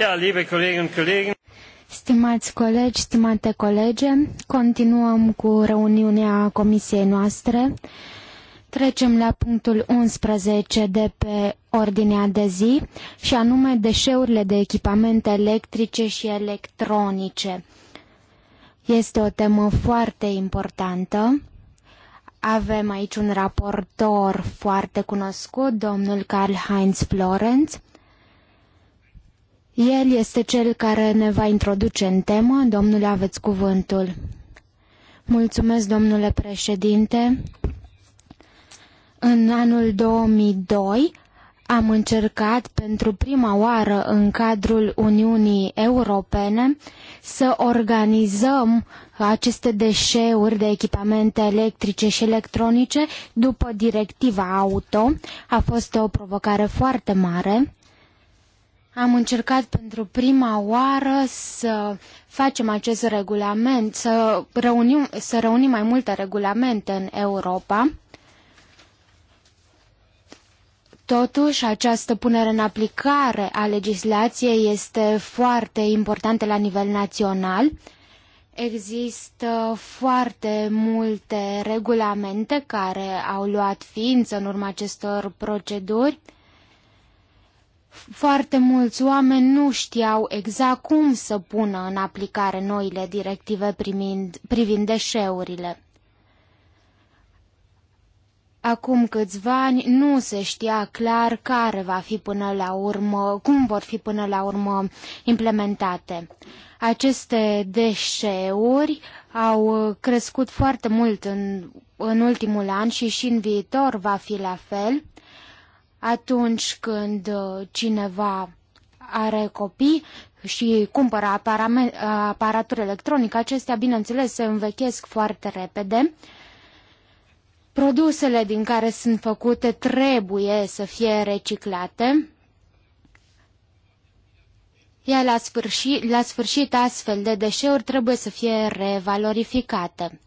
Ja, liebe Kolleginnen und Kollegen. Stimați colegi, stimate colege, continuăm cu reuniunea comisiei noastre. Trecem la punctul 11 de pe ordinea de zi și anume deșeurile de echipamente electrice și electronice. Este o temă foarte importantă. Avem aici un raportor foarte cunoscut, domnul Karl-Heinz Florenz. El este cel care ne va introduce în temă. Domnule, aveți cuvântul. Mulțumesc, domnule președinte. În anul 2002 am încercat pentru prima oară în cadrul Uniunii Europene să organizăm aceste deșeuri de echipamente electrice și electronice după directiva auto. A fost o provocare foarte mare am încercat pentru prima oară să facem acest regulament, să reunim, să reunim mai multe regulamente în Europa. Totuși, această punere în aplicare a legislației este foarte importantă la nivel național. Există foarte multe regulamente care au luat ființă în urma acestor proceduri. Foarte mulți oameni nu știau exact cum să pună în aplicare noile directive primind, privind deșeurile. Acum câțiva ani nu se știa clar care va fi până la urmă, cum vor fi până la urmă implementate. Aceste deșeuri au crescut foarte mult în, în ultimul an și și în viitor va fi la fel atunci când uh, cineva are copii și cumpără aparatură electronică, acestea, bineînțeles, se învechesc foarte repede. Produsele din care sunt făcute trebuie să fie reciclate. Iar la sfârșit, la sfârșit astfel de deșeuri trebuie să fie revalorificate.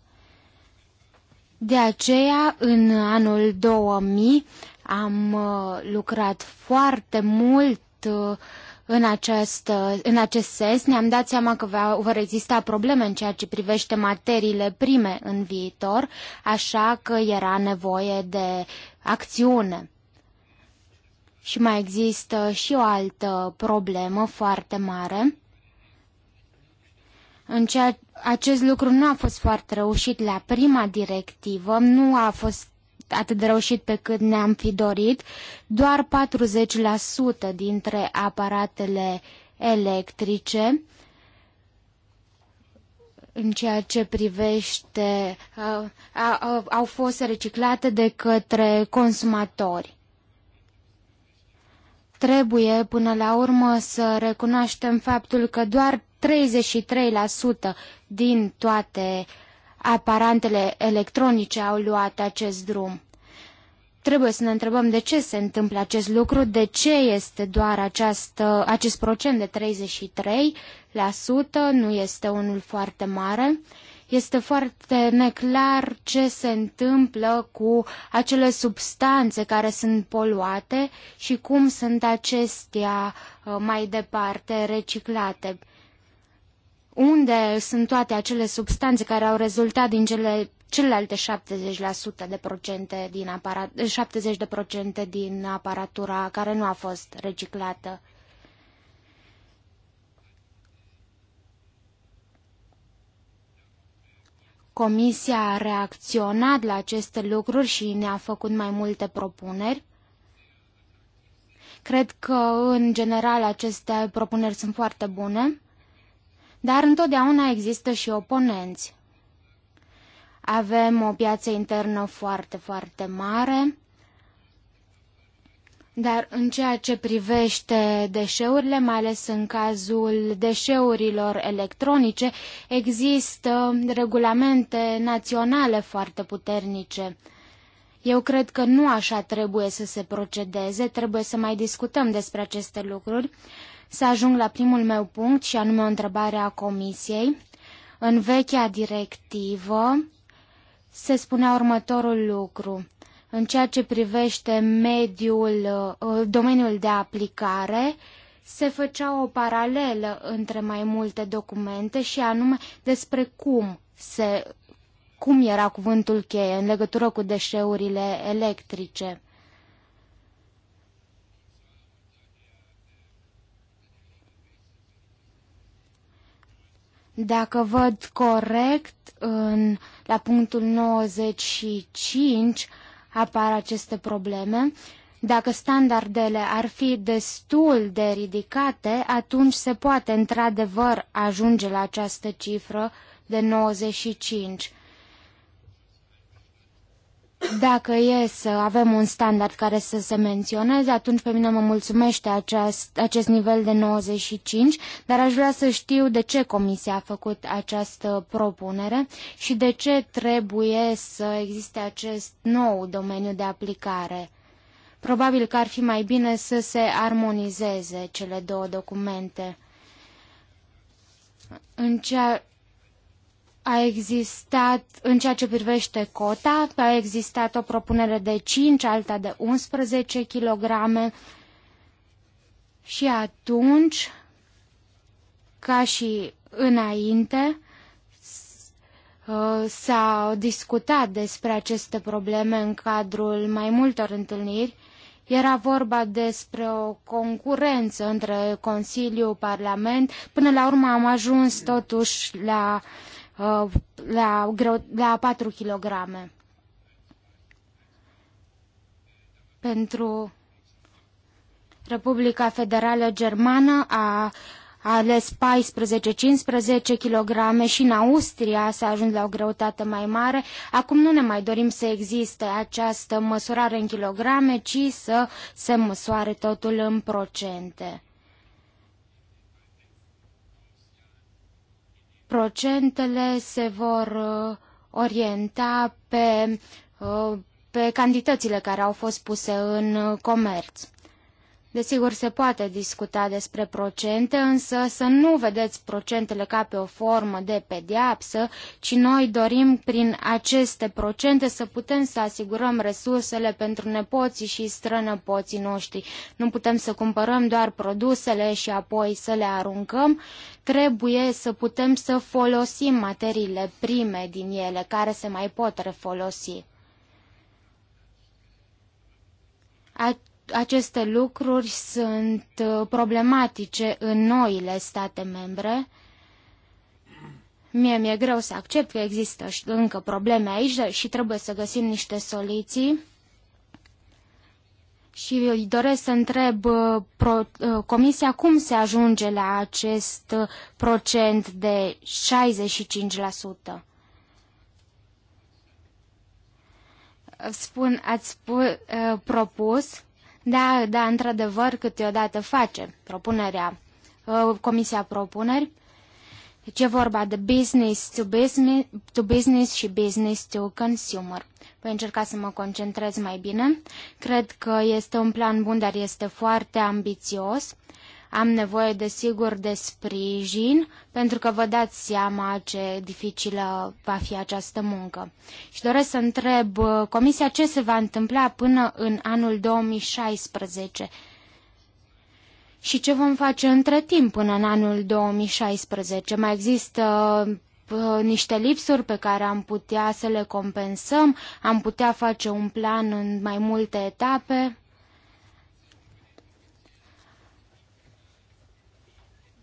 De aceea, în anul 2000, am uh, lucrat foarte mult uh, în, acest uh, în acest sens. Ne-am dat seama că va, vor exista probleme în ceea ce privește materiile prime în viitor, așa că era nevoie de acțiune. Și mai există și o altă problemă foarte mare. În ceea, acest lucru nu a fost foarte reușit la prima directivă, nu a fost atât de reușit pe cât ne-am fi dorit. Doar 40% dintre aparatele electrice în ceea ce privește au fost reciclate de către consumatori. Trebuie până la urmă să recunoaștem faptul că doar 33% din toate aparantele electronice au luat acest drum. Trebuie să ne întrebăm de ce se întâmplă acest lucru, de ce este doar această, acest procent de 33%, nu este unul foarte mare. Este foarte neclar ce se întâmplă cu acele substanțe care sunt poluate și cum sunt acestea uh, mai departe reciclate unde sunt toate acele substanțe care au rezultat din cele celelalte 70% de procente din aparat, 70% de procente din aparatura care nu a fost reciclată. Comisia a reacționat la aceste lucruri și ne-a făcut mai multe propuneri. Cred că, în general, aceste propuneri sunt foarte bune. Dar întotdeauna există și oponenți. Avem o piață internă foarte, foarte mare, dar în ceea ce privește deșeurile, mai ales în cazul deșeurilor electronice, există regulamente naționale foarte puternice. Eu cred că nu așa trebuie să se procedeze, trebuie să mai discutăm despre aceste lucruri, să ajung la primul meu punct și anume o întrebare a Comisiei. În vechea directivă se spunea următorul lucru. În ceea ce privește mediul, uh, domeniul de aplicare, se făcea o paralelă între mai multe documente și anume despre cum se cum era cuvântul cheie în legătură cu deșeurile electrice. Dacă văd corect, în, la punctul 95 apar aceste probleme. Dacă standardele ar fi destul de ridicate, atunci se poate într-adevăr ajunge la această cifră de 95. Dacă e să avem un standard care să se menționeze, atunci pe mine mă mulțumește aceast, acest nivel de 95, dar aș vrea să știu de ce Comisia a făcut această propunere și de ce trebuie să existe acest nou domeniu de aplicare. Probabil că ar fi mai bine să se armonizeze cele două documente. În ceea a existat, în ceea ce privește cota, a existat o propunere de 5, alta de 11 kg și atunci, ca și înainte, uh, s-a discutat despre aceste probleme în cadrul mai multor întâlniri. Era vorba despre o concurență între Consiliu, Parlament. Până la urmă am ajuns totuși la uh, Uh, la, greu, la 4 kg. Pentru Republica Federală Germană a a ales 14-15 kg și în Austria s-a ajuns la o greutate mai mare. Acum nu ne mai dorim să existe această măsurare în kilograme, ci să se măsoare totul în procente. Procentele se vor uh, orienta pe, uh, pe cantitățile care au fost puse în uh, comerț. Desigur, se poate discuta despre procente, însă să nu vedeți procentele ca pe o formă de pediapsă, ci noi dorim prin aceste procente să putem să asigurăm resursele pentru nepoții și strănăpoții noștri. Nu putem să cumpărăm doar produsele și apoi să le aruncăm. Trebuie să putem să folosim materiile prime din ele, care se mai pot refolosi. A aceste lucruri sunt uh, problematice în noile state membre. Mie mi-e greu să accept că există încă probleme aici și trebuie să găsim niște soluții. Și îi doresc să întreb uh, pro, uh, Comisia cum se ajunge la acest procent de 65%. Spun, ați spus, propus da, da, într-adevăr, câteodată face propunerea, ă, comisia propuneri. Deci e vorba de business to business, to business și business to consumer. Voi încerca să mă concentrez mai bine. Cred că este un plan bun, dar este foarte ambițios. Am nevoie, desigur, de sprijin, pentru că vă dați seama ce dificilă va fi această muncă. Și doresc să întreb uh, Comisia ce se va întâmpla până în anul 2016 și ce vom face între timp până în anul 2016. Mai există uh, niște lipsuri pe care am putea să le compensăm, am putea face un plan în mai multe etape.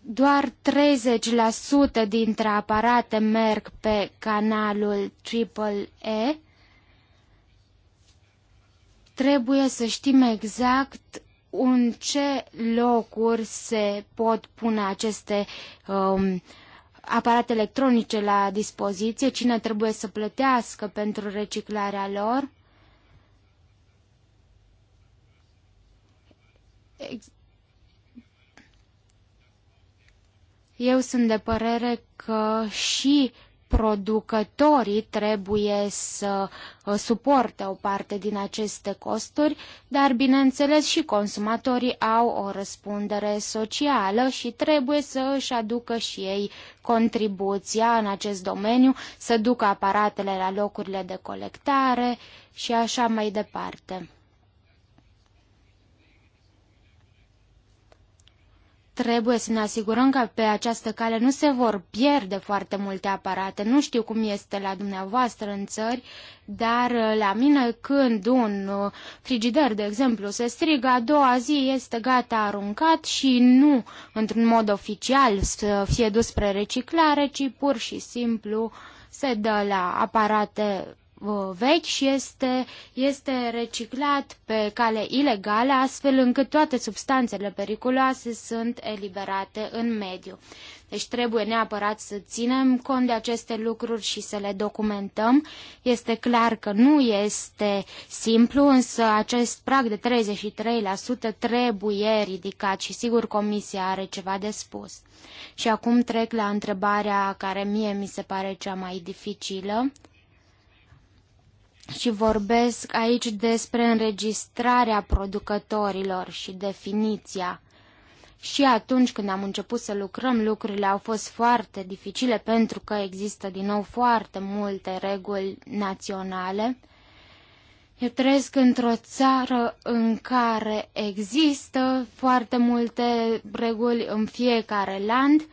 doar 30% dintre aparate merg pe canalul Triple E. Trebuie să știm exact în ce locuri se pot pune aceste um, aparate electronice la dispoziție, cine trebuie să plătească pentru reciclarea lor. Ex- Eu sunt de părere că și producătorii trebuie să uh, suporte o parte din aceste costuri, dar bineînțeles și consumatorii au o răspundere socială și trebuie să își aducă și ei contribuția în acest domeniu, să ducă aparatele la locurile de colectare și așa mai departe. Trebuie să ne asigurăm că pe această cale nu se vor pierde foarte multe aparate. Nu știu cum este la dumneavoastră în țări, dar uh, la mine când un uh, frigider, de exemplu, se strigă, a doua zi este gata aruncat și nu într-un mod oficial să fie dus spre reciclare, ci pur și simplu se dă la aparate Uh, vechi și este, este reciclat pe cale ilegală, astfel încât toate substanțele periculoase sunt eliberate în mediu. Deci trebuie neapărat să ținem cont de aceste lucruri și să le documentăm. Este clar că nu este simplu, însă acest prag de 33% trebuie ridicat și sigur Comisia are ceva de spus. Și acum trec la întrebarea care mie mi se pare cea mai dificilă și vorbesc aici despre înregistrarea producătorilor și definiția. Și atunci când am început să lucrăm, lucrurile au fost foarte dificile pentru că există din nou foarte multe reguli naționale. Eu trăiesc într-o țară în care există foarte multe reguli în fiecare land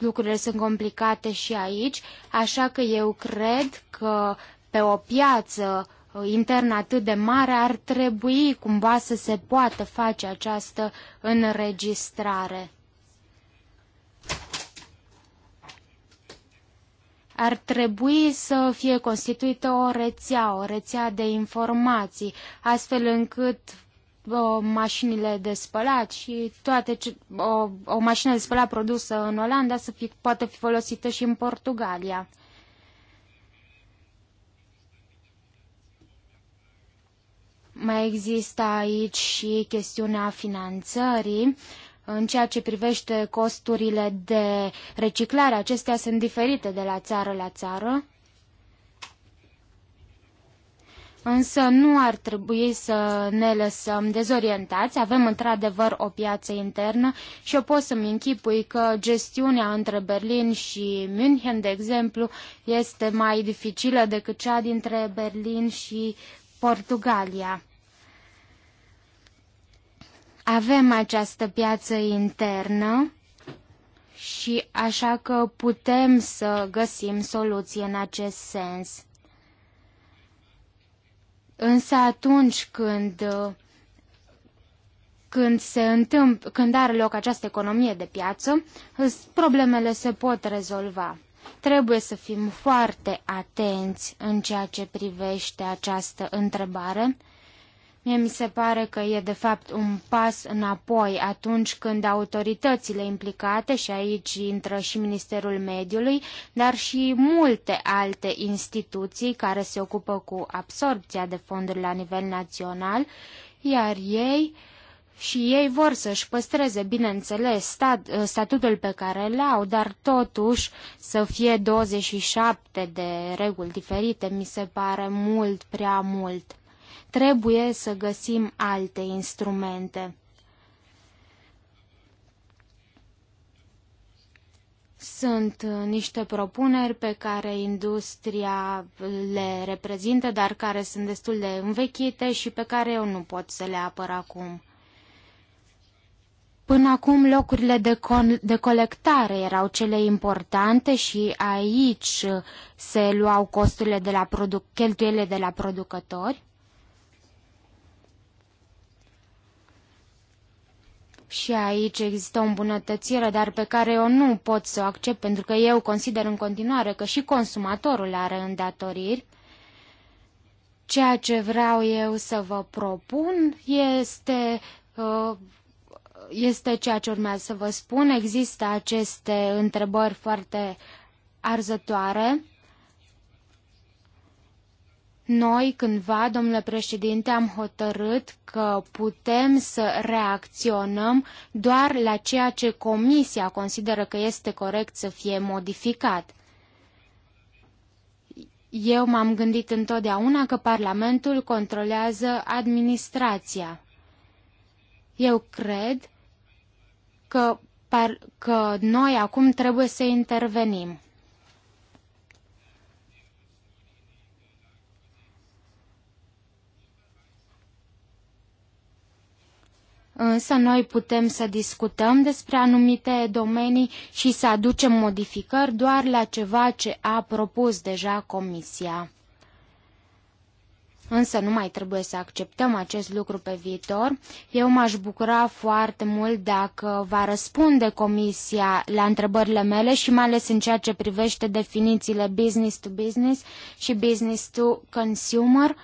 lucrurile sunt complicate și aici, așa că eu cred că pe o piață uh, internă atât de mare ar trebui cumva să se poată face această înregistrare. ar trebui să fie constituită o rețea, o rețea de informații, astfel încât o, mașinile de spălat și toate ce, o, o mașină de spălat produsă în Olanda să fi, poate fi folosită și în Portugalia. Mai există aici și chestiunea finanțării. În ceea ce privește costurile de reciclare, acestea sunt diferite de la țară la țară. Însă nu ar trebui să ne lăsăm dezorientați, avem într-adevăr o piață internă și eu pot să-mi închipui că gestiunea între Berlin și München, de exemplu, este mai dificilă decât cea dintre Berlin și Portugalia. Avem această piață internă și așa că putem să găsim soluții în acest sens. Însă atunci când, când, se întâmpl, când are loc această economie de piață, problemele se pot rezolva. Trebuie să fim foarte atenți în ceea ce privește această întrebare Mie mi se pare că e de fapt un pas înapoi atunci când autoritățile implicate, și aici intră și Ministerul Mediului, dar și multe alte instituții care se ocupă cu absorpția de fonduri la nivel național, iar ei și ei vor să-și păstreze, bineînțeles, stat, ă, statutul pe care îl au, dar totuși să fie 27 de reguli diferite mi se pare mult prea mult. Trebuie să găsim alte instrumente. Sunt uh, niște propuneri pe care industria le reprezintă, dar care sunt destul de învechite și pe care eu nu pot să le apăr acum. Până acum locurile de, con- de colectare erau cele importante și aici se luau costurile de la produc- cheltuielile de la producători. Și aici există o îmbunătățire, dar pe care eu nu pot să o accept, pentru că eu consider în continuare că și consumatorul are îndatoriri. Ceea ce vreau eu să vă propun este uh, este ceea ce urmează să vă spun. Există aceste întrebări foarte arzătoare noi cândva, domnule președinte, am hotărât că putem să reacționăm doar la ceea ce Comisia consideră că este corect să fie modificat. Eu m-am gândit întotdeauna că Parlamentul controlează administrația. Eu cred că, par, că noi acum trebuie să intervenim. însă noi putem să discutăm despre anumite domenii și să aducem modificări doar la ceva ce a propus deja Comisia. Însă nu mai trebuie să acceptăm acest lucru pe viitor. Eu m-aș bucura foarte mult dacă va răspunde Comisia la întrebările mele și mai ales în ceea ce privește definițiile business to business și business to consumer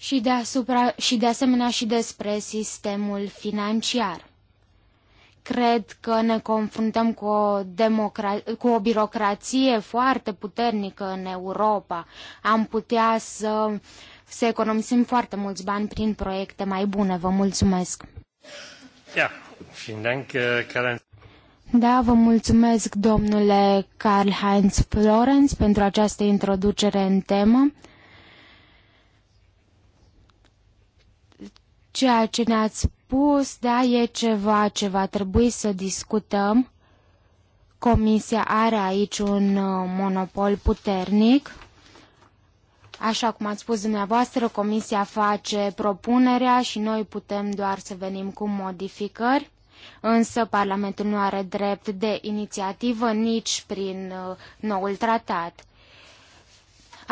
și, deasupra, și de asemenea și despre sistemul financiar. Cred că ne confruntăm cu o, democra- cu o birocrație foarte puternică în Europa. Am putea să, să economisim foarte mulți bani prin proiecte mai bune. Vă mulțumesc! Ja, äh, Da, vă mulțumesc, domnule Karl-Heinz Florenz, pentru această introducere în temă. Ceea ce ne-ați spus, da, e ceva ce va trebui să discutăm. Comisia are aici un uh, monopol puternic. Așa cum ați spus dumneavoastră, Comisia face propunerea și noi putem doar să venim cu modificări, însă Parlamentul nu are drept de inițiativă nici prin uh, noul tratat.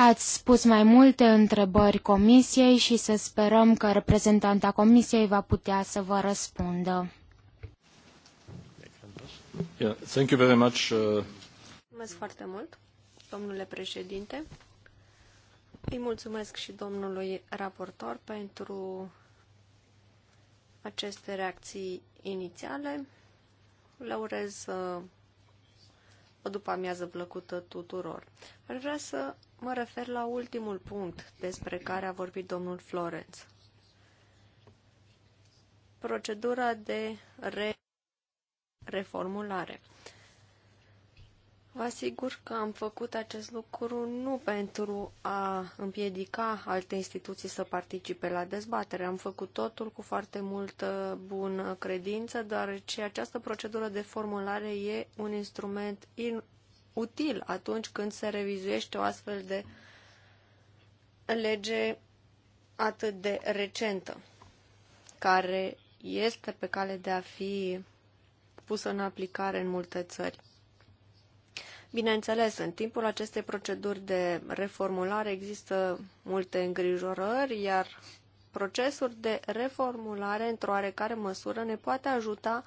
Ați spus mai multe întrebări comisiei și să sperăm că reprezentanta comisiei va putea să vă răspundă. Yeah, thank you very much. Uh, mulțumesc foarte mult, domnule președinte. Îi mulțumesc și domnului raportor pentru aceste reacții inițiale. Le urez uh, o după amiază plăcută tuturor. Ar vrea să mă refer la ultimul punct despre care a vorbit domnul Florenț. Procedura de re reformulare. Vă asigur că am făcut acest lucru nu pentru a împiedica alte instituții să participe la dezbatere. Am făcut totul cu foarte multă bună credință, deoarece această procedură de formulare e un instrument in util atunci când se revizuiește o astfel de lege atât de recentă, care este pe cale de a fi pusă în aplicare în multe țări. Bineînțeles, în timpul acestei proceduri de reformulare există multe îngrijorări, iar procesul de reformulare, într-o oarecare măsură, ne poate ajuta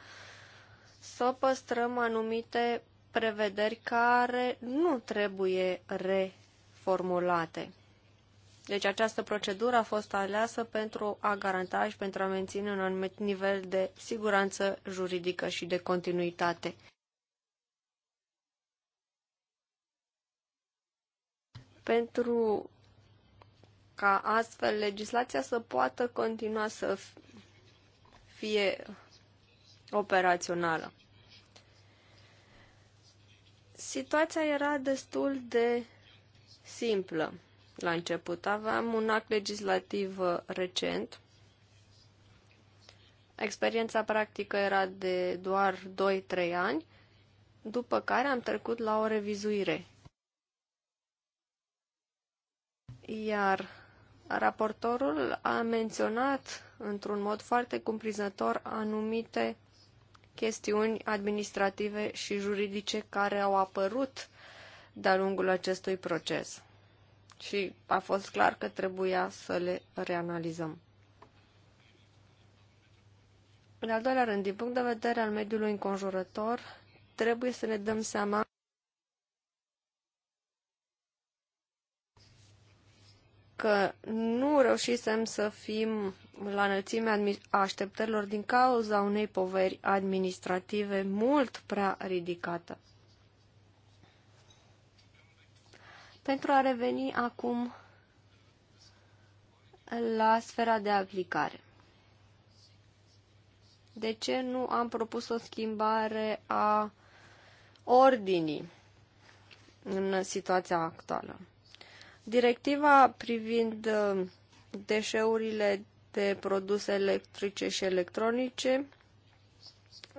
să păstrăm anumite prevederi care nu trebuie reformulate. Deci această procedură a fost aleasă pentru a garanta și pentru a menține un anumit nivel de siguranță juridică și de continuitate. pentru ca astfel legislația să poată continua să fie operațională. Situația era destul de simplă la început. Aveam un act legislativ uh, recent. Experiența practică era de doar 2-3 ani, după care am trecut la o revizuire Iar raportorul a menționat într-un mod foarte cumprinzător anumite chestiuni administrative și juridice care au apărut de-a lungul acestui proces. Și a fost clar că trebuia să le reanalizăm. În al doilea rând, din punct de vedere al mediului înconjurător, trebuie să ne dăm seama că nu reușisem să fim la înălțimea așteptărilor din cauza unei poveri administrative mult prea ridicată. Pentru a reveni acum la sfera de aplicare. De ce nu am propus o schimbare a ordinii în situația actuală? Directiva privind uh, deșeurile de produse electrice și electronice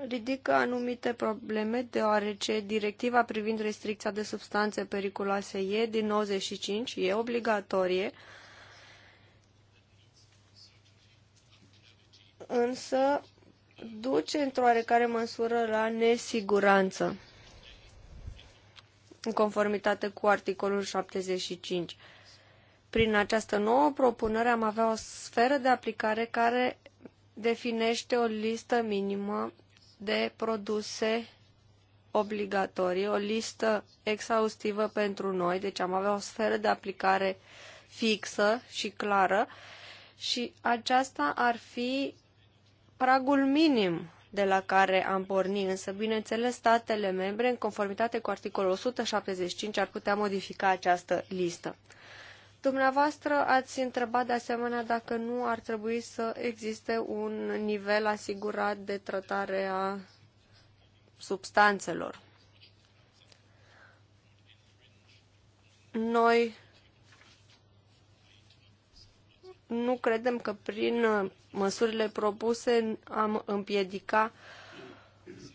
ridică anumite probleme, deoarece directiva privind restricția de substanțe periculoase E din 95 e obligatorie, însă duce într-o oarecare măsură la nesiguranță în conformitate cu articolul 75. Prin această nouă propunere am avea o sferă de aplicare care definește o listă minimă de produse obligatorii, o listă exhaustivă pentru noi, deci am avea o sferă de aplicare fixă și clară și aceasta ar fi pragul minim de la care am pornit, însă, bineînțeles, statele membre, în conformitate cu articolul 175, ar putea modifica această listă. Dumneavoastră ați întrebat de asemenea dacă nu ar trebui să existe un nivel asigurat de tratare a substanțelor. Noi nu credem că prin uh, măsurile propuse am împiedica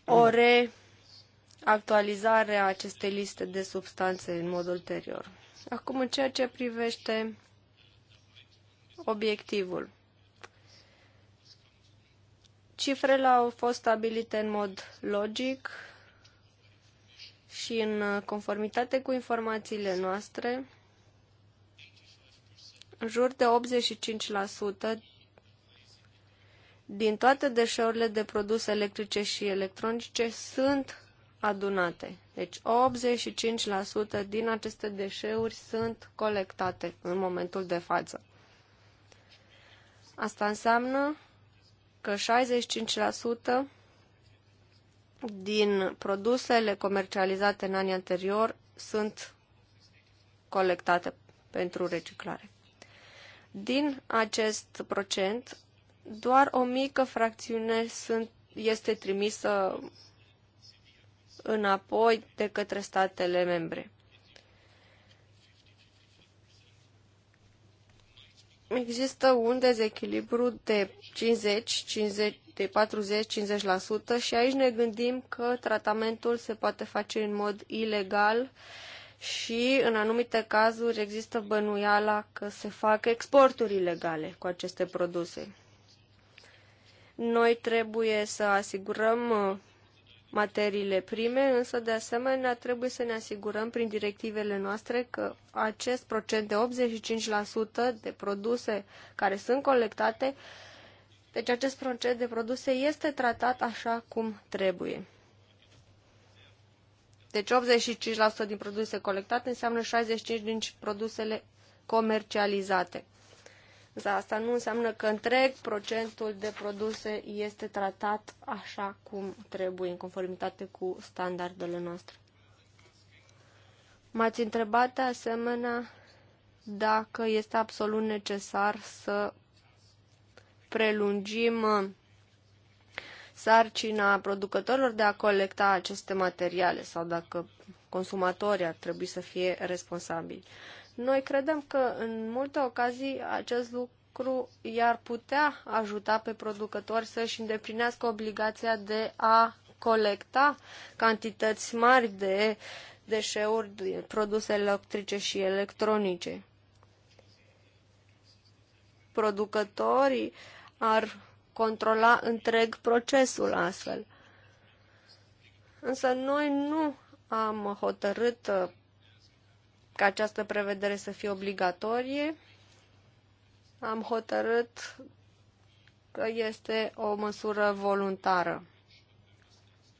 o reactualizare a acestei liste de substanțe în mod ulterior. Acum, în ceea ce privește obiectivul. Cifrele au fost stabilite în mod logic și în uh, conformitate cu informațiile noastre în jur de 85% din toate deșeurile de produse electrice și electronice sunt adunate. Deci 85% din aceste deșeuri sunt colectate în momentul de față. Asta înseamnă că 65% din produsele comercializate în anii anterior sunt colectate pentru reciclare. Din acest procent, doar o mică fracțiune sunt, este trimisă înapoi de către statele membre. Există un dezechilibru de 50, 50 de 40-50% și aici ne gândim că tratamentul se poate face în mod ilegal uh, și în anumite cazuri există bănuiala că se fac exporturi ilegale cu aceste produse. Noi trebuie să asigurăm uh, materiile prime, însă de asemenea trebuie să ne asigurăm prin directivele noastre că acest procent de 85% de produse care sunt colectate, deci acest procent de produse este tratat așa cum trebuie. Deci 85% din produse colectate înseamnă 65% din produsele comercializate. Însă asta nu înseamnă că întreg procentul de produse este tratat așa cum trebuie, în conformitate cu standardele noastre. M-ați întrebat de asemenea dacă este absolut necesar să prelungim sarcina producătorilor de a colecta aceste materiale sau dacă consumatorii ar trebui să fie responsabili. Noi credem că în multe ocazii acest lucru i-ar putea ajuta pe producători să-și îndeplinească obligația de a colecta cantități mari de deșeuri, de produse electrice și electronice. Producătorii ar controla întreg procesul astfel. Însă noi nu am hotărât uh, ca această prevedere să fie obligatorie. Am hotărât că este o măsură voluntară.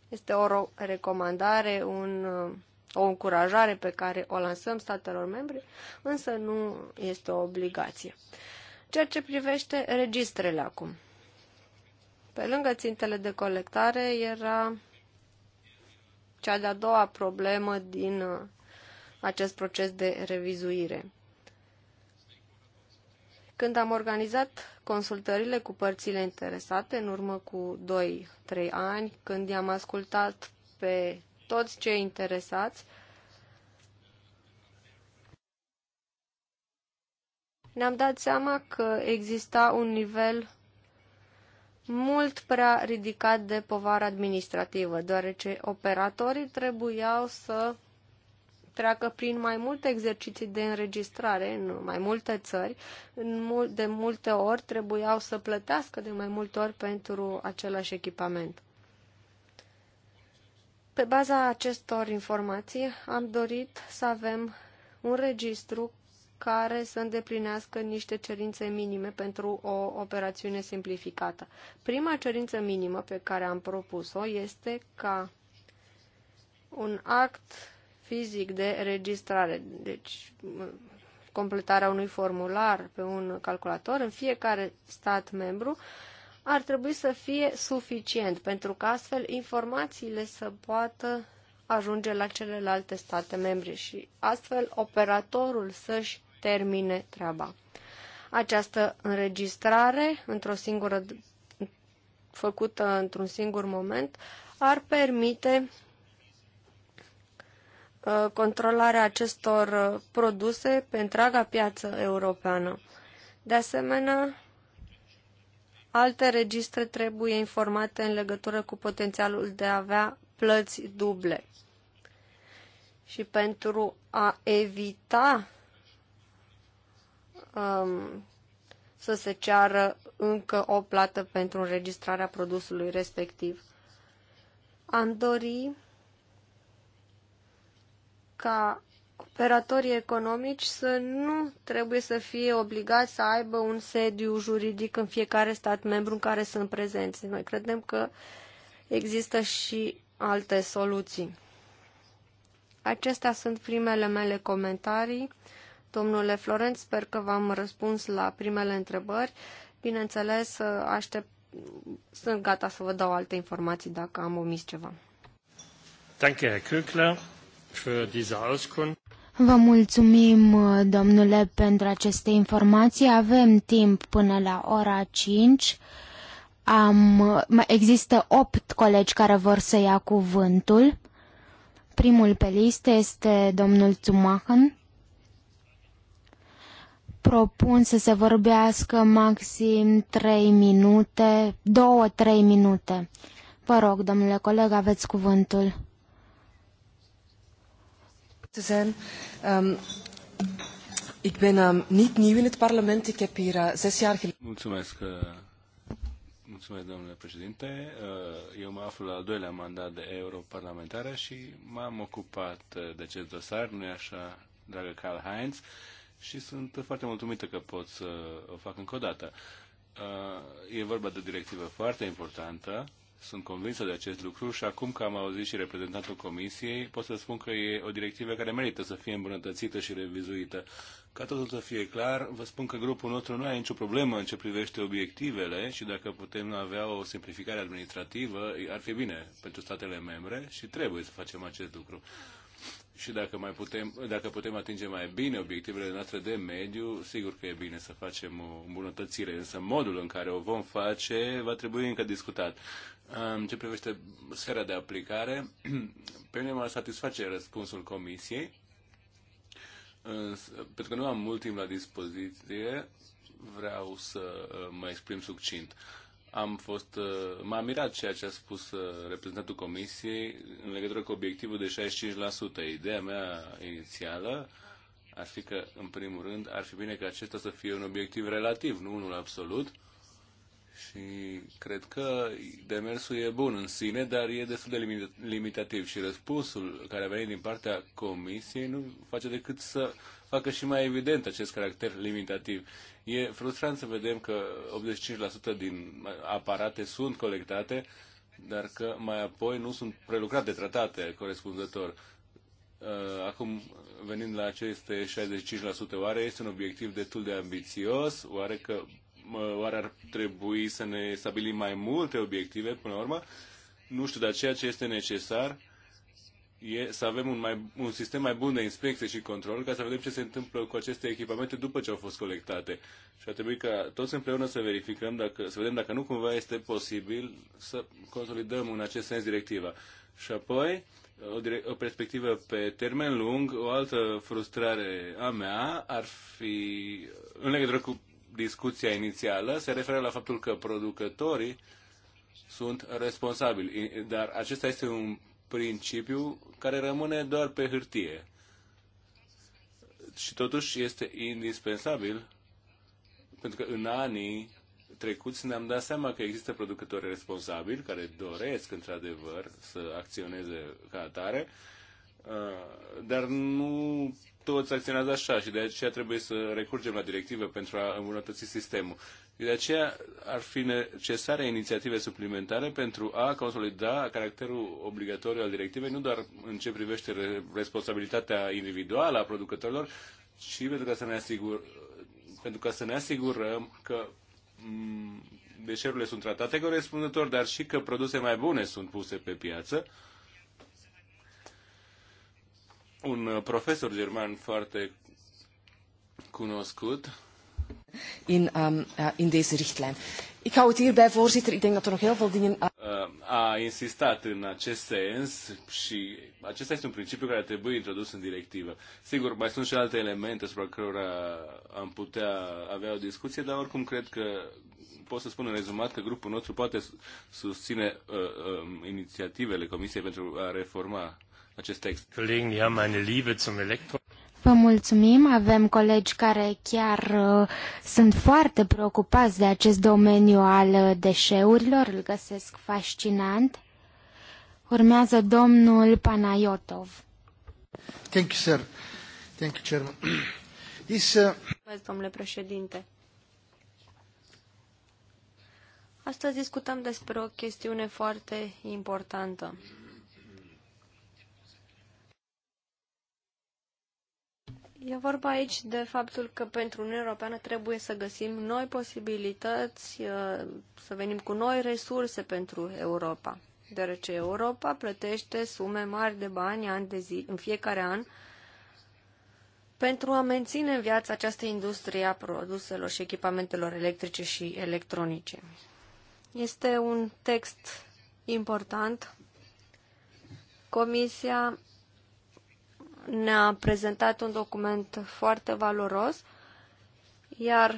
Este o recomandare, un, uh, o încurajare pe care o lansăm statelor membre, însă nu este o obligație. Ceea ce privește registrele acum. Pe lângă țintele de colectare era cea de-a doua problemă din uh, acest proces de revizuire. Când am organizat consultările cu părțile interesate, în urmă cu 2-3 ani, când i-am ascultat pe toți cei interesați, ne-am dat seama că exista un nivel mult prea ridicat de povară administrativă, deoarece operatorii trebuiau să treacă prin mai multe exerciții de înregistrare în mai multe țări, de multe ori trebuiau să plătească de mai multe ori pentru același echipament. Pe baza acestor informații am dorit să avem un registru care să îndeplinească niște cerințe minime pentru o operațiune simplificată. Prima cerință minimă pe care am propus-o este ca un act fizic de registrare, deci completarea unui formular pe un calculator în fiecare stat membru, ar trebui să fie suficient pentru că astfel informațiile să poată ajunge la celelalte state membre și astfel operatorul să-și termine treaba. Această înregistrare, într-o singură, făcută într-un singur moment, ar permite uh, controlarea acestor uh, produse pe întreaga piață europeană. De asemenea, alte registre trebuie informate în legătură cu potențialul de a avea plăți duble. Și pentru a evita um, să se ceară încă o plată pentru înregistrarea produsului respectiv. Am dori ca operatorii economici să nu trebuie să fie obligați să aibă un sediu juridic în fiecare stat membru în care sunt prezenți. Noi credem că există și alte soluții. Acestea sunt primele mele comentarii. Domnule Florent, sper că v-am răspuns la primele întrebări. Bineînțeles, aștept, sunt gata să vă dau alte informații dacă am omis ceva. Vă mulțumim, domnule, pentru aceste informații. Avem timp până la ora 5. Am, există opt colegi care vor să ia cuvântul. Primul pe listă este domnul Zumachen propun să se vorbească maxim 3 minute, 2-3 minute. Vă rog, domnule coleg, aveți cuvântul. Suzanne, um, ehm, ik ben um, niet nieuw in het parlement. Ik heb hier uh, zes jaar geleden... Mulțumesc, eh, mulțumesc, domnule președinte. Eh, eu mă aflu la al doilea mandat de europarlamentară și m-am ocupat de acest dosar, nu-i așa, dragă Karl Heinz? și sunt foarte mulțumită că pot să o fac încă o dată. Uh, e vorba de o directivă foarte importantă, sunt convinsă de acest lucru și acum că am auzit și reprezentantul Comisiei, pot să spun că e o directivă care merită să fie îmbunătățită și revizuită. Ca totul să fie clar, vă spun că grupul nostru nu are nicio problemă în ce privește obiectivele și dacă putem avea o simplificare administrativă, ar fi bine pentru statele membre și trebuie să facem acest lucru și dacă, mai putem, dacă putem atinge mai bine obiectivele noastre de mediu, sigur că e bine să facem o îmbunătățire, însă modul în care o vom face va trebui încă discutat. În ce privește sfera de aplicare, pe mine mă satisface răspunsul Comisiei, însă, pentru că nu am mult timp la dispoziție, vreau să mă exprim succint. Uh, am fost, uh, m-a mirat ceea ce a spus uh, reprezentantul Comisiei în legătură cu obiectivul de 65%. Ideea mea inițială ar fi că, în primul rând, ar fi bine ca acesta să fie un obiectiv relativ, nu unul absolut, și cred că demersul e bun în sine, dar e destul de limitativ și răspunsul care a venit din partea comisiei nu face decât să facă și mai evident acest caracter limitativ. E frustrant să vedem că 85% din aparate sunt colectate, dar că mai apoi nu sunt prelucrate, tratate corespunzător. Uh, acum, venind la aceste 65%, oare este un obiectiv destul de ambițios? Oare că oare ar trebui să ne stabilim mai multe obiective până la urmă? Nu știu, dar ceea ce este necesar e să avem un, mai, un sistem mai bun de inspecție și control ca să vedem ce se întâmplă cu aceste echipamente după ce au fost colectate. Și ar trebui ca toți împreună să verificăm, dacă, să vedem dacă nu cumva este posibil să consolidăm în acest sens directiva. Și apoi, o, direc- o perspectivă pe termen lung, o altă frustrare a mea ar fi în legătură cu discuția inițială se referă la faptul că producătorii sunt responsabili, dar acesta este un principiu care rămâne doar pe hârtie. Și totuși este indispensabil, pentru că în anii trecuți ne-am dat seama că există producători responsabili care doresc într-adevăr să acționeze ca atare, uh, dar nu toți acționează așa și de aceea trebuie să recurgem la directivă pentru a îmbunătăți sistemul. De aceea ar fi necesare inițiative suplimentare pentru a consolida caracterul obligatoriu al directivei, nu doar în ce privește responsabilitatea individuală a producătorilor, ci pentru ca să ne, asigur, pentru ca să ne asigurăm că mm, deșeurile sunt tratate corespunzător, dar și că produse mai bune sunt puse pe piață un uh, profesor german foarte cunoscut. In, um, uh, in deze richtlijn. Ik hou het hierbij, voorzitter. Ik denk dat er nog heel veel dingen... Uh, uh, A insistat în acest sens și acesta este un principiu care trebuie introdus în directivă. Sigur, mai sunt și alte elemente asupra cărora am putea avea o discuție, dar oricum cred că pot să spun în rezumat că grupul nostru poate susține uh, uh, inițiativele Comisiei pentru a reforma acest text. Vă mulțumim, avem colegi care chiar uh, sunt foarte preocupați de acest domeniu al uh, deșeurilor, îl găsesc fascinant. Urmează domnul Panayotov. Thank you, sir. Thank you, chairman. This, uh... Domnule președinte, astăzi discutăm despre o chestiune foarte importantă. E vorba aici de faptul că pentru Uniunea Europeană trebuie să găsim noi posibilități, uh, să venim cu noi resurse pentru Europa, deoarece Europa plătește sume mari de bani an de zi, în fiecare an pentru a menține în viață această industrie a produselor și echipamentelor electrice și electronice. Este un text important. Comisia ne-a prezentat un document foarte valoros, iar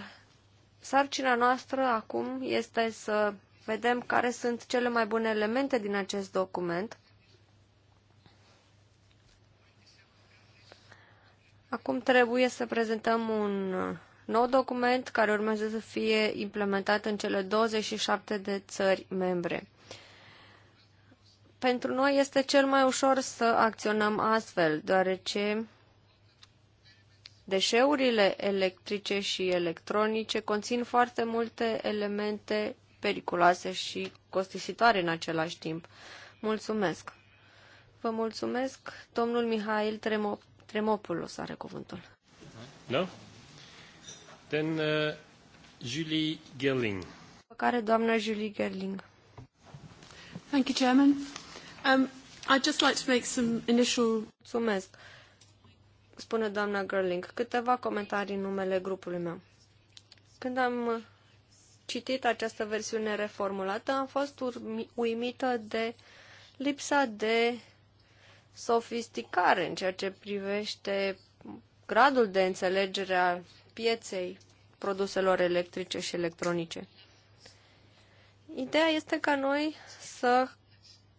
sarcina noastră acum este să vedem care sunt cele mai bune elemente din acest document. Acum trebuie să prezentăm un nou document care urmează să fie implementat în cele 27 de țări membre pentru noi este cel mai ușor să acționăm astfel, deoarece deșeurile electrice și electronice conțin foarte multe elemente periculoase și costisitoare în același timp. Mulțumesc! Vă mulțumesc, domnul Mihail Tremop Tremopoulos are cuvântul. No? Then uh, Julie Gerling. care doamna Julie Gerling. Thank you, Chairman. Um, I'd just like to make some initial... Mulțumesc, spune doamna Gerling. Câteva comentarii în numele grupului meu. Când am citit această versiune reformulată, am fost uimită de lipsa de sofisticare în ceea ce privește gradul de înțelegere a pieței produselor electrice și electronice. Ideea este ca noi să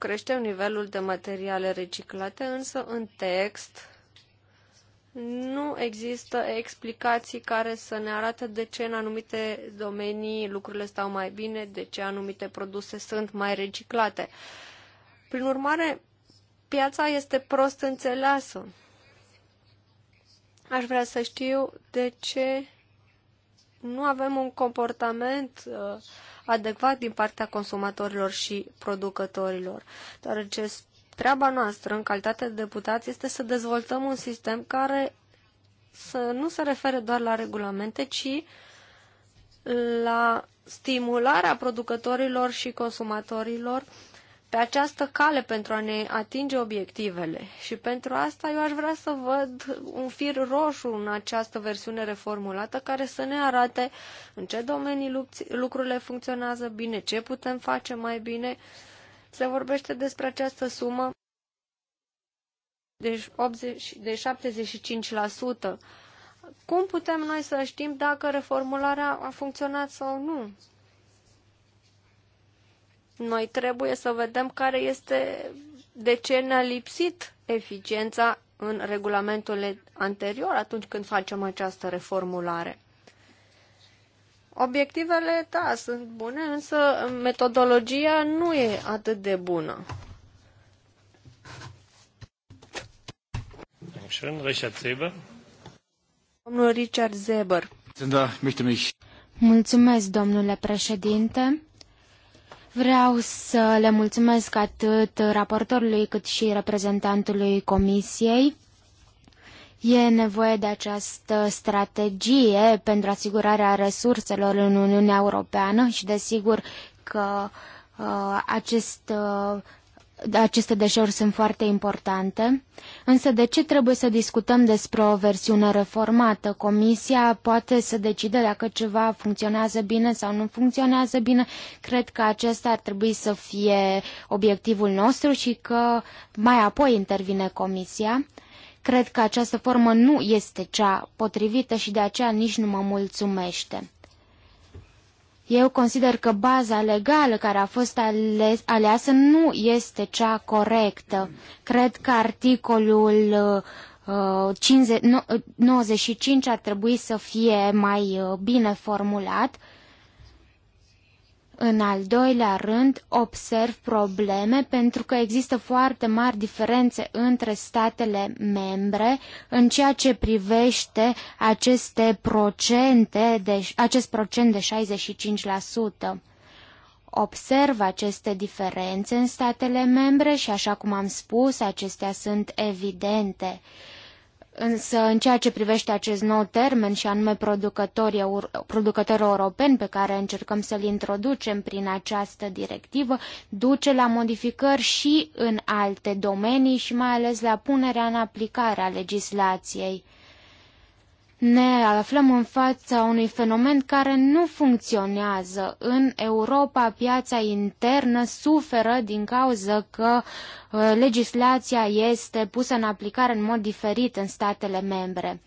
creștem nivelul de materiale reciclate, însă în text nu există explicații care să ne arate de ce în anumite domenii lucrurile stau mai bine, de ce anumite produse sunt mai reciclate. Prin urmare, piața este prost înțeleasă. Aș vrea să știu de ce nu avem un comportament uh, adecvat din partea consumatorilor și producătorilor, ce treaba noastră în calitate de deputați este să dezvoltăm un sistem care să nu se refere doar la regulamente, ci la stimularea producătorilor și consumatorilor pe această cale pentru a ne atinge obiectivele. Și pentru asta eu aș vrea să văd un fir roșu în această versiune reformulată care să ne arate în ce domenii lucrurile funcționează bine, ce putem face mai bine. Se vorbește despre această sumă de, 80, de 75%. Cum putem noi să știm dacă reformularea a funcționat sau nu? Noi trebuie să vedem care este, de ce ne-a lipsit eficiența în regulamentul anterior atunci când facem această reformulare. Obiectivele, da, sunt bune, însă metodologia nu e atât de bună. Schön, Richard Zeber. Domnul Richard Zeber. Mulțumesc, domnule președinte. Vreau să le mulțumesc atât raportorului cât și reprezentantului Comisiei. E nevoie de această strategie pentru asigurarea resurselor în Uniunea Europeană și desigur că uh, acest uh, aceste deșeuri sunt foarte importante, însă de ce trebuie să discutăm despre o versiune reformată? Comisia poate să decide dacă ceva funcționează bine sau nu funcționează bine. Cred că acesta ar trebui să fie obiectivul nostru și că mai apoi intervine Comisia. Cred că această formă nu este cea potrivită și de aceea nici nu mă mulțumește. Eu consider că baza legală care a fost ales, aleasă nu este cea corectă. Cred că articolul uh, 50, no, 95 ar trebui să fie mai uh, bine formulat. Uh, în al doilea rând, observ probleme pentru că există foarte mari diferențe între statele membre în ceea ce privește aceste procente, de, acest procent de 65%. Observ aceste diferențe în statele membre și, așa cum am spus, acestea sunt evidente. Uh, Însă, în ceea ce privește acest nou termen și anume producătorii, producători europeni pe care încercăm să-l introducem prin această directivă, duce la modificări și în alte domenii și mai ales la punerea în aplicare a legislației ne aflăm în fața unui fenomen care nu funcționează. În Europa, piața internă suferă din cauza că uh, legislația este pusă în aplicare în mod diferit în statele membre.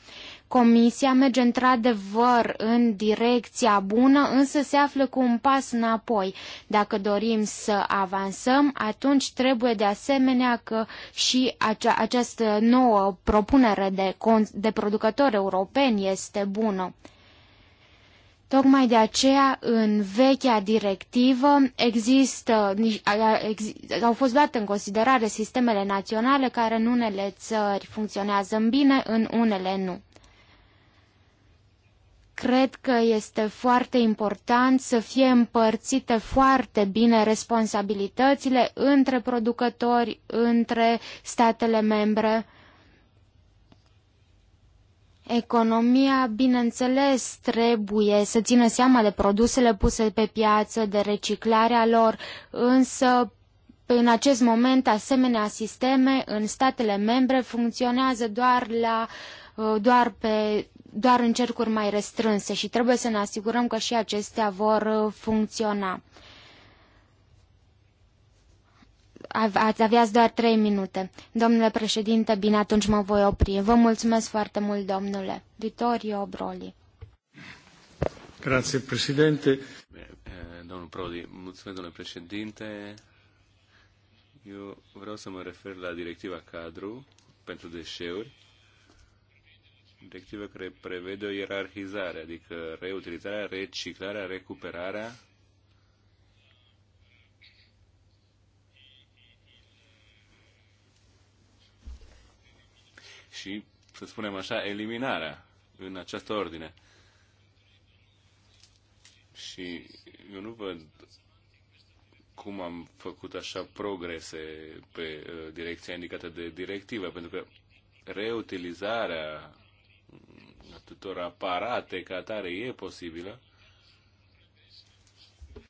Comisia merge într-adevăr în direcția bună, însă se află cu un pas înapoi. Dacă dorim să avansăm, atunci trebuie de asemenea că și ace această nouă propunere de, de producători europeni este bună. Tocmai de aceea, în vechea directivă, există, au fost luate în considerare sistemele naționale care în unele țări funcționează bine, în unele nu. Cred că este foarte important să fie împărțite foarte bine responsabilitățile între producători, între statele membre. Economia, bineînțeles, trebuie să țină seama de produsele puse pe piață, de reciclarea lor, însă în acest moment asemenea sisteme în statele membre funcționează doar, la, doar pe doar în cercuri mai restrânse și trebuie să ne asigurăm că și acestea vor uh, funcționa. aveați doar trei minute. Domnule președinte, bine, atunci mă voi opri. Vă mulțumesc foarte mult, domnule. Vittorio Broli. Grazie, președinte. Eh, domnul Prodi, mulțumesc, domnule președinte. Eu vreau să mă refer la directiva cadru pentru deșeuri directivă care prevede o ierarhizare, adică reutilizarea, reciclarea, recuperarea. Și, să spunem așa, eliminarea în această ordine. Și eu nu văd cum am făcut așa progrese pe uh, direcția indicată de directivă, pentru că reutilizarea atâtor aparate ca atare e posibilă.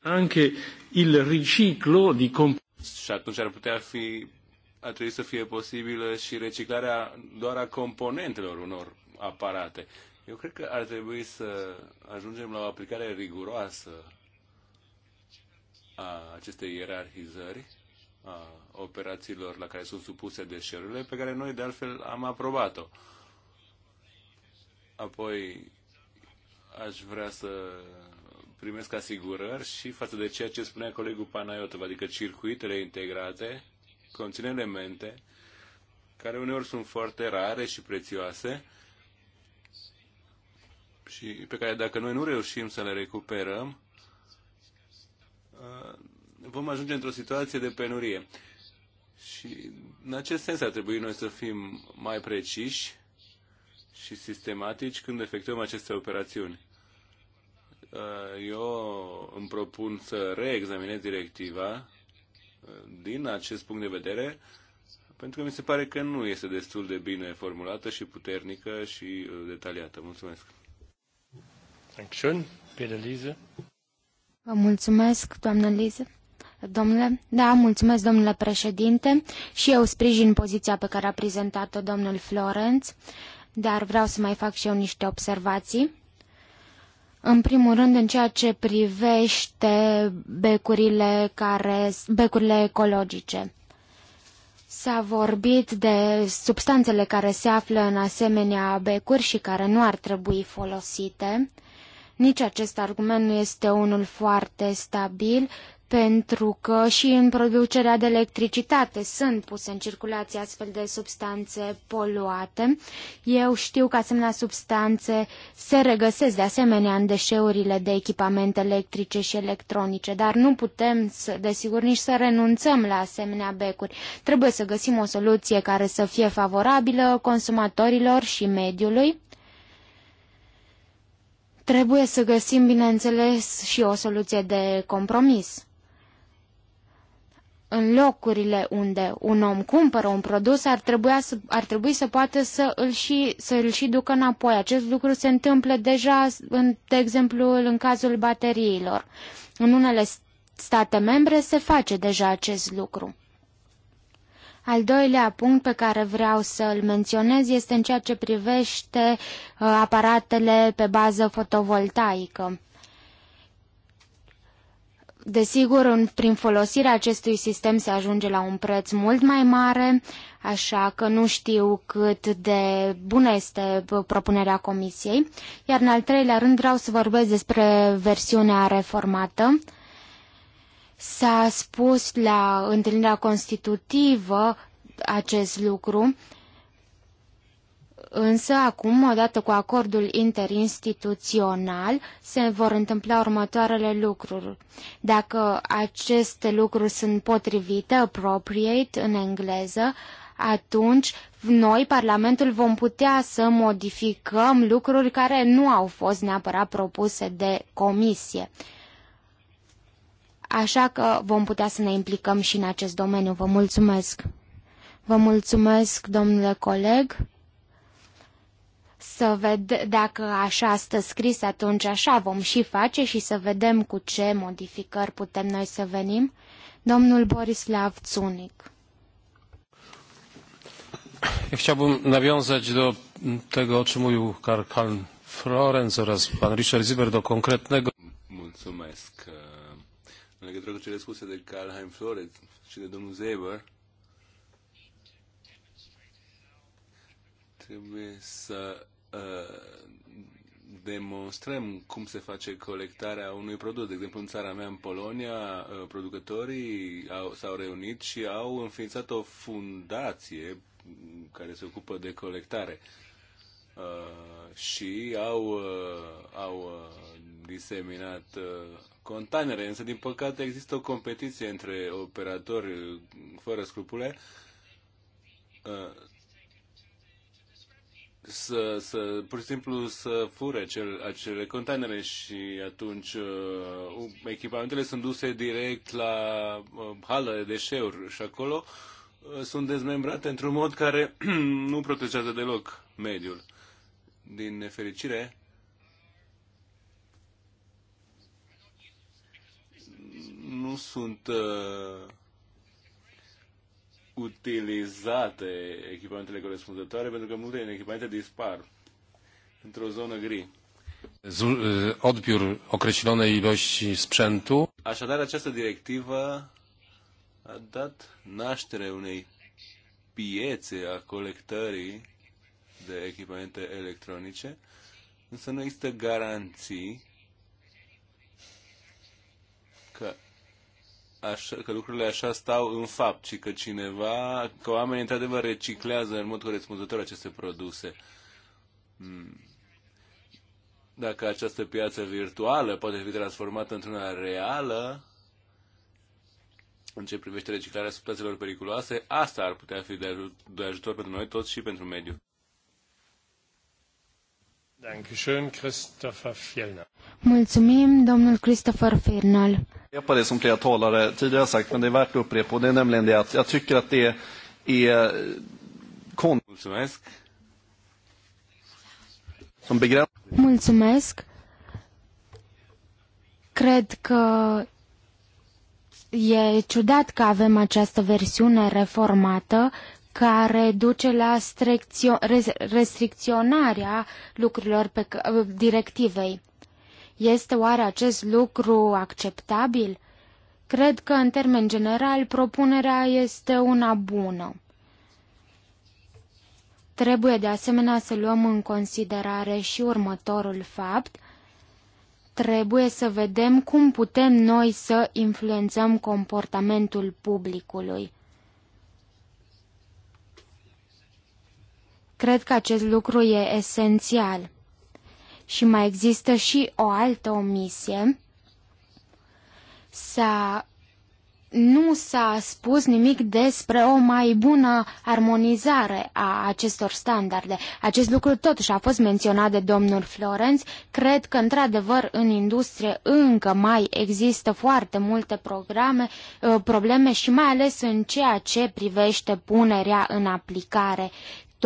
Anche il riciclo di Și atunci ar putea fi, ar trebui să fie posibilă și reciclarea doar a componentelor unor aparate. Eu cred că ar trebui să ajungem la o aplicare riguroasă a acestei ierarhizări a operațiilor la care sunt supuse deșeurile, pe care noi de altfel am aprobat-o. Apoi aș vrea să primesc asigurări și față de ceea ce spunea colegul Panaiotov, adică circuitele integrate conțin elemente care uneori sunt foarte rare și prețioase și pe care dacă noi nu reușim să le recuperăm, uh, vom ajunge într-o situație de penurie. Și în acest sens ar trebui noi să fim mai preciși și sistematici când efectuăm aceste operațiuni. Uh, eu îmi propun să reexaminez directiva uh, din acest punct de vedere, pentru că mi se pare că nu este destul de bine formulată și puternică și uh, detaliată. Mulțumesc. Dankeschön. Peter Lise. Vă mulțumesc, doamnă Lise. Domnule, da, mulțumesc, domnule președinte, și eu sprijin poziția pe care a prezentat-o domnul Florenț. Uh, dar vreau să mai fac și eu niște observații. În primul rând, în ceea ce privește becurile, care, becurile ecologice. S-a vorbit de substanțele care se află în asemenea becuri și care nu ar trebui folosite. Nici acest argument nu este unul foarte stabil pentru că și în producerea de electricitate sunt puse în circulație astfel de substanțe poluate. Eu știu că asemenea substanțe se regăsesc de asemenea în deșeurile de echipamente electrice și electronice, dar nu putem, desigur, nici să renunțăm la asemenea becuri. Trebuie să găsim o soluție care să fie favorabilă consumatorilor și mediului. Trebuie să găsim, bineînțeles, și o soluție de compromis în locurile unde un om cumpără un produs, ar, trebui să, ar trebui să poată să îl, și, să îl și ducă înapoi. Acest lucru se întâmplă deja, în, de exemplu, în cazul bateriilor. În unele state membre se face deja acest lucru. Al doilea punct pe care vreau să îl menționez este în ceea ce privește uh, aparatele pe bază fotovoltaică. Desigur, prin folosirea acestui sistem se ajunge la un preț mult mai mare, așa că nu știu cât de bună este uh, propunerea comisiei. Iar în al treilea rând vreau să vorbesc despre versiunea reformată. S-a spus la întâlnirea constitutivă acest lucru, Însă, acum, odată cu acordul interinstituțional, se vor întâmpla următoarele lucruri. Dacă aceste lucruri sunt potrivite, appropriate în engleză, atunci noi, Parlamentul, vom putea să modificăm lucruri care nu au fost neapărat propuse de comisie. Așa că vom putea să ne implicăm și în acest domeniu. Vă mulțumesc! Vă mulțumesc, domnule coleg! să ved dacă așa stă scris, atunci așa vom și face și să vedem cu ce modificări putem noi să venim. Domnul Borislav Tsunic. Ja chciałbym nawiązać do tego, o czym mówił Karl Florenz oraz pan Richard Ziber, do konkretnego... Mulțumesc. În legătură cu cele spuse de Karl Heim Florenz și de domnul Zeber, trebuie să Uh, demonstrăm cum se face colectarea unui produs. De exemplu, în țara mea, în Polonia, uh, producătorii au, s-au reunit și au înființat o fundație care se ocupă de colectare. Uh, și au, uh, au uh, diseminat uh, containere, însă din păcate există o competiție între operatori fără scrupule uh, să, să pur și simplu să fure cel, acele containere și atunci uh, echipamentele sunt duse direct la uh, hală de deșeuri și acolo uh, sunt dezmembrate într-un mod care nu protejează deloc mediul. Din nefericire, nu sunt uh, utilizate echipamentele corespunzătoare, pentru că multe din echipamente dispar într-o zonă gri. Odbiur określonej ilości sprzętu. Așadar, această directivă a dat naștere unei piețe a colectării de echipamente electronice, însă nu există garanții așa, că lucrurile așa stau în fapt, ci că cineva, că oamenii într-adevăr reciclează în mod corespunzător aceste produse. Hmm. Dacă această piață virtuală poate fi transformată într-una reală, în ce privește reciclarea substanțelor periculoase, asta ar putea fi de, aj- de ajutor pentru noi toți și pentru mediu. Mulțumim, domnul Christopher Firnal upprepa det som flera talare tidigare sagt, men det är värt att upprepa. Och det är nämligen det att jag tycker att det är kon... Eh, Mulțumesc. Som begrepp. Mulțumesc. Cred că e ciudat că avem această versiune reformată care duce la restricționarea lucrurilor pe directivei este oare acest lucru acceptabil? Cred că, în termen general, propunerea este una bună. Trebuie de asemenea să luăm în considerare și următorul fapt. Trebuie să vedem cum putem noi să influențăm comportamentul publicului. Cred că acest lucru e esențial. Și mai există și o altă omisie. S-a nu s-a spus nimic despre o mai bună armonizare a acestor standarde. Acest lucru totuși a fost menționat de domnul Florenț. Cred că, într-adevăr, în industrie încă mai există foarte multe programe, uh, probleme și mai ales în ceea ce privește punerea în aplicare.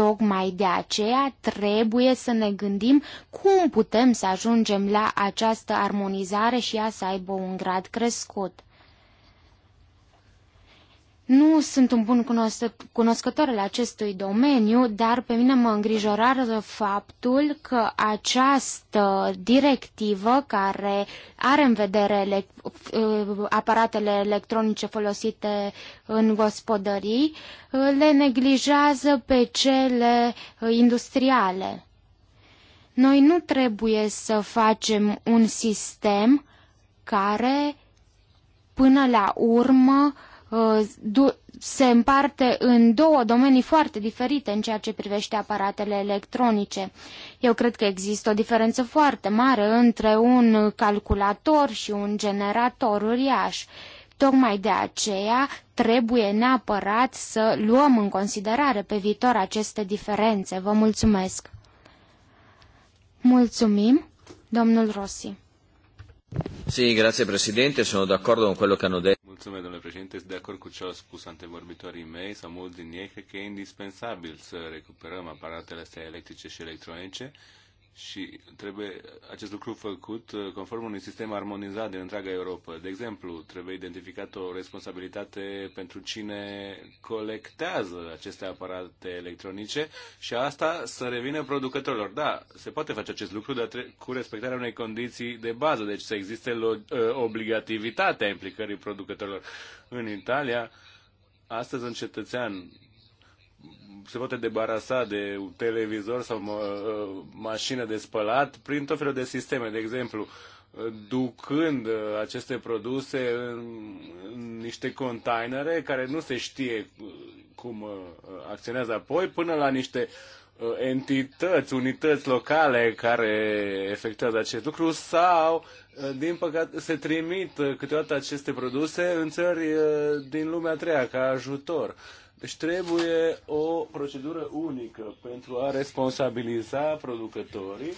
Tocmai de aceea trebuie să ne gândim cum putem să ajungem la această armonizare și ea să aibă un grad crescut. Nu sunt un bun cunoscător al acestui domeniu, dar pe mine mă îngrijorează faptul că această directivă care are în vedere ele uh, aparatele electronice folosite în gospodării uh, le neglijează pe cele uh, industriale. Noi nu trebuie să facem un sistem care până la urmă Uh, se împarte în două domenii foarte diferite în ceea ce privește aparatele electronice. Eu cred că există o diferență foarte mare între un calculator și un generator uriaș. Tocmai de aceea trebuie neapărat să luăm în considerare pe viitor aceste diferențe. Vă mulțumesc! Mulțumim, domnul Rossi. Sì, grazie Presidente, sono d'accordo con quello che hanno detto. Mulțumesc, domnule președinte. Sunt de acord cu ce au spus antevorbitorii mei sau mulți din ei. Cred că e indispensabil să recuperăm aparatele astea electrice și electronice și trebuie acest lucru făcut uh, conform unui sistem armonizat din întreaga Europa. De exemplu, trebuie identificată o responsabilitate pentru cine colectează aceste aparate electronice și asta să revină producătorilor. Da, se poate face acest lucru, dar cu respectarea unei condiții de bază, deci să existe uh, obligativitatea implicării producătorilor. În Italia, astăzi un cetățean se poate debarasa de televizor sau uh, mașină de spălat prin tot felul de sisteme. De exemplu, ducând uh, aceste produse în niște containere care nu se știe uh, cum acționează apoi, până la niște entități, unități locale care efectuează acest lucru sau, din păcate, se trimit câteodată aceste produse în țări din lumea treia ca ajutor. Deci trebuie o procedură unică pentru a responsabiliza producătorii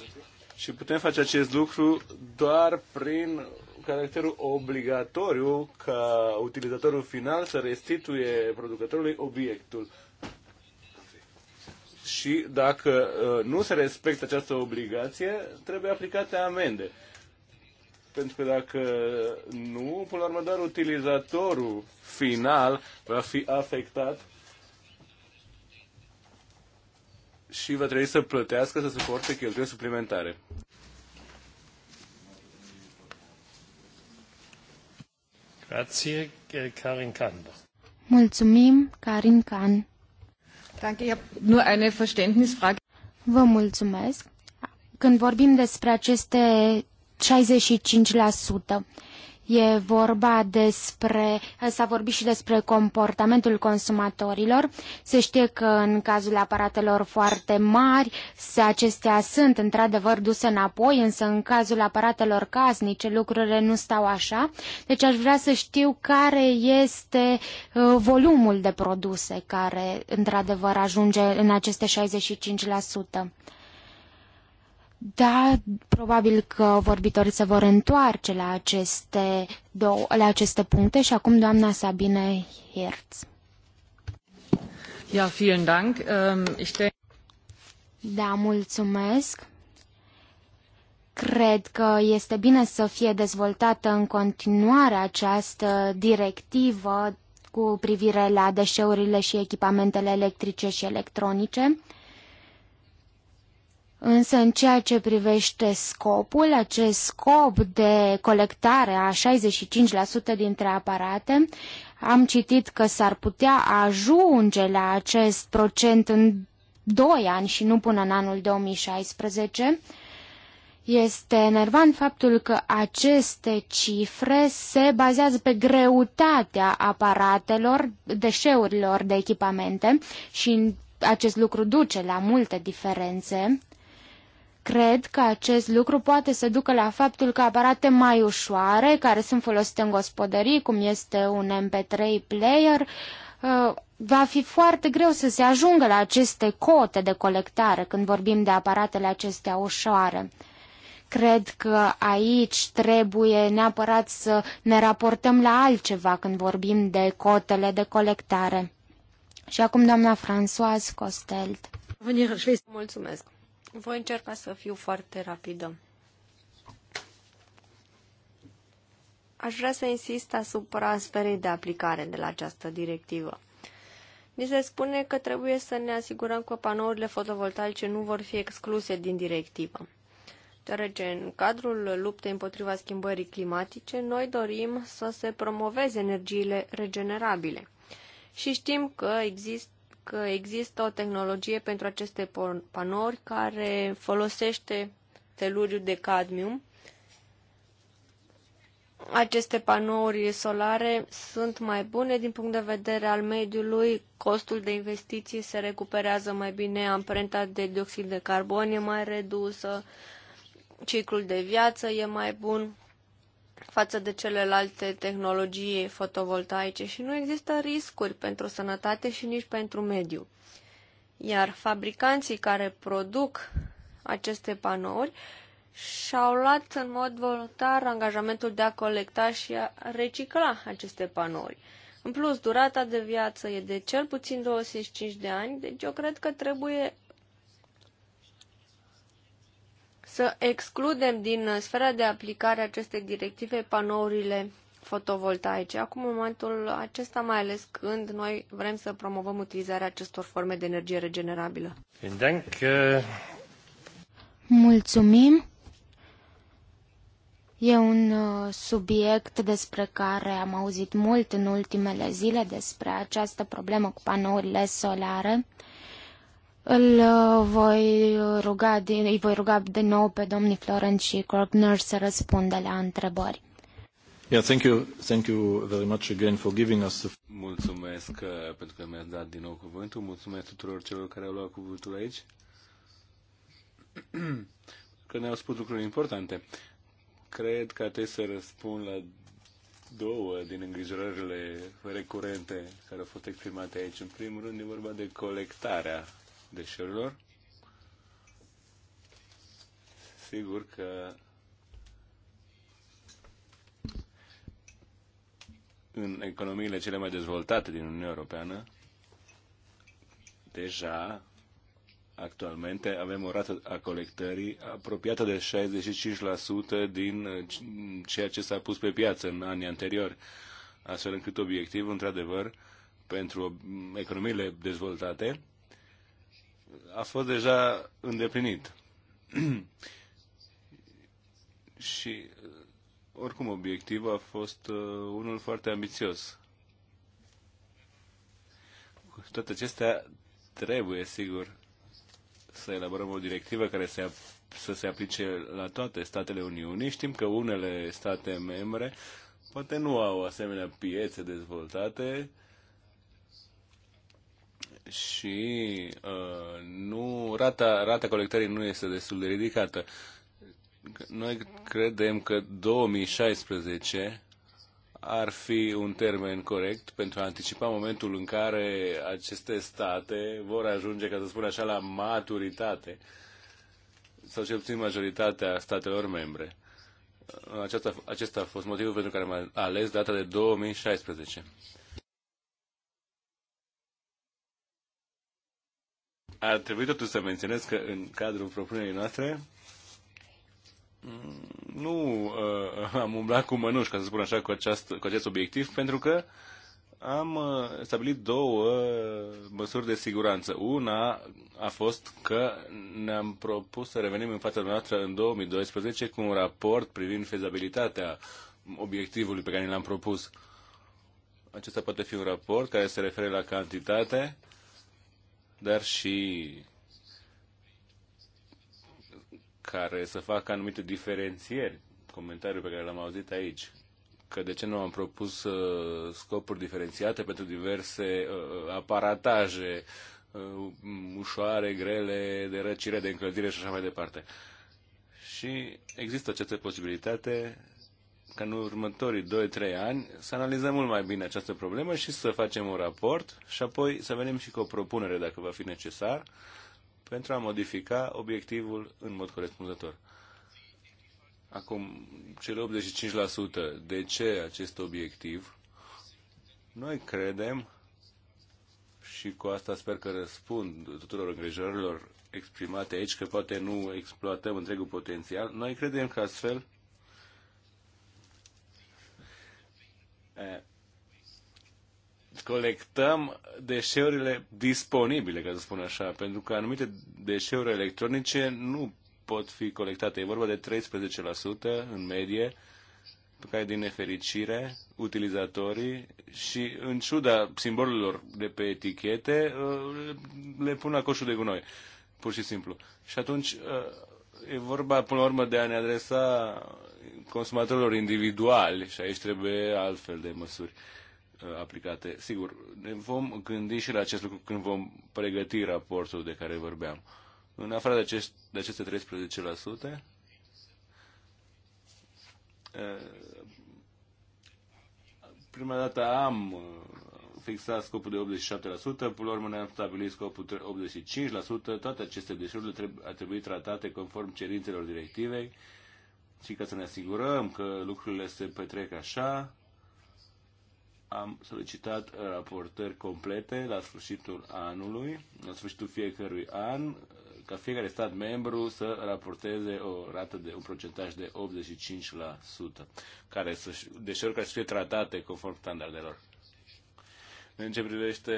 și putem face acest lucru doar prin caracterul obligatoriu ca utilizatorul final să restituie producătorului obiectul. Și dacă uh, nu se respectă această obligație, trebuie aplicate amende. Pentru că dacă nu, până la urmă doar utilizatorul final va fi afectat și va trebui să plătească, să suporte cheltuieli suplimentare. Grazie, Karin Kanda. Mulțumim, Karin Kahn. Danke, ich habe nur eine Verständnisfrage. Vă mulțumesc. Când vorbim despre aceste 65%, E vorba despre, s-a vorbit și despre comportamentul consumatorilor. Se știe că în cazul aparatelor foarte mari, acestea sunt într-adevăr duse înapoi, însă în cazul aparatelor casnice lucrurile nu stau așa. Deci aș vrea să știu care este uh, volumul de produse care într-adevăr ajunge în aceste 65%. Da, probabil că vorbitorii se vor întoarce la aceste, două, la aceste puncte și acum doamna Sabine Herz. Ja, vielen Dank. Ähm, ich Da, mulțumesc. Cred că este bine să fie dezvoltată în continuare această directivă cu privire la deșeurile și echipamentele electrice și electronice. Însă în ceea ce privește scopul, acest scop de colectare a 65% dintre aparate, am citit că s-ar putea ajunge la acest procent în 2 ani și nu până în anul 2016. Este enervant faptul că aceste cifre se bazează pe greutatea aparatelor, deșeurilor de echipamente și acest lucru duce la multe diferențe. Cred că acest lucru poate să ducă la faptul că aparate mai ușoare, care sunt folosite în gospodării, cum este un MP3 player, uh, va fi foarte greu să se ajungă la aceste cote de colectare când vorbim de aparatele acestea ușoare. Cred că aici trebuie neapărat să ne raportăm la altceva când vorbim de cotele de colectare. Și acum doamna Françoise Costelt. Mulțumesc. Voi încerca să fiu foarte rapidă. Aș vrea să insist asupra sferei de aplicare de la această directivă. Ni se spune că trebuie să ne asigurăm că panourile fotovoltaice nu vor fi excluse din directivă. Deoarece în cadrul luptei împotriva schimbării climatice, noi dorim să se promoveze energiile regenerabile. Și știm că există că există o tehnologie pentru aceste panouri care folosește teluriu de cadmium. Aceste panouri solare sunt mai bune din punct de vedere al mediului, costul de investiții se recuperează mai bine, amprenta de dioxid de carbon e mai redusă, ciclul de viață e mai bun față de celelalte tehnologii fotovoltaice și nu există riscuri pentru sănătate și nici pentru mediu. Iar fabricanții care produc aceste panouri și-au luat în mod voluntar angajamentul de a colecta și a recicla aceste panouri. În plus, durata de viață e de cel puțin 25 de ani, deci eu cred că trebuie să excludem din sfera de aplicare aceste acestei directive panourile fotovoltaice. Acum, în momentul acesta, mai ales când noi vrem să promovăm utilizarea acestor forme de energie regenerabilă. Mulțumim! E un uh, subiect despre care am auzit mult în ultimele zile despre această problemă cu panourile solare. Îl uh, voi ruga, din, îi voi ruga de nou pe domnii Florent și Krogner să răspundă la întrebări. Yeah, thank you. Thank you very much again for giving us the... Mulțumesc uh, pentru că mi-ați dat din nou cuvântul. Mulțumesc tuturor celor care au luat cuvântul aici. că ne-au spus lucruri importante. Cred că trebuie să răspund la două din îngrijorările recurente care au fost exprimate aici. În primul rând e vorba de colectarea deșeurilor. Sigur că în economiile cele mai dezvoltate din Uniunea Europeană, deja actualmente avem o rată a colectării apropiată de 65% din mm, ceea ce s-a pus pe piață în anii anteriori, astfel încât obiectivul, într-adevăr, pentru mm, economiile dezvoltate a fost deja îndeplinit. și uh, oricum obiectivul a fost uh, unul foarte ambițios. Cu toate acestea, trebuie, sigur, să elaborăm o directivă care să, să se aplice la toate statele Uniunii. Știm că unele state membre poate nu au asemenea piețe dezvoltate, uh, și uh, nu, rata, rata colectării nu este destul de ridicată. Noi credem că 2016 ar fi un termen corect pentru a anticipa momentul în care aceste state vor ajunge, ca să spun așa, la maturitate, sau cel puțin majoritatea statelor membre. Aceasta, acesta a fost motivul pentru care am ales data de 2016. Ar trebui totuși să menționez că în cadrul propunerii noastre mm, nu uh, am umblat cu mănuși, ca să spun așa, cu, aceast, cu acest obiectiv, pentru că am uh, stabilit două măsuri de siguranță. Una a fost că ne-am propus să revenim în fața noastră în 2012 cu un raport privind fezabilitatea obiectivului pe care l-am propus. Acesta poate fi un raport care se referă la cantitate, dar și care să facă anumite diferențieri, comentariul pe care l-am auzit aici, că de ce nu am propus uh, scopuri diferențiate pentru diverse uh, uh, aparataje ușoare, grele, de răcire, de încălzire și așa mai departe. Și există această posibilitate ca în următorii 2-3 ani să analizăm mult mai bine această problemă și să facem un raport și apoi să venim și cu o propunere, dacă va fi necesar, pentru a modifica obiectivul în mod corespunzător. Acum, cele 85%, de ce acest obiectiv? Noi credem, și cu asta sper că răspund tuturor îngrijorilor exprimate aici, că poate nu exploatăm întregul potențial, noi credem că astfel colectăm deșeurile disponibile, ca să spun așa, pentru că anumite deșeuri electronice nu pot fi colectate. E vorba de 13% în medie, pe care, din nefericire, utilizatorii și, în ciuda simbolurilor de pe etichete, le pun la coșul de gunoi, pur și simplu. Și atunci e vorba, până la urmă, de a ne adresa consumatorilor individuali și aici trebuie altfel de măsuri uh, aplicate. Sigur, ne vom gândi și la acest lucru când vom pregăti raportul de care vorbeam. În afară de, acest, de aceste 13%, uh, prima dată am uh, fixat scopul de 87%, până la urmă ne-am stabilit scopul de 85%, toate aceste deșeuri ar trebui tratate conform cerințelor directivei și ca să ne asigurăm că lucrurile se petrec așa, am solicitat uh, raportări complete la sfârșitul anului, la sfârșitul fiecărui an, uh, ca fiecare stat membru să raporteze o rată de un procentaj de 85%, care să, deșeuri care să fie tratate conform standardelor. În ce privește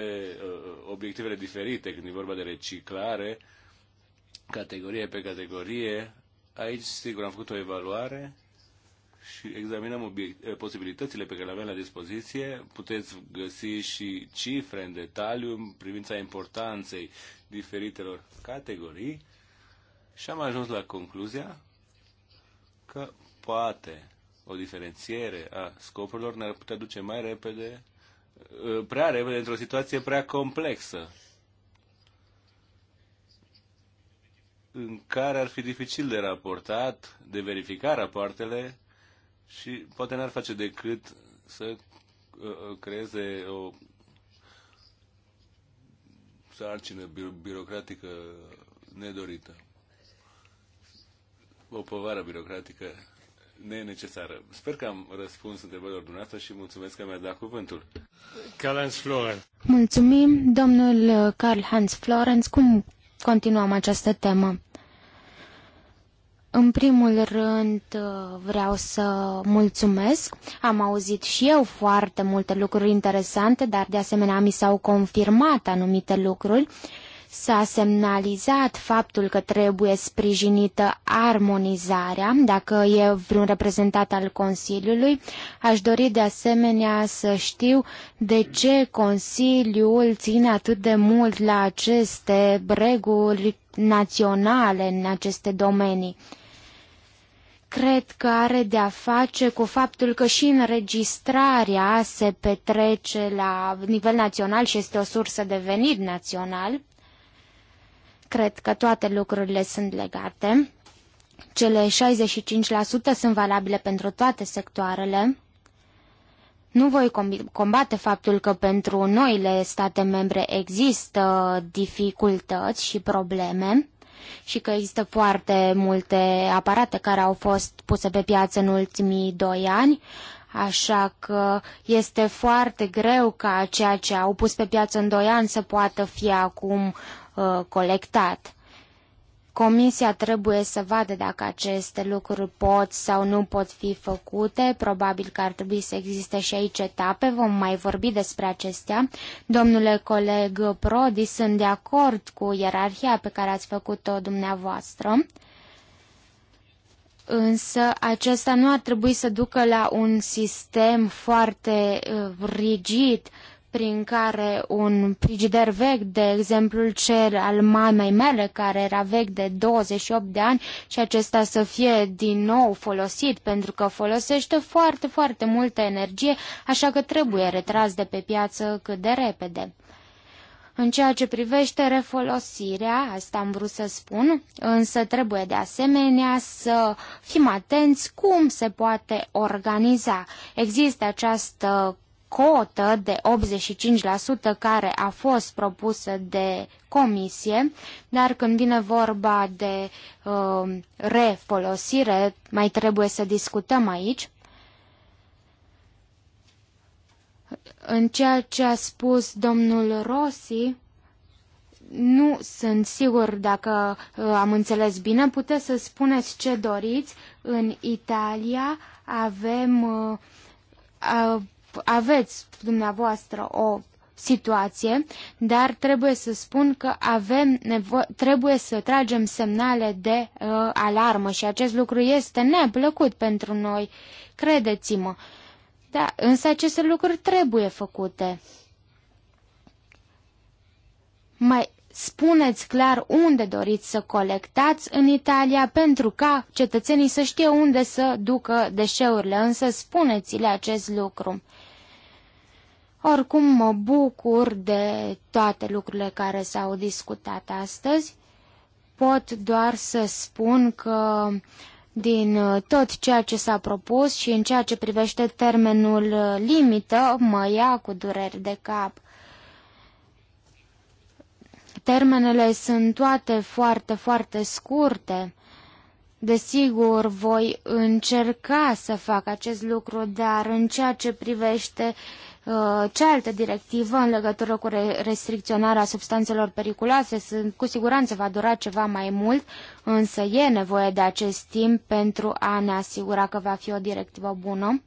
uh, obiectivele diferite, când e vorba de reciclare, categorie pe categorie, Aici, sigur, am făcut o evaluare și examinăm eh, posibilitățile pe care le avem la dispoziție. Puteți găsi și cifre în detaliu în privința importanței diferitelor categorii și am ajuns la concluzia că poate o diferențiere a scopurilor ne-ar putea duce mai repede, eh, prea repede, într-o situație prea complexă în care ar fi dificil de raportat, de verificat rapoartele și poate n-ar face decât să uh, uh, creeze o sarcină birocratică nedorită. O povară birocratică nenecesară. Sper că am răspuns întrebărilor dumneavoastră și mulțumesc că mi a dat cuvântul. carl Mulțumim, domnul carl Hans Florenz. Cum continuăm această temă. În primul rând uh, vreau să mulțumesc. Am auzit și eu foarte multe lucruri interesante, dar de asemenea mi s-au confirmat anumite lucruri S-a semnalizat faptul că trebuie sprijinită armonizarea, dacă e vreun reprezentat al Consiliului. Aș dori de asemenea să știu de ce Consiliul ține atât de mult la aceste reguli naționale în aceste domenii cred că are de-a face cu faptul că și înregistrarea se petrece la nivel național și este o sursă de venit național. Cred că toate lucrurile sunt legate. Cele 65% sunt valabile pentru toate sectoarele. Nu voi combate faptul că pentru noile state membre există dificultăți și probleme și că există foarte multe aparate care au fost puse pe piață în ultimii doi ani, așa că este foarte greu ca ceea ce au pus pe piață în doi ani să poată fi acum Uh, colectat. Comisia trebuie să vadă dacă aceste lucruri pot sau nu pot fi făcute. Probabil că ar trebui să existe și aici etape. Vom mai vorbi despre acestea. Domnule coleg Prodi, sunt de acord cu ierarhia pe care ați făcut-o dumneavoastră. Însă acesta nu ar trebui să ducă la un sistem foarte uh, rigid prin care un frigider vechi, de exemplu cel al mamei mele, care era vechi de 28 de ani și acesta să fie din nou folosit, pentru că folosește foarte, foarte multă energie, așa că trebuie retras de pe piață cât de repede. În ceea ce privește refolosirea, asta am vrut să spun, însă trebuie de asemenea să fim atenți cum se poate organiza. Există această cotă de 85% care a fost propusă de comisie, dar când vine vorba de uh, refolosire, mai trebuie să discutăm aici. În ceea ce a spus domnul Rossi, nu sunt sigur dacă uh, am înțeles bine. Puteți să spuneți ce doriți. În Italia avem uh, uh, aveți dumneavoastră o situație, dar trebuie să spun că avem nevo- trebuie să tragem semnale de uh, alarmă și acest lucru este neplăcut pentru noi, credeți-mă. Da, însă aceste lucruri trebuie făcute. Mai spuneți clar unde doriți să colectați în Italia pentru ca cetățenii să știe unde să ducă deșeurile, însă spuneți-le acest lucru. Oricum mă bucur de toate lucrurile care s-au discutat astăzi. Pot doar să spun că din uh, tot ceea ce s-a propus și în ceea ce privește termenul uh, limită, mă ia cu dureri de cap. Termenele sunt toate foarte, foarte scurte. Desigur, voi încerca să fac acest lucru, dar în ceea ce privește uh, Uh, cealaltă directivă în legătură cu restricționarea substanțelor periculoase sunt, cu siguranță va dura ceva mai mult, însă e nevoie de acest timp pentru a ne asigura că va fi o directivă bună.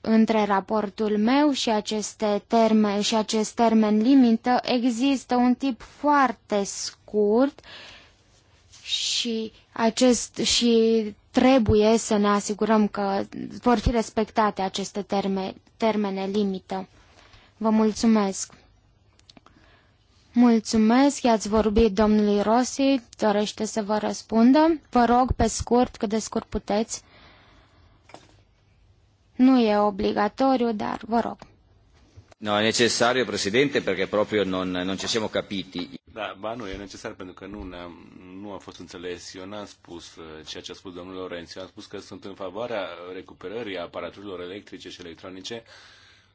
Între raportul meu și, aceste termen, și acest termen limită există un tip foarte scurt și acest și trebuie să ne asigurăm că vor fi respectate aceste terme, termene limită. Vă mulțumesc! Mulțumesc, i-ați vorbit domnului Rossi, dorește să vă răspundă. Vă rog pe scurt, cât de scurt puteți. Nu e obligatoriu, dar vă rog. No, è necessario, Presidente, perché proprio non, non ci siamo capiti. Da, ba nu, e necesar pentru că nu, am nu a fost înțeles. Eu n-am spus uh, ceea ce a spus domnul Lorenz. Eu am spus că sunt în favoarea recuperării aparaturilor electrice și electronice,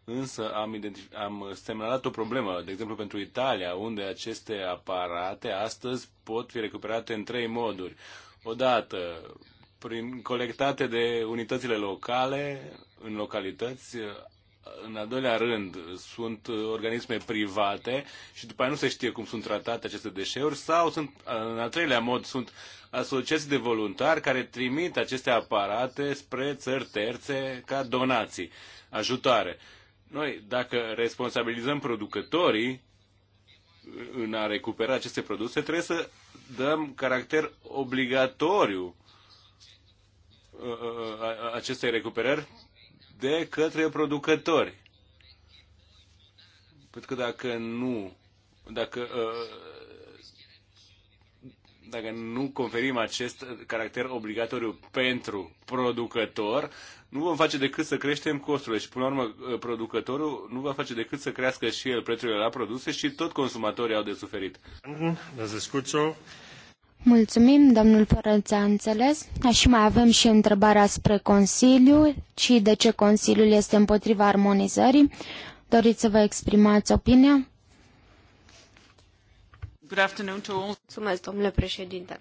însă am, am semnalat o problemă, de exemplu pentru Italia, unde aceste aparate astăzi pot fi recuperate în trei moduri. Odată, prin colectate de unitățile locale în localități, în al doilea rând, sunt organisme private și după aia nu se știe cum sunt tratate aceste deșeuri sau sunt, în al treilea mod, sunt asociații de voluntari care trimit aceste aparate spre țări terțe ca donații, ajutoare. Noi, dacă responsabilizăm producătorii, în a recupera aceste produse, trebuie să dăm caracter obligatoriu uh, uh, uh, acestei recuperări de către producători. Pentru că dacă nu, dacă, uh, dacă nu conferim acest caracter obligatoriu pentru producător, nu vom face decât să creștem costurile și, până la urmă, uh, producătorul nu va face decât să crească și el prețurile la produse și tot consumatorii au de suferit. Mulțumim, domnul Părăț a înțeles. Și mai avem și întrebarea spre Consiliu și de ce Consiliul este împotriva armonizării. Doriți să vă exprimați opinia? Good afternoon to all. Mulțumesc, domnule președinte.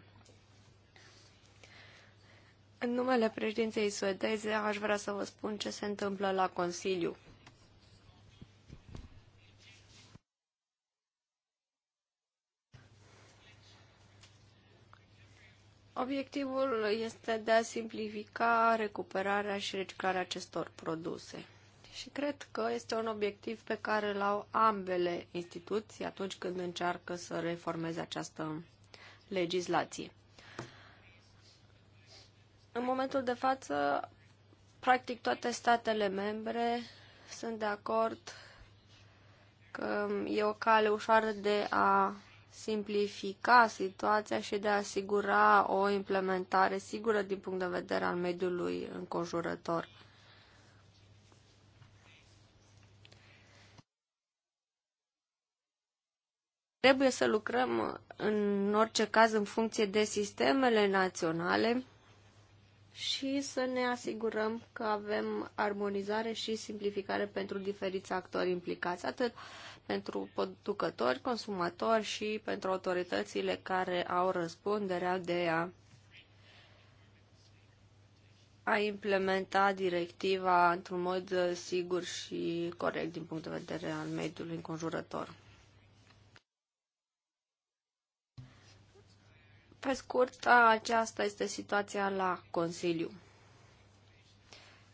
În numele președinței suedeze aș vrea să vă spun ce se întâmplă la Consiliu Obiectivul este de a simplifica recuperarea și reciclarea acestor produse. Și cred că este un obiectiv pe care îl au ambele instituții atunci când încearcă să reformeze această legislație. În momentul de față, practic toate statele membre sunt de acord că e o cale ușoară de a simplifica situația și de a asigura o implementare sigură din punct de vedere al mediului înconjurător. Trebuie să lucrăm în orice caz în funcție de sistemele naționale și să ne asigurăm că avem armonizare și simplificare pentru diferiți actori implicați, atât pentru producători, consumatori și pentru autoritățile care au răspunderea de a, a implementa directiva într-un mod sigur și corect din punct de vedere al mediului înconjurător. Pe scurt, aceasta este situația la Consiliu.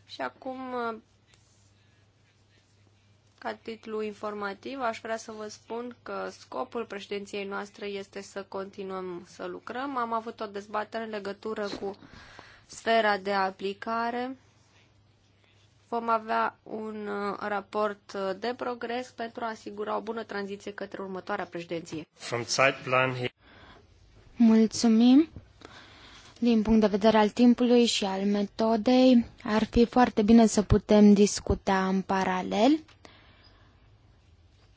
Și acum ca titlu informativ, aș vrea să vă spun că scopul președinției noastre este să continuăm să lucrăm. Am avut o dezbatere în legătură cu sfera de aplicare. Vom avea un uh, raport uh, de progres pentru a asigura o bună tranziție către următoarea președinție. Mulțumim! Din punct de vedere al timpului și al metodei, ar fi foarte bine să putem discuta în paralel.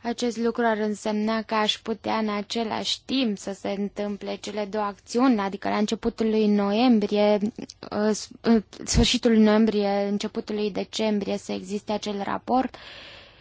Acest lucru ar însemna că aș putea în același timp să se întâmple cele două acțiuni, adică la începutul lui noiembrie, uh, uh, sfârșitul lui noiembrie, începutul lui decembrie să existe acel raport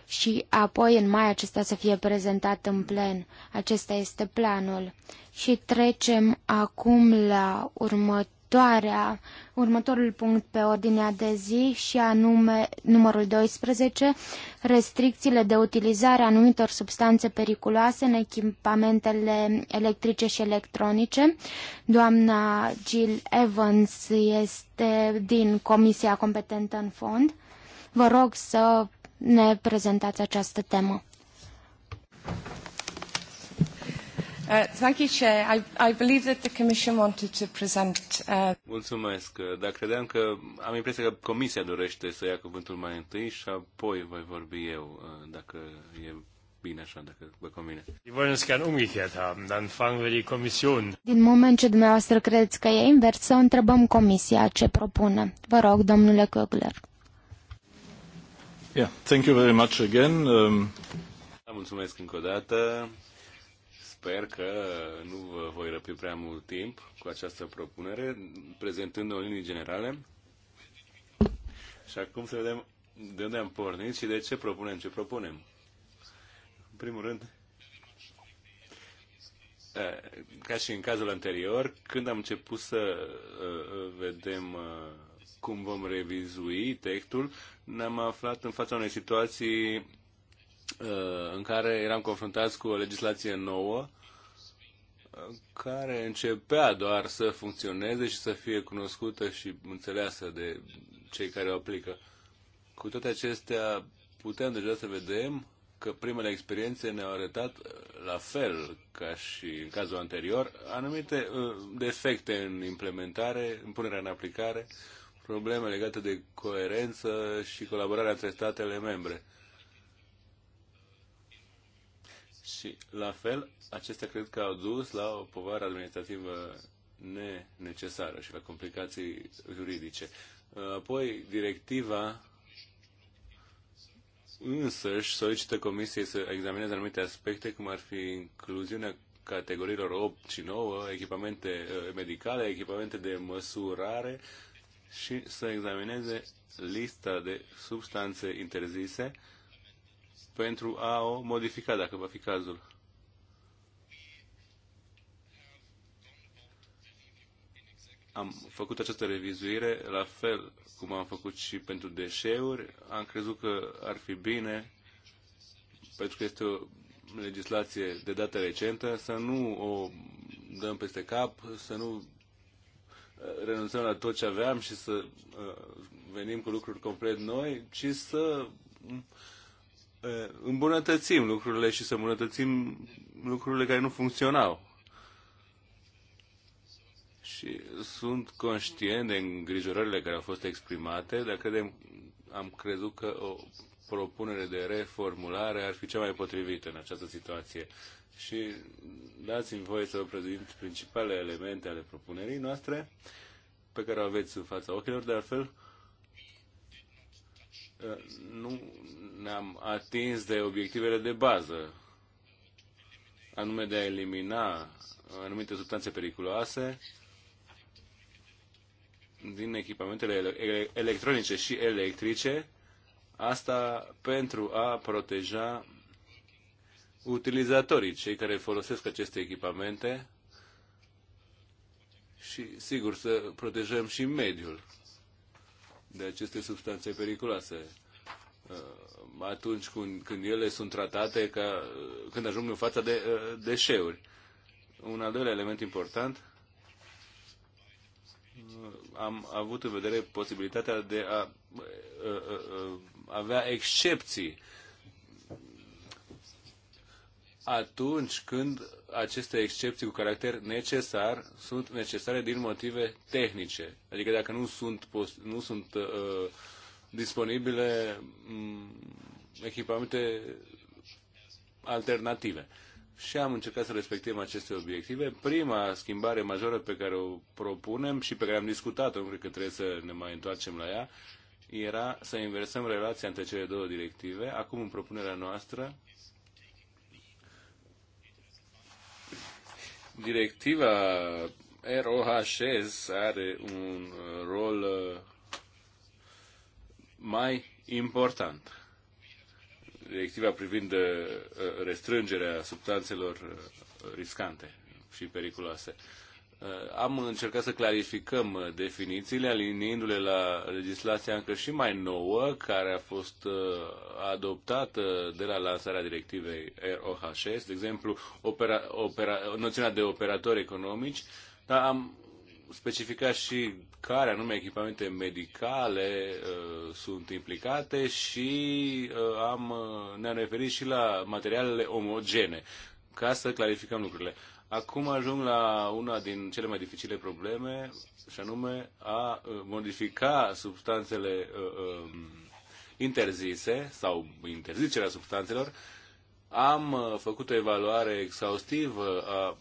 și apoi în mai acesta să fie prezentat în plen. Acesta este planul. Și trecem acum la următorul următoarea, următorul punct pe ordinea de zi și anume numărul 12, restricțiile de utilizare a anumitor substanțe periculoase în echipamentele electrice și electronice. Doamna Jill Evans este din comisia competentă în fond. Vă rog să ne prezentați această temă. Uh, thank you, Chair. I, I believe that the Commission wanted to present... Uh... Mulțumesc. Dar credeam că am impresia că Comisia dorește să ia cuvântul mai întâi și apoi voi vorbi eu, uh, dacă e bine așa, dacă vă convine. Din moment ce dumneavoastră credeți că e invers, să întrebăm Comisia ce propune. Vă rog, domnule Kögler. Yeah, thank you very much again. Um... Da, mulțumesc încă o dată sper că nu vă voi răpi prea mult timp cu această propunere, prezentând o linii generale. Și acum să vedem de unde am pornit și de ce propunem ce propunem. În primul rând, ca și în cazul anterior, când am început să vedem cum vom revizui textul, ne-am aflat în fața unei situații Uh, în care eram confruntați cu o legislație nouă uh, care începea doar să funcționeze și să fie cunoscută și înțeleasă de cei care o aplică. Cu toate acestea, putem deja să vedem că primele experiențe ne-au arătat, uh, la fel ca și în cazul anterior, anumite defecte în implementare, în punerea în aplicare, probleme legate de coerență și colaborarea între statele membre. Și, la fel, acestea cred că au dus la o povară administrativă necesară și la complicații juridice. Apoi, directiva însăși solicită Comisiei să examineze anumite aspecte, cum ar fi incluziunea categoriilor 8 și 9, echipamente uh, medicale, echipamente de măsurare și să examineze lista de substanțe interzise pentru a o modifica, dacă va fi cazul. Am făcut această revizuire, la fel cum am făcut și pentru deșeuri. Am crezut că ar fi bine, pentru că este o legislație de dată recentă, să nu o dăm peste cap, să nu uh, renunțăm la tot ce aveam și să uh, venim cu lucruri complet noi, ci să Eh, îmbunătățim lucrurile și să îmbunătățim lucrurile care nu funcționau. Și sunt conștient de îngrijorările care au fost exprimate, dar credem, am crezut că o propunere de reformulare ar fi cea mai potrivită în această situație. Și dați-mi voie să vă prezint principalele elemente ale propunerii noastre pe care o aveți în fața ochilor, de altfel, nu ne-am atins de obiectivele de bază, anume de a elimina anumite substanțe periculoase din echipamentele electronice și electrice, asta pentru a proteja utilizatorii, cei care folosesc aceste echipamente și, sigur, să protejăm și mediul de aceste substanțe periculoase. Uh, atunci când, când ele sunt tratate, ca, uh, când ajung în fața de uh, deșeuri. Un al doilea element important, am avut în vedere posibilitatea de a avea excepții atunci când aceste excepții cu caracter necesar sunt necesare din motive tehnice. Adică dacă nu sunt, nu sunt uh, disponibile um, echipamente alternative. Și am încercat să respectăm aceste obiective. Prima schimbare majoră pe care o propunem și pe care am discutat-o, nu cred că trebuie să ne mai întoarcem la ea, era să inversăm relația între cele două directive. Acum, în propunerea noastră, Directiva ROHS are un uh, rol uh, mai important. Directiva privind uh, restrângerea substanțelor riscante și periculoase. Uh, am încercat să clarificăm uh, definițiile, aliniindu-le la legislația încă și mai nouă, care a fost uh, adoptată de la lansarea directivei ROHS, de exemplu, opera, opera, noțiunea de operatori economici, dar am specificat și care anume echipamente medicale uh, sunt implicate și uh, am, ne-am referit și la materialele omogene ca să clarificăm lucrurile. Acum ajung la una din cele mai dificile probleme, și anume a uh, modifica substanțele uh, um, interzise sau interzicerea substanțelor. Am uh, făcut o evaluare exhaustivă a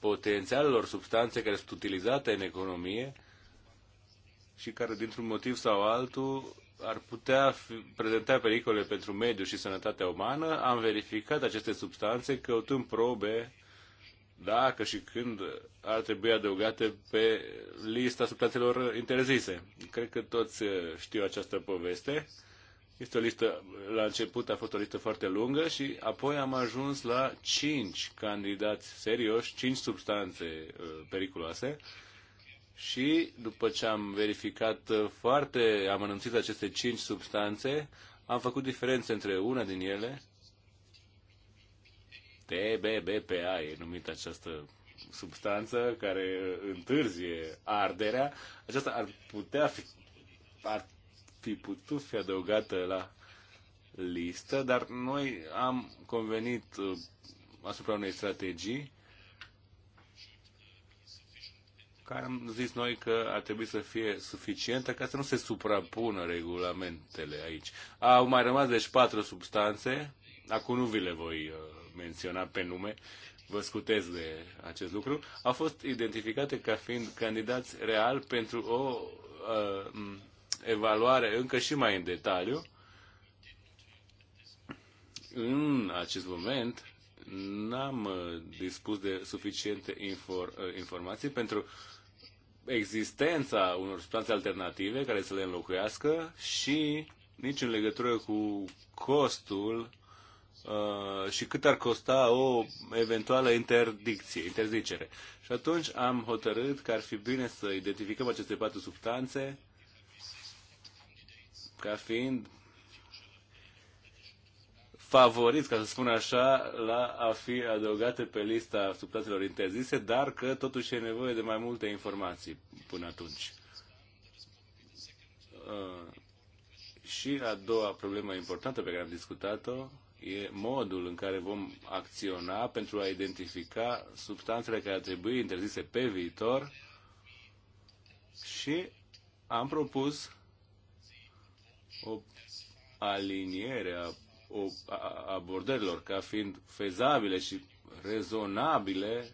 potențialelor substanțe care sunt utilizate în economie și care, dintr-un motiv sau altul, ar putea fi, prezenta pericole pentru mediu și sănătatea umană. Am verificat aceste substanțe căutând probe dacă și când ar trebui adăugate pe lista substanțelor interzise. Cred că toți eh, știu această poveste. Este o listă, la început a fost o listă foarte lungă și apoi am ajuns la 5 candidați serioși, 5 substanțe eh, periculoase și după ce am verificat eh, foarte am anunțit aceste 5 substanțe, am făcut diferențe între una din ele TBBPA e numită această substanță care întârzie arderea, aceasta ar putea fi, ar fi putut fi adăugată la listă, dar noi am convenit uh, asupra unei strategii care am zis noi că ar trebui să fie suficientă ca să nu se suprapună regulamentele aici. Au mai rămas deci patru substanțe, acum nu vi le voi uh, menționa pe nume, vă scutez de acest lucru, au fost identificate ca fiind candidați real pentru o uh, evaluare încă și mai în detaliu. În acest moment n-am uh, dispus de suficiente infor- uh, informații pentru existența unor substanțe alternative care să le înlocuiască și nici în legătură cu costul Uh, și cât ar costa o eventuală interdicție, interzicere. Și atunci am hotărât că ar fi bine să identificăm aceste patru substanțe ca fiind favoriți, ca să spun așa, la a fi adăugate pe lista substanțelor interzise, dar că totuși e nevoie de mai multe informații până atunci. Uh, și a doua problemă importantă pe care am discutat-o e modul în care vom acționa pentru a identifica substanțele care ar trebui interzise pe viitor și am propus o aliniere a, a abordărilor ca fiind fezabile și rezonabile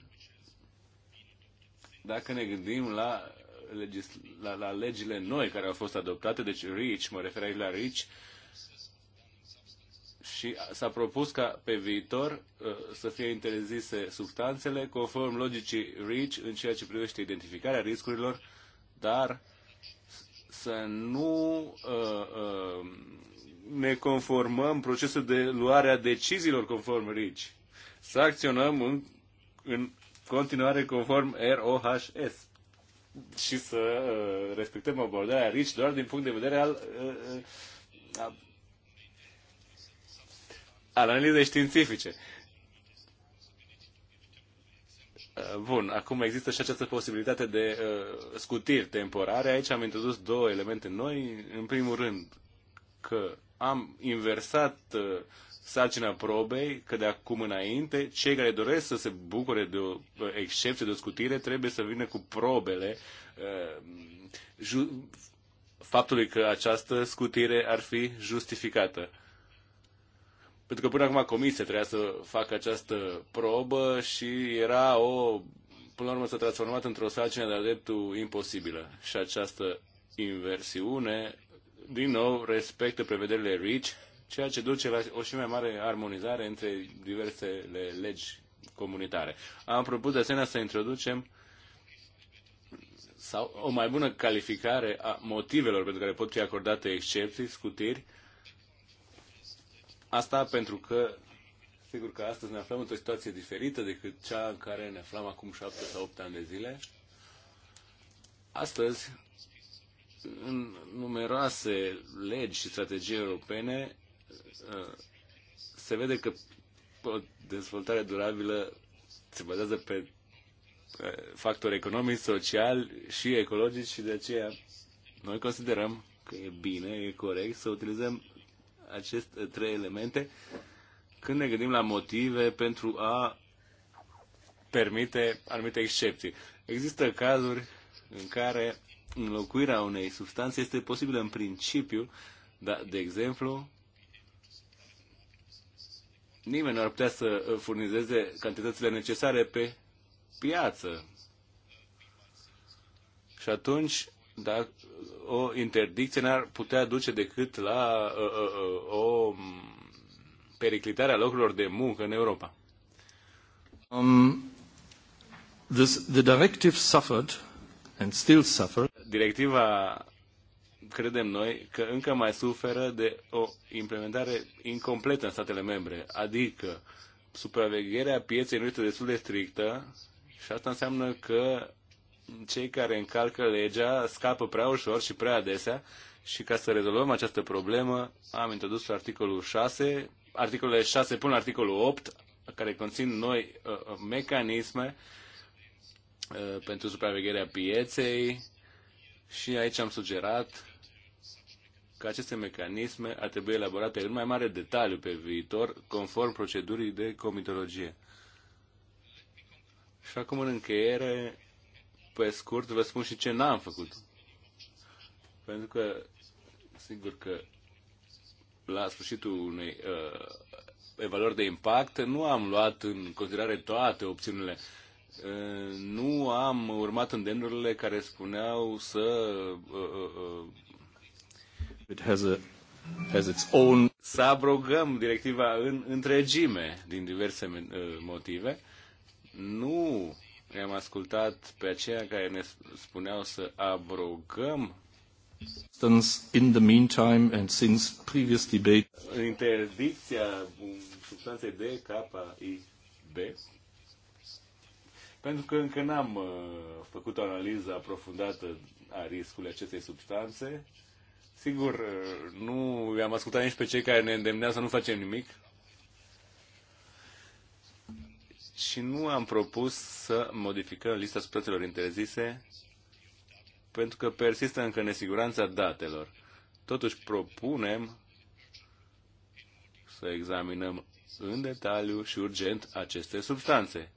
dacă ne gândim la, legis, la, la legile noi care au fost adoptate, deci RICH, mă refer aici la RICH, și s-a propus ca pe viitor uh, să fie interzise substanțele conform logicii REACH în ceea ce privește identificarea riscurilor, dar să nu uh, uh, ne conformăm procesul de luare a deciziilor conform REACH. Să acționăm în, în continuare conform ROHS și să uh, respectăm abordarea RICI doar din punct de vedere al uh, uh, al analizei științifice. Uh, bun, acum există și această posibilitate de uh, scutiri temporare. Aici am introdus două elemente noi. În primul rând, că am inversat uh, sarcina probei, că de acum înainte, cei care doresc să se bucure de o uh, excepție, de o scutire, trebuie să vină cu probele uh, faptului că această scutire ar fi justificată. Pentru că până acum comisia trebuia să facă această probă și era o, până la urmă s-a transformat într-o sarcină de-a dreptul imposibilă. Și această inversiune, din nou, respectă prevederile RICH, ceea ce duce la o și mai mare armonizare între diversele legi comunitare. Am propus de asemenea să introducem sau o mai bună calificare a motivelor pentru care pot fi acordate excepții, scutiri, Asta pentru că, sigur că astăzi ne aflăm într-o situație diferită decât cea în care ne aflam acum șapte sau opt ani de zile. Astăzi, în numeroase legi și strategii europene, uh, se vede că o dezvoltare durabilă se bazează pe factori economici, sociali și ecologici și de aceea noi considerăm că e bine, e corect să utilizăm aceste uh, trei elemente când ne gândim la motive pentru a permite anumite excepții. Există cazuri în care înlocuirea unei substanțe este posibilă în principiu, dar, de exemplu, nimeni nu ar putea să furnizeze cantitățile necesare pe piață. Și atunci dacă o interdicție n-ar putea duce decât la uh, uh, uh, o periclitare a locurilor de muncă în Europa. Um, this, the directive suffered and still suffer. Directiva credem noi că încă mai suferă de o implementare incompletă în statele membre, adică supravegherea pieței nu este destul de strictă și asta înseamnă că cei care încalcă legea scapă prea ușor și prea adesea și ca să rezolvăm această problemă am introdus articolul 6, articolele 6 până articolul 8, care conțin noi uh, uh, mecanisme uh, pentru supravegherea pieței și aici am sugerat că aceste mecanisme ar trebui elaborate în mai mare detaliu pe viitor, conform procedurii de comitologie. Și acum, în încheiere, pe scurt vă spun și ce n-am făcut. Pentru că, sigur că la sfârșitul unei uh, evaluări de impact nu am luat în considerare toate opțiunile. Uh, nu am urmat îndemnurile care spuneau să uh, uh, uh, It has a, has its own... să abrogăm directiva în întregime din diverse uh, motive. Nu am ascultat pe aceia care ne spuneau să abrogăm In the meantime and since previous debate, interdicția substanței B. pentru că încă n-am uh, făcut o analiză aprofundată a riscului acestei substanțe. Sigur, uh, nu i-am ascultat nici pe cei care ne îndemneau să nu facem nimic, și nu am propus să modificăm lista supratelor interzise pentru că persistă încă nesiguranța datelor. Totuși propunem să examinăm în detaliu și urgent aceste substanțe.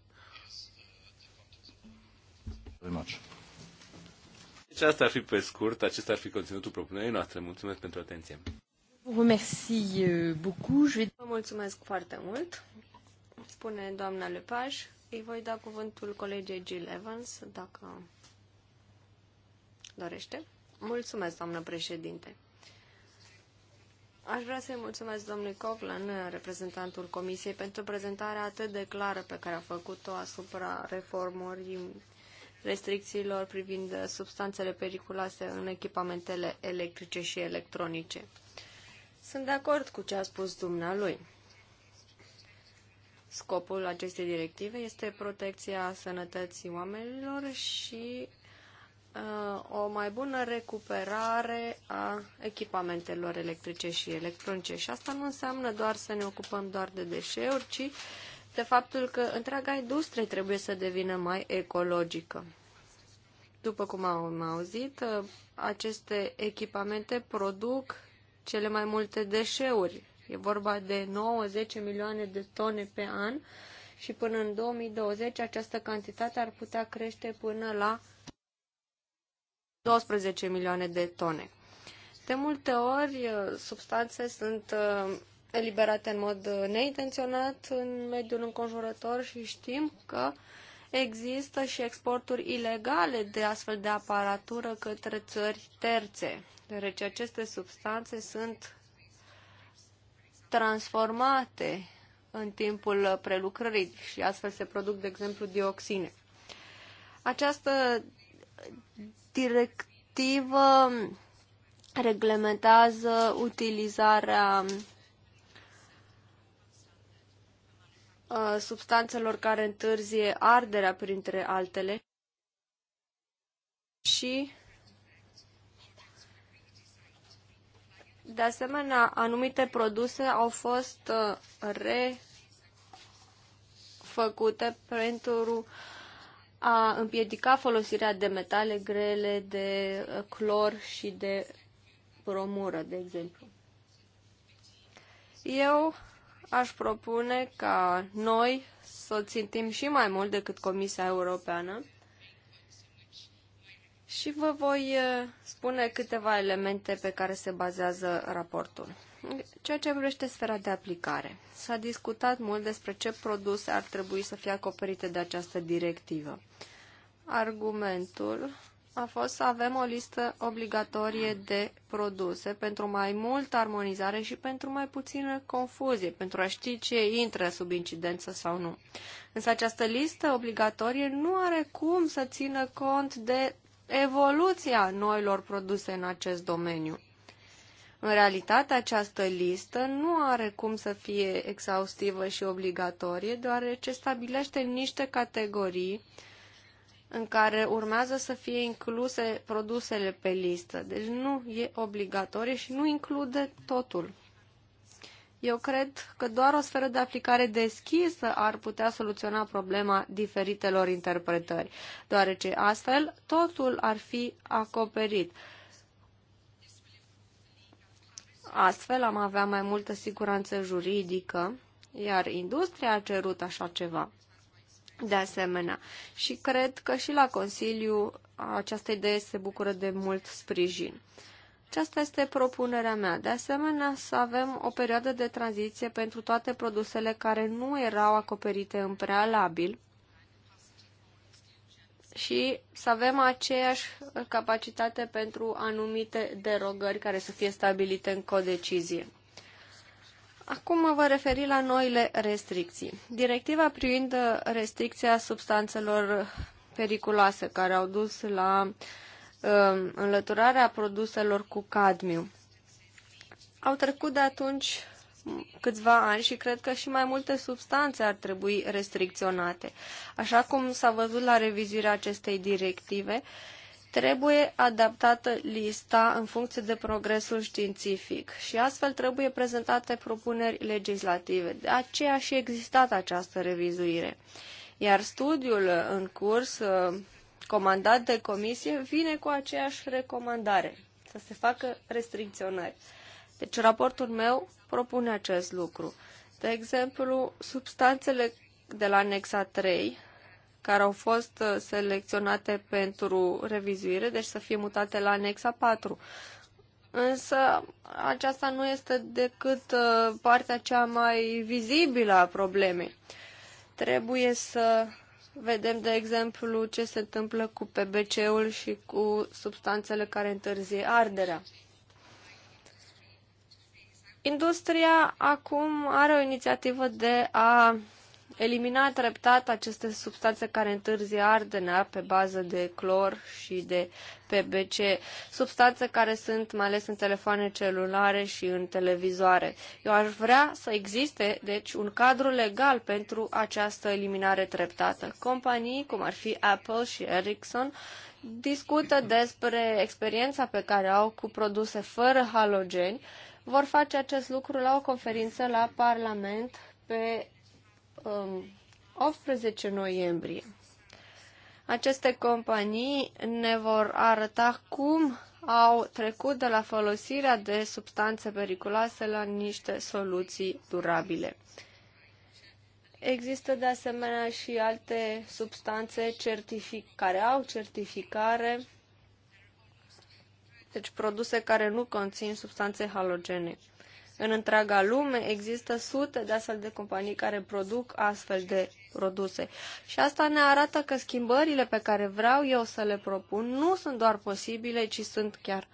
Deci asta ar fi pe scurt, acesta ar fi conținutul propunerii noastre. Mulțumesc pentru atenție. Vă mulțumesc foarte mult spune doamna Lepaj. Îi voi da cuvântul colegei Jill Evans, dacă dorește. Mulțumesc, doamnă președinte. Aș vrea să-i mulțumesc domnului Coglan, reprezentantul Comisiei, pentru prezentarea atât de clară pe care a făcut-o asupra reformării restricțiilor privind substanțele periculoase în echipamentele electrice și electronice. Sunt de acord cu ce a spus dumnealui. Scopul acestei directive este protecția sănătății oamenilor și uh, o mai bună recuperare a echipamentelor electrice și electronice. Și asta nu înseamnă doar să ne ocupăm doar de deșeuri, ci de faptul că întreaga industrie trebuie să devină mai ecologică. După cum am auzit, uh, aceste echipamente produc cele mai multe deșeuri E vorba de 9-10 milioane de tone pe an și până în 2020 această cantitate ar putea crește până la 12 milioane de tone. De multe ori, uh, substanțe sunt uh, eliberate în mod uh, neintenționat în mediul înconjurător și știm că există și exporturi ilegale de astfel de aparatură către țări terțe, deoarece aceste substanțe sunt transformate în timpul prelucrării și astfel se produc, de exemplu, dioxine. Această directivă reglementează utilizarea uh, substanțelor care întârzie arderea, printre altele, și De asemenea, anumite produse au fost uh, refăcute pentru a împiedica folosirea de metale grele, de uh, clor și de bromură, de exemplu. Eu aș propune ca noi să țintim și mai mult decât Comisia Europeană și vă voi uh, spune câteva elemente pe care se bazează raportul. Ceea ce privește sfera de aplicare. S-a discutat mult despre ce produse ar trebui să fie acoperite de această directivă. Argumentul a fost să avem o listă obligatorie de produse pentru mai multă armonizare și pentru mai puțină confuzie, pentru a ști ce intră sub incidență sau nu. Însă această listă obligatorie nu are cum să țină cont de evoluția noilor produse în acest domeniu. În realitate, această listă nu are cum să fie exhaustivă și obligatorie, deoarece stabilește niște categorii în care urmează să fie incluse produsele pe listă. Deci nu e obligatorie și nu include totul. Eu cred că doar o sferă de aplicare deschisă ar putea soluționa problema diferitelor interpretări, deoarece astfel totul ar fi acoperit. Astfel am avea mai multă siguranță juridică, iar industria a cerut așa ceva. De asemenea, și cred că și la Consiliu această idee se bucură de mult sprijin. Aceasta este propunerea mea. De asemenea, să avem o perioadă de tranziție pentru toate produsele care nu erau acoperite în prealabil și să avem aceeași capacitate pentru anumite derogări care să fie stabilite în codecizie. Acum mă voi referi la noile restricții. Directiva privind restricția substanțelor periculoase care au dus la uh, Um, înlăturarea produselor cu cadmiu. Au trecut de atunci câțiva ani și cred că și mai multe substanțe ar trebui restricționate. Așa cum s-a văzut la revizuirea acestei directive, trebuie adaptată lista în funcție de progresul științific și astfel trebuie prezentate propuneri legislative. De aceea și existat această revizuire. Iar studiul în curs uh, comandat de comisie vine cu aceeași recomandare, să se facă restricționări. Deci raportul meu propune acest lucru. De exemplu, substanțele de la anexa 3, care au fost uh, selecționate pentru revizuire, deci să fie mutate la anexa 4. Însă aceasta nu este decât uh, partea cea mai vizibilă a problemei. Trebuie să Vedem, de exemplu, ce se întâmplă cu PBC-ul și cu substanțele care întârzie arderea. Industria acum are o inițiativă de a elimina treptat aceste substanțe care întârzie arderea pe bază de clor și de PBC, substanțe care sunt mai ales în telefoane celulare și în televizoare. Eu aș vrea să existe, deci, un cadru legal pentru această eliminare treptată. Companii cum ar fi Apple și Ericsson discută despre experiența pe care au cu produse fără halogeni. Vor face acest lucru la o conferință la Parlament pe 18 um, noiembrie. Aceste companii ne vor arăta cum au trecut de la folosirea de substanțe periculoase la niște soluții durabile. Există de asemenea și alte substanțe care au certificare, deci produse care nu conțin substanțe halogene. În întreaga lume există sute de astfel de companii care produc astfel de produse. Și asta ne arată că schimbările pe care vreau eu să le propun nu sunt doar posibile, ci sunt chiar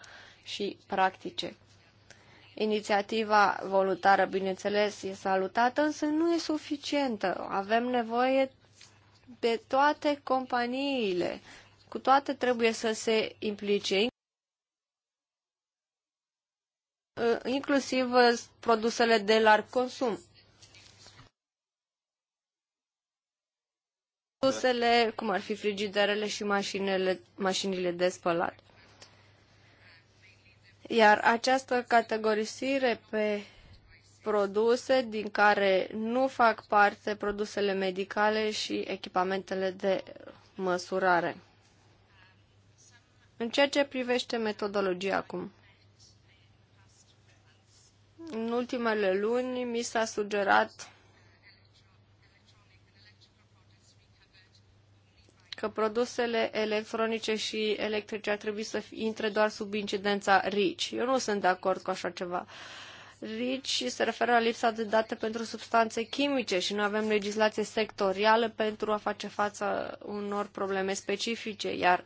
și practice. Inițiativa voluntară, bineînțeles, e salutată, însă nu e suficientă. Avem nevoie de toate companiile. Cu toate trebuie să se implice. Uh, inclusiv uh, produsele de larg consum. Produsele, cum ar fi frigiderele și mașinile, mașinile de spălat. Iar această categorisire pe produse din care nu fac parte produsele medicale și echipamentele de măsurare. În ceea ce privește metodologia acum, în ultimele luni mi s-a sugerat că produsele electronice și electrice ar trebui să intre doar sub incidența RICI. Eu nu sunt de acord cu așa ceva. RICI se referă la lipsa de date pentru substanțe chimice și nu avem legislație sectorială pentru a face față unor probleme specifice, iar uh,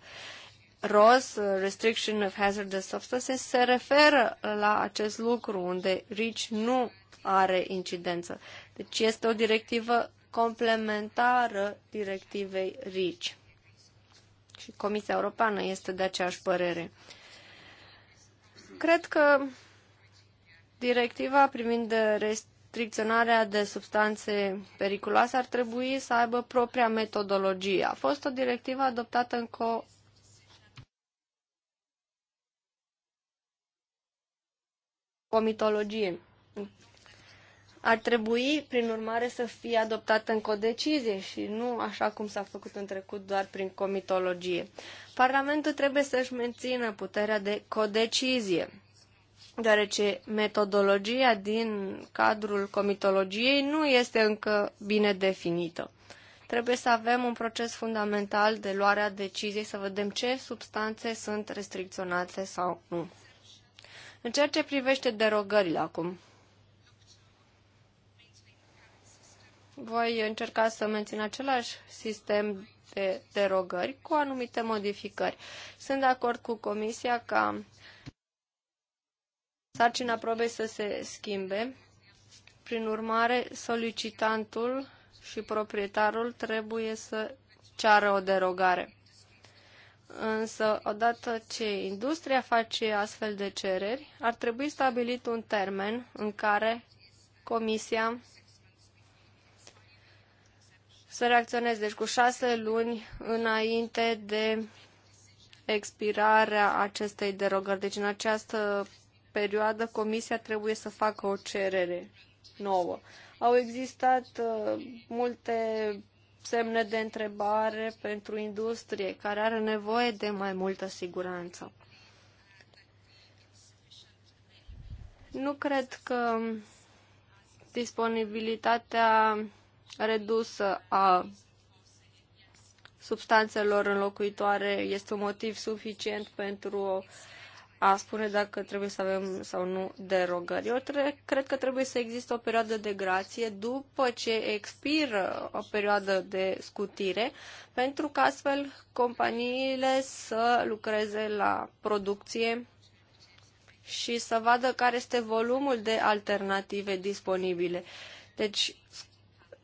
ROS, uh, Restriction of Hazardous Substances, se referă la acest lucru, unde RICI nu are incidență. Deci este o directivă complementară directivei RICI. Și Comisia Europeană este de aceeași părere. Cred că directiva privind restricționarea de substanțe periculoase ar trebui să aibă propria metodologie. A fost o directivă adoptată în co comitologie. Ar trebui, prin urmare, să fie adoptată în codecizie și nu așa cum s-a făcut în trecut doar prin comitologie. Parlamentul trebuie să-și mențină puterea de codecizie, deoarece metodologia din cadrul comitologiei nu este încă bine definită. Trebuie să avem un proces fundamental de luarea deciziei, să vedem ce substanțe sunt restricționate sau nu. În ceea ce privește derogările acum, voi încerca să mențin același sistem de derogări cu anumite modificări. Sunt de acord cu Comisia ca sarcina probei să se schimbe. Prin urmare, solicitantul și proprietarul trebuie să ceară o derogare. Însă, odată ce industria face astfel de cereri, ar trebui stabilit un termen în care Comisia să reacționeze, deci cu șase luni înainte de expirarea acestei derogări. Deci, în această perioadă, Comisia trebuie să facă o cerere nouă. Au existat uh, multe semne de întrebare pentru industrie, care are nevoie de mai multă siguranță. Nu cred că disponibilitatea redusă a substanțelor înlocuitoare este un motiv suficient pentru a spune dacă trebuie să avem sau nu derogări. Eu tre- cred că trebuie să existe o perioadă de grație după ce expiră o perioadă de scutire, pentru că astfel companiile să lucreze la producție și să vadă care este volumul de alternative disponibile. Deci,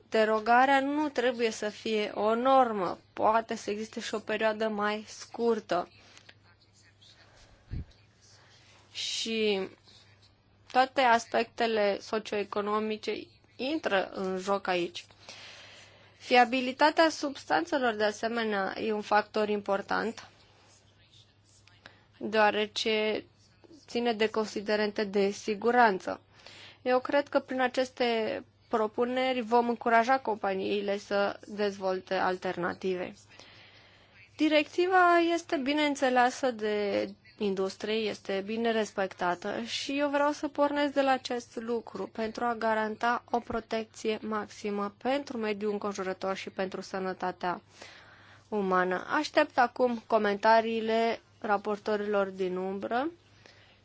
derogarea nu trebuie să fie o normă, poate să existe și o perioadă mai scurtă și toate aspectele socioeconomice intră în joc aici. Fiabilitatea substanțelor, de asemenea, e un factor important, deoarece ține de considerente de siguranță. Eu cred că prin aceste propuneri vom încuraja companiile să dezvolte alternative. Directiva este bine înțeleasă de industriei este bine respectată și eu vreau să pornesc de la acest lucru pentru a garanta o protecție maximă pentru mediul înconjurător și pentru sănătatea umană. Aștept acum comentariile raportorilor din umbră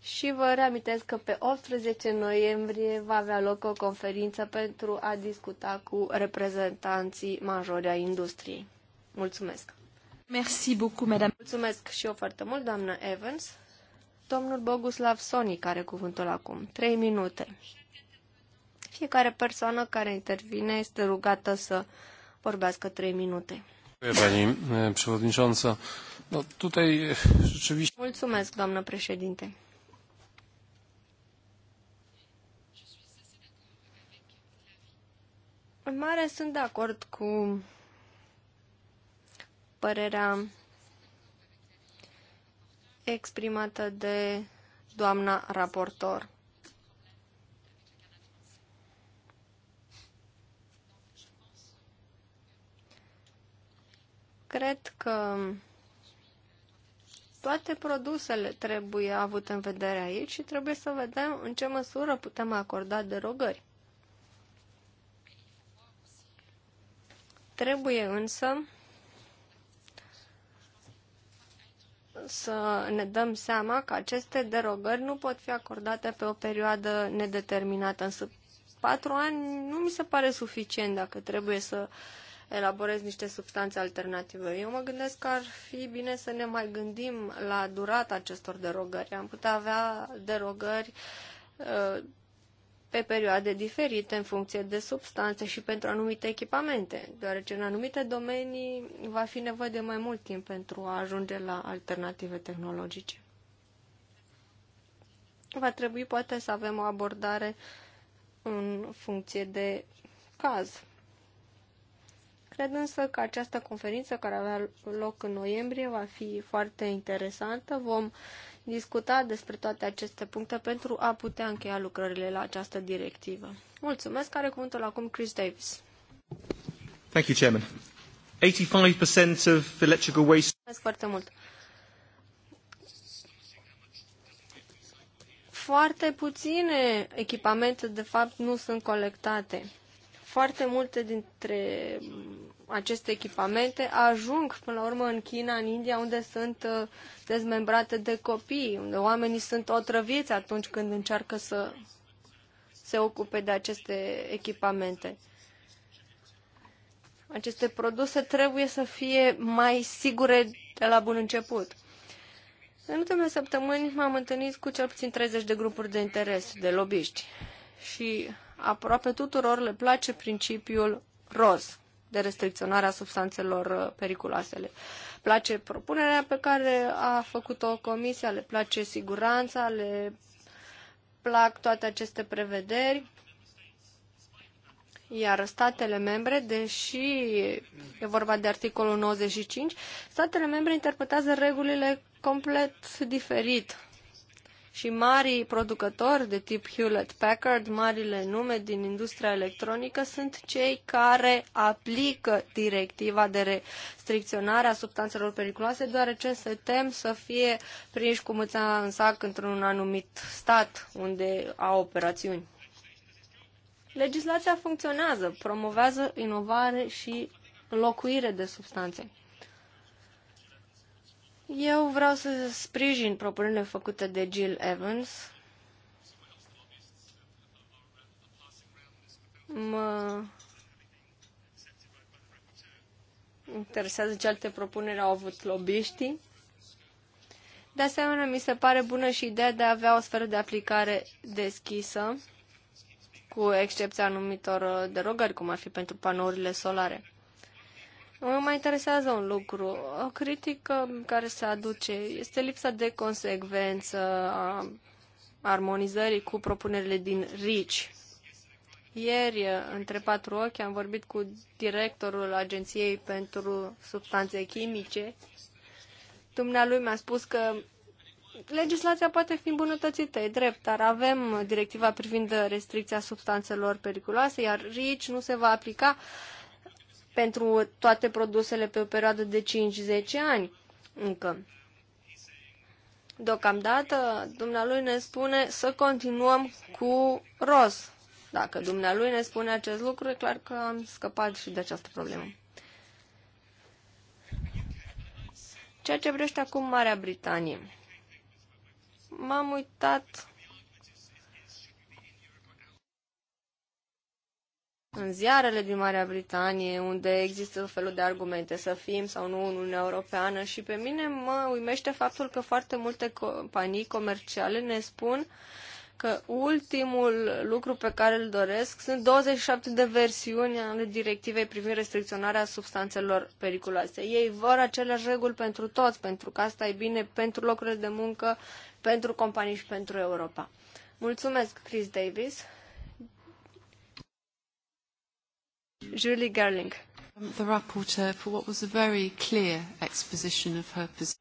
și vă reamintesc că pe 18 noiembrie va avea loc o conferință pentru a discuta cu reprezentanții majori ai industriei. Mulțumesc! Merci beaucoup, madame. Mulțumesc și eu foarte mult, doamnă Evans. Domnul Boguslav Sonic are cuvântul acum. Trei minute. Fiecare persoană care intervine este rugată să vorbească trei minute. no Mulțumesc, doamnă președinte. În mare sunt de acord cu părerea exprimată de doamna raportor. Cred că toate produsele trebuie avut în vedere aici și trebuie să vedem în ce măsură putem acorda derogări. Trebuie însă să ne dăm seama că aceste derogări nu pot fi acordate pe o perioadă nedeterminată, însă patru ani nu mi se pare suficient dacă trebuie să elaborez niște substanțe alternative. Eu mă gândesc că ar fi bine să ne mai gândim la durata acestor derogări. Am putea avea derogări uh, pe perioade diferite în funcție de substanțe și pentru anumite echipamente, deoarece în anumite domenii va fi nevoie de mai mult timp pentru a ajunge la alternative tehnologice. Va trebui poate să avem o abordare în funcție de caz. Cred însă că această conferință care avea loc în noiembrie va fi foarte interesantă. Vom uh, discuta despre toate aceste puncte pentru a putea încheia lucrările la această directivă. Mulțumesc. Are cuvântul acum Chris Davis. Thank you, Chairman. 85% of electrical waste... Mulțumesc foarte mult. Foarte puține echipamente, de fapt, nu sunt colectate. Foarte multe dintre aceste echipamente ajung până la urmă în China, în India, unde sunt uh, dezmembrate de copii, unde oamenii sunt otrăviți atunci când încearcă să se ocupe de aceste echipamente. Aceste produse trebuie să fie mai sigure de la bun început. În ultimele săptămâni m-am întâlnit cu cel puțin 30 de grupuri de interes, de lobiști. Și aproape tuturor le place principiul roz de restricționare a substanțelor uh, periculoasele. Place propunerea pe care a făcut-o comisia, le place siguranța, le plac toate aceste prevederi. Iar statele membre, deși e vorba de articolul 95, statele membre interpretează regulile complet diferit și marii producători de tip Hewlett-Packard, marile nume din industria electronică, sunt cei care aplică directiva de restricționare a substanțelor periculoase, deoarece se tem să fie prinși cu mâța în sac într-un anumit stat unde au operațiuni. Legislația funcționează, promovează inovare și înlocuire de substanțe. Eu vreau să sprijin propunerile făcute de Jill Evans. Mă interesează ce alte propuneri au avut lobiștii. De asemenea, mi se pare bună și ideea de a avea o sferă de aplicare deschisă, cu excepția anumitor uh, derogări, cum ar fi pentru panourile solare. Mă mai interesează un lucru. O critică care se aduce este lipsa de consecvență a armonizării cu propunerile din RICI. Ieri, între patru ochi, am vorbit cu directorul Agenției pentru Substanțe Chimice. Dumnealui mi-a spus că legislația poate fi îmbunătățită, e drept, dar avem directiva privind restricția substanțelor periculoase, iar RICI nu se va aplica uh, pentru toate produsele pe o perioadă de 5-10 ani încă. Deocamdată, dumnealui ne spune să continuăm cu ROS. Dacă dumnealui ne spune acest lucru, e clar că am scăpat și de această problemă. Ceea ce vrește acum Marea Britanie. M-am uitat în ziarele din Marea Britanie, unde există un felul de argumente să fim sau nu în Uniunea Europeană și pe mine mă uimește faptul că foarte multe companii comerciale ne spun că ultimul lucru pe care îl doresc sunt 27 de versiuni ale directivei privind restricționarea substanțelor periculoase. Ei vor aceleași reguli pentru toți, pentru că asta e bine pentru locurile de muncă, pentru companii și pentru Europa. Mulțumesc, Chris Davis. Julie Gerling. The rapporteur for what was a very clear exposition of her position.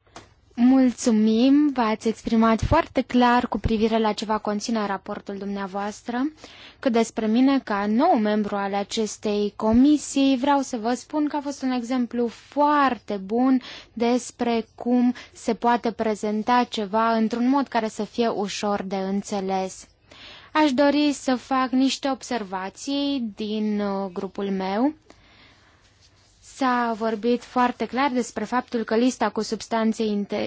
Mulțumim, v-ați exprimat foarte clar cu privire la ce va conține raportul dumneavoastră. Cât despre mine, ca nou membru al acestei comisii, vreau să vă spun că a fost un exemplu foarte bun despre cum se poate prezenta ceva într-un mod care să fie ușor de înțeles. Aș dori să fac niște observații din uh, grupul meu. S-a vorbit foarte clar despre faptul că lista cu substanțe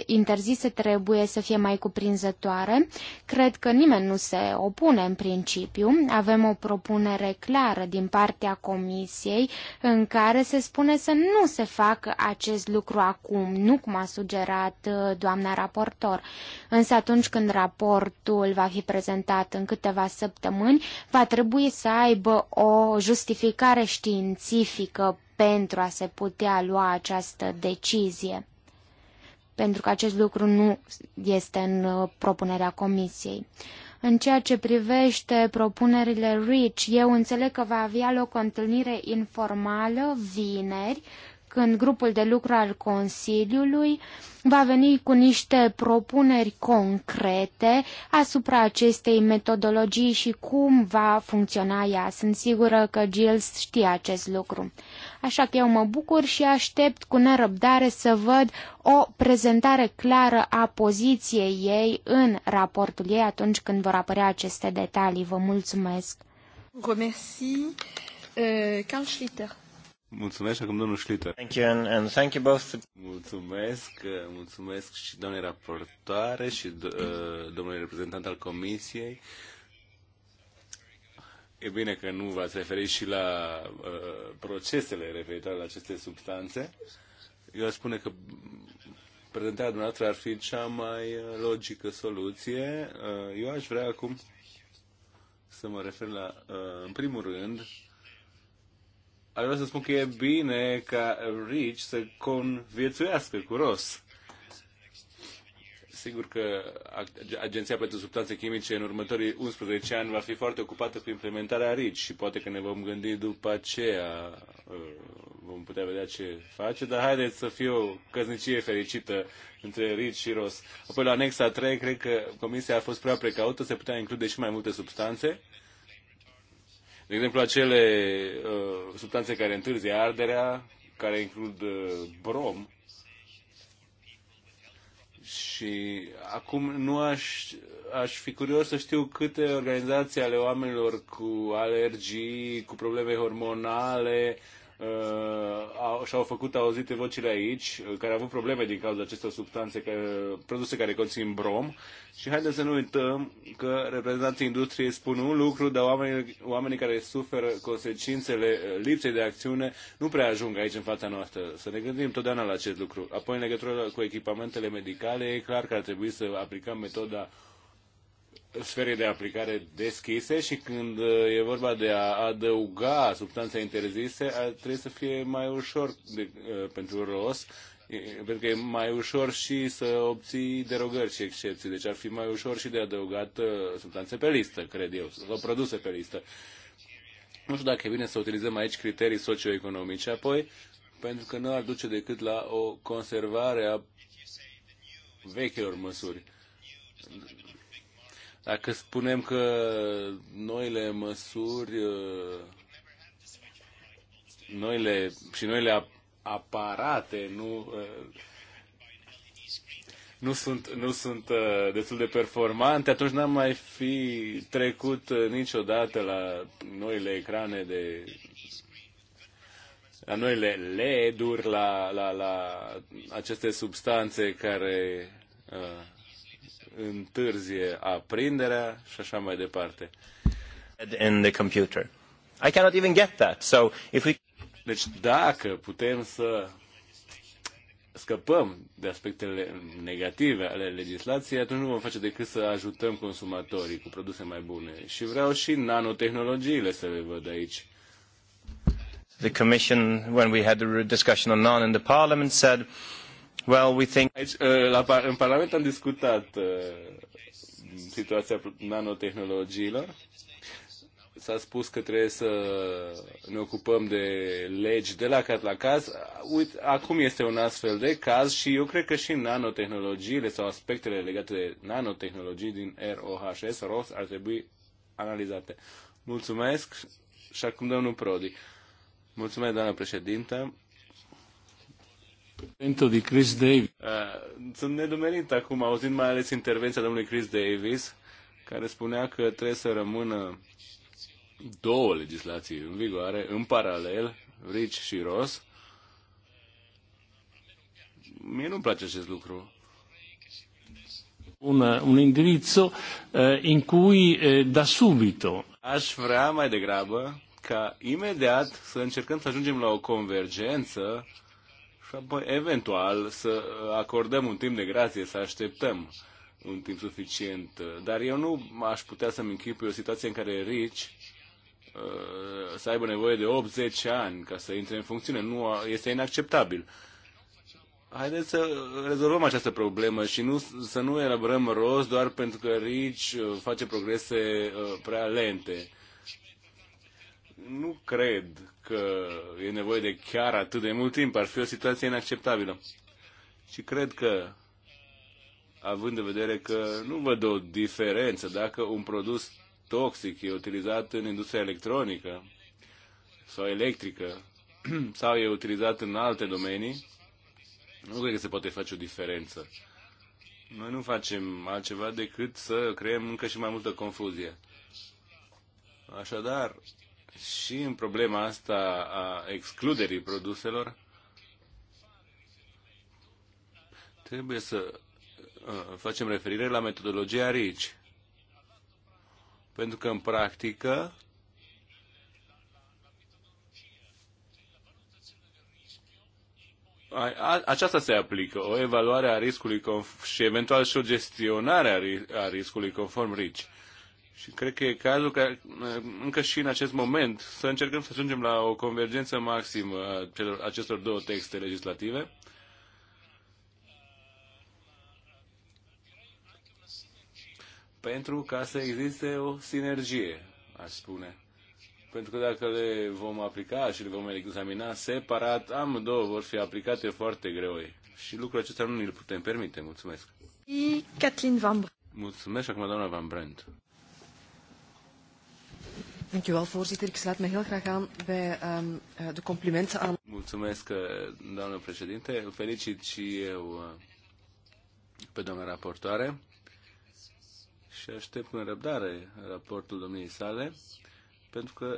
interzise trebuie să fie mai cuprinzătoare. Cred că nimeni nu se opune în principiu. Avem o propunere clară din partea Comisiei în care se spune să nu se facă acest lucru acum, nu cum a sugerat uh, doamna raportor. Însă atunci când raportul va fi prezentat în câteva săptămâni, va trebui să aibă o justificare științifică pentru a se putea lua această decizie, pentru că acest lucru nu este în uh, propunerea comisiei. În ceea ce privește propunerile RICH, eu înțeleg că va avea loc o întâlnire informală vineri, când grupul de lucru al Consiliului va veni cu niște propuneri concrete asupra acestei metodologii și cum va funcționa ea. Sunt sigură că Gilles știe acest lucru. Așa că eu mă bucur și aștept cu nerăbdare să văd o prezentare clară a poziției ei în raportul ei atunci când vor apărea aceste detalii. Vă mulțumesc! Uh, mulțumesc acum domnul Schlitter. Thank you and, and thank you both. Mulțumesc, uh, mulțumesc și doamnei raportoare și do, uh, domnului reprezentant al comisiei. E bine că nu v-ați referit și la uh, procesele referitoare la aceste substanțe. Eu aș spune că prezentarea dumneavoastră ar fi cea mai uh, logică soluție. Uh, eu aș vrea acum să mă refer la, uh, în primul rând, aș vrea să spun că e bine ca Rich să conviețuiască cu Ross. Sigur că Agenția pentru Substanțe Chimice în următorii 11 ani va fi foarte ocupată cu implementarea RIC și poate că ne vom gândi după aceea, uh, vom putea vedea ce face, dar haideți să fie o căznicie fericită între RIC și ROS. Apoi la anexa 3, cred că Comisia a fost prea precaută, se putea include și mai multe substanțe. De exemplu, acele uh, substanțe care întârzie arderea, care includ uh, brom, și acum nu aș, aș fi curios să știu câte organizații ale oamenilor cu alergii, cu probleme hormonale, uh, și-au făcut auzite vocile aici, uh, care au avut probleme din cauza acestor substanțe, care, produse care conțin brom. Și haideți să nu uităm că reprezentanții industriei spun un lucru, dar oamenii, oamenii care suferă consecințele uh, lipsei de acțiune nu prea ajung aici în fața noastră. Să ne gândim totdeauna la acest lucru. Apoi, în legătură cu echipamentele medicale, e clar că ar trebui să aplicăm metoda sfere de aplicare deschise și când uh, e vorba de a adăuga substanțe interzise, trebuie să fie mai ușor de, uh, pentru ROS, pentru că e mai ușor și să obții derogări și excepții. Deci ar fi mai ușor și de adăugat uh, substanțe pe listă, cred eu, sau produse pe listă. Nu știu dacă e bine să utilizăm aici criterii socioeconomice apoi, pentru că nu ar duce decât la o conservare a vechilor măsuri dacă spunem că noile măsuri, uh, noile și noile aparate nu uh, nu sunt, nu sunt uh, destul de performante, atunci n-am mai fi trecut niciodată la noile ecrane de la noile LED-uri, la, la, la aceste substanțe care uh, întârzie aprinderea și așa mai departe. In the computer. I cannot even get that. So if we... Deci dacă putem să scăpăm de aspectele negative ale legislației, atunci nu vom face decât să ajutăm consumatorii cu produse mai bune. Și vreau și nanotehnologiile să le văd aici. The Commission, when we had the discussion on non in the Parliament, said Well, we think... Aici, uh, la, în Parlament am discutat uh, situația nanotehnologiilor. S-a spus că trebuie să ne ocupăm de legi de la caz la caz. Uite, acum este un astfel de caz și eu cred că și nanotehnologiile sau aspectele legate de nanotehnologii din ROHS, ROS, ar trebui analizate. Mulțumesc și acum domnul Prodi. Mulțumesc, doamnă președintă de Chris Davis. Uh, sunt nedumerit acum, auzind mai ales intervenția domnului Chris Davis, care spunea că trebuie să rămână două legislații în vigoare, în paralel, Rich și Ross. Mie nu-mi place acest lucru. Un, uh, un indirizzo uh, in cui uh, da subito. Aș vrea mai degrabă ca imediat să încercăm să ajungem la o convergență și bă, eventual să acordăm un timp de grație, să așteptăm un timp suficient. Dar eu nu aș putea să-mi închipui o situație în care Rich uh, să aibă nevoie de 80 ani ca să intre în funcțiune. Nu, este inacceptabil. Haideți să rezolvăm această problemă și nu, să nu elaborăm rost doar pentru că Rich uh, face progrese uh, prea lente nu cred că e nevoie de chiar atât de mult timp. Ar fi o situație inacceptabilă. Și cred că, având în vedere că nu văd o diferență dacă un produs toxic e utilizat în industria electronică sau electrică sau e utilizat în alte domenii, nu cred că se poate face o diferență. Noi nu facem altceva decât să creăm încă și mai multă confuzie. Așadar, și în problema asta a excluderii produselor, trebuie să uh, facem referire la metodologia RICI. Pentru că, în practică, aceasta se aplică, o evaluare a riscului conf- și eventual și o gestionare a, a riscului conform RICI. Și cred că e cazul ca încă și în acest moment să încercăm să ajungem la o convergență maximă a celor, acestor două texte legislative. Pentru ca să existe o sinergie, aș spune. Pentru că dacă le vom aplica și le vom examina separat, amândouă vor fi aplicate foarte greu Și lucrul acesta nu ne-l putem permite. Mulțumesc. Catlin Mulțumesc acum doamna Van Brandt. Dank u wel, voorzitter. Ik sluit me heel graag aan bij um, de complimenten aan... Mulțumesc, eh, doamnă președinte. Felicit și eu eh, pe doamna raportoare și aștept cu nerăbdare raportul domniei sale, pentru că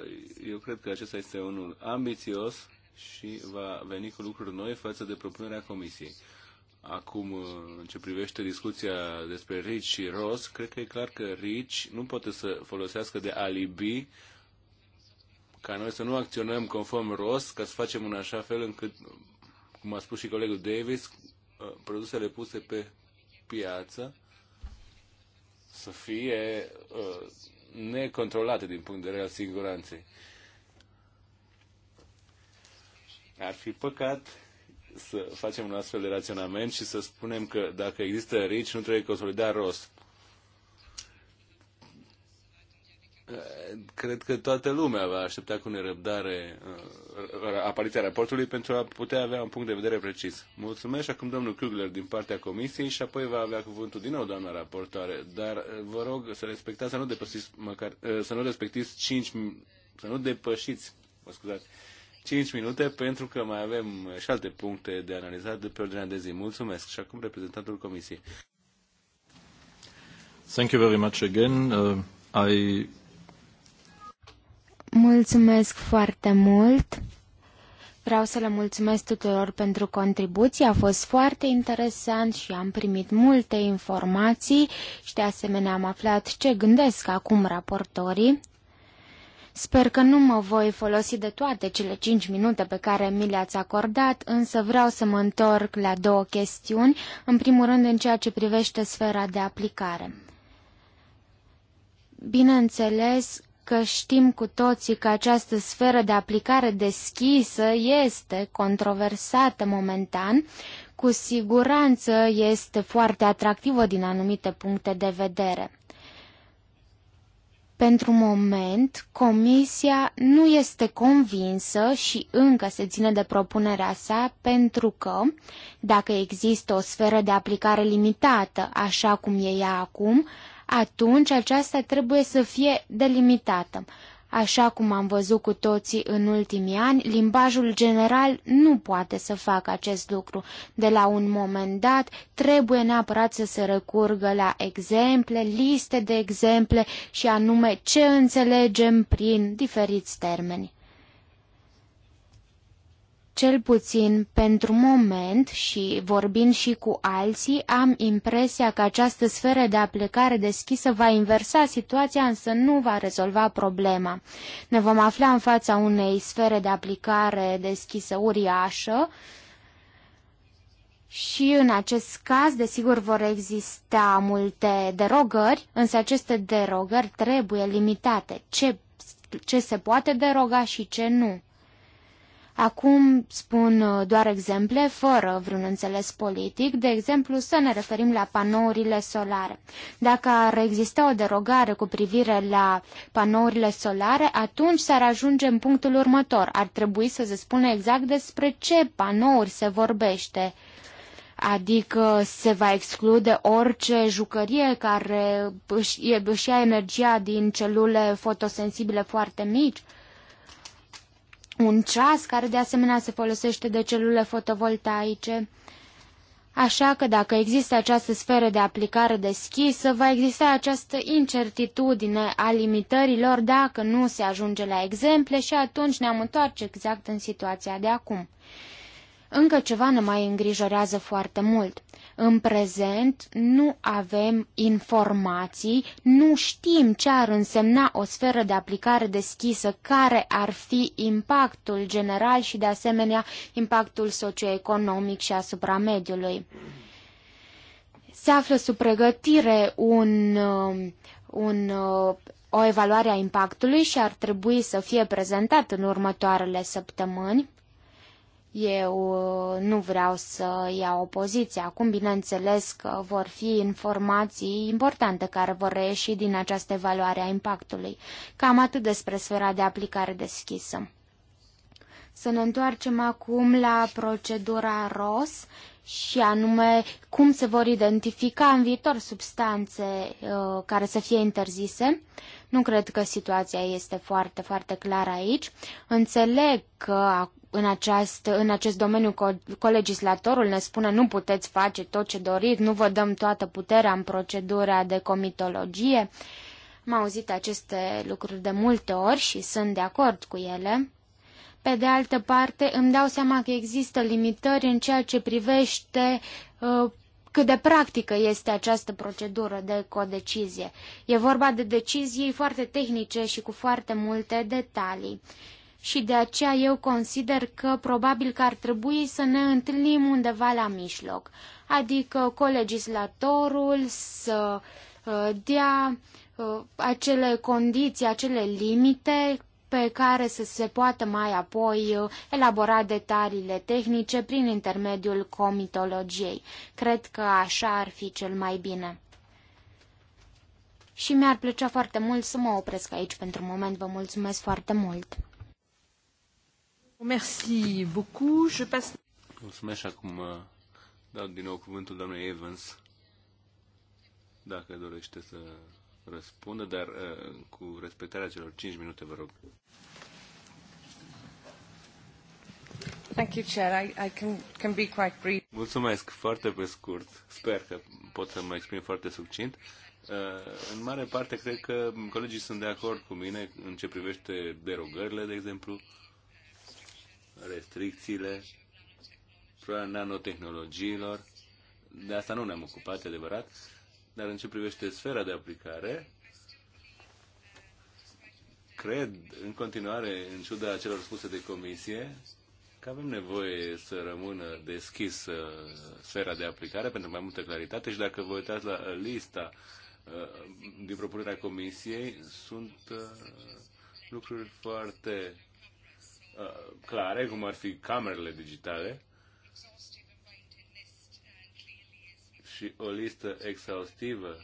eu cred că acesta este unul ambițios și va veni cu lucruri noi față de propunerea comisiei. Acum, uh, în ce privește discuția despre Rich și Ross, cred că e clar că Rich nu poate să folosească de alibi ca noi să nu acționăm conform Ross, ca să facem în așa fel încât, cum a spus și colegul Davis, uh, produsele puse pe piață să fie uh, necontrolate din punct de vedere al siguranței. Ar fi păcat să facem un astfel de raționament și să spunem că dacă există RICI, nu trebuie consolidat rost. Cred că toată lumea va aștepta cu nerăbdare uh, apariția raportului pentru a putea avea un punct de vedere precis. Mulțumesc acum domnul Kugler din partea comisiei și apoi va avea cuvântul din nou doamna raportoare, dar uh, vă rog să respectați, să nu depășiți măcar, uh, să nu respectiți 5, să nu depășiți, mă scuzați, 5 minute pentru că mai avem uh, și alte puncte de analizat de pe ordinea de zi. Mulțumesc și acum reprezentantul Comisiei. Thank you very much again. Uh, I... Mulțumesc foarte mult. Vreau să le mulțumesc tuturor pentru contribuții, a fost foarte interesant și am primit multe informații și de asemenea am aflat ce gândesc acum raportorii. Sper că nu mă voi folosi de toate cele cinci minute pe care mi le-ați acordat, însă vreau să mă întorc la două chestiuni, în primul rând în ceea ce privește sfera de aplicare. Bineînțeles că știm cu toții că această sferă de aplicare deschisă este controversată momentan, cu siguranță este foarte atractivă din anumite puncte de vedere. Pentru moment, Comisia nu este convinsă și încă se ține de propunerea sa pentru că, dacă există o sferă de aplicare limitată, așa cum e ea acum, atunci aceasta trebuie să fie delimitată. Așa cum am văzut cu toții în ultimii ani, limbajul general nu poate să facă acest lucru. De la un moment dat, trebuie neapărat să se recurgă la exemple, liste de exemple și anume ce înțelegem prin diferiți termeni. Cel puțin pentru moment și vorbind și cu alții, am impresia că această sferă de aplicare deschisă va inversa situația, însă nu va rezolva problema. Ne vom afla în fața unei sfere de aplicare deschisă uriașă, și în acest caz, desigur, vor exista multe derogări, însă aceste derogări trebuie limitate. Ce, ce se poate deroga și ce nu? Acum spun uh, doar exemple, fără vreun înțeles politic, de exemplu să ne referim la panourile solare. Dacă ar exista o derogare cu privire la panourile solare, atunci s-ar ajunge în punctul următor. Ar trebui să se spună exact despre ce panouri se vorbește adică se va exclude orice jucărie care își ia energia din celule fotosensibile foarte mici un ceas care de asemenea se folosește de celule fotovoltaice. Așa că dacă există această sferă de aplicare deschisă, va exista această incertitudine a limitărilor dacă nu se ajunge la exemple și atunci ne-am întoarce exact în situația de acum. Încă ceva ne mai îngrijorează foarte mult. În prezent nu avem informații, nu știm ce ar însemna o sferă de aplicare deschisă, care ar fi impactul general și de asemenea impactul socioeconomic și asupra mediului. Se află sub pregătire un, um, un uh, o evaluare a impactului și ar trebui să fie prezentat în următoarele săptămâni. Eu uh, nu vreau să iau o poziție. Acum, bineînțeles că vor fi informații importante care vor reieși din această evaluare a impactului. Cam atât despre sfera de aplicare deschisă. Să ne întoarcem acum la procedura ROS și anume cum se vor identifica în viitor substanțe uh, care să fie interzise. Nu cred că situația este foarte, foarte clară aici. Înțeleg că în, în acest domeniu colegislatorul ne spune nu puteți face tot ce doriți, nu vă dăm toată puterea în procedura de comitologie. Am auzit aceste lucruri de multe ori și sunt de acord cu ele. Pe de altă parte, îmi dau seama că există limitări în ceea ce privește uh, cât de practică este această procedură de codecizie. E vorba de decizii foarte tehnice și cu foarte multe detalii. Uh, și de aceea eu consider că probabil că ar trebui să ne întâlnim undeva la mijloc, adică colegislatorul să uh, dea uh, acele condiții, acele limite pe care să se poată mai apoi uh, elabora detaliile tehnice prin intermediul comitologiei. Cred că așa ar fi cel mai bine. Și mi-ar plăcea foarte mult să mă opresc aici pentru moment. Vă mulțumesc foarte mult! Merci beaucoup. Je passe... Mulțumesc acum uh, dau din nou cuvântul doamnei Evans, dacă dorește să răspundă, dar uh, cu respectarea celor 5 minute, vă rog. Thank you, Chair. I, I can, can be quite brief. Mulțumesc, foarte pe scurt. Sper că pot să mă exprim foarte succint. Uh, în mare parte, cred că colegii sunt de acord cu mine în ce privește derogările, de exemplu restricțiile nanotehnologiilor. De asta nu ne-am ocupat, adevărat, dar în ce privește sfera de aplicare, cred în continuare, în ciuda celor spuse de comisie, că avem nevoie să rămână deschis sfera de aplicare pentru mai multă claritate și dacă vă uitați la lista uh, din propunerea comisiei, sunt uh, lucruri foarte Uh, clare, cum ar fi camerele digitale și o listă exhaustivă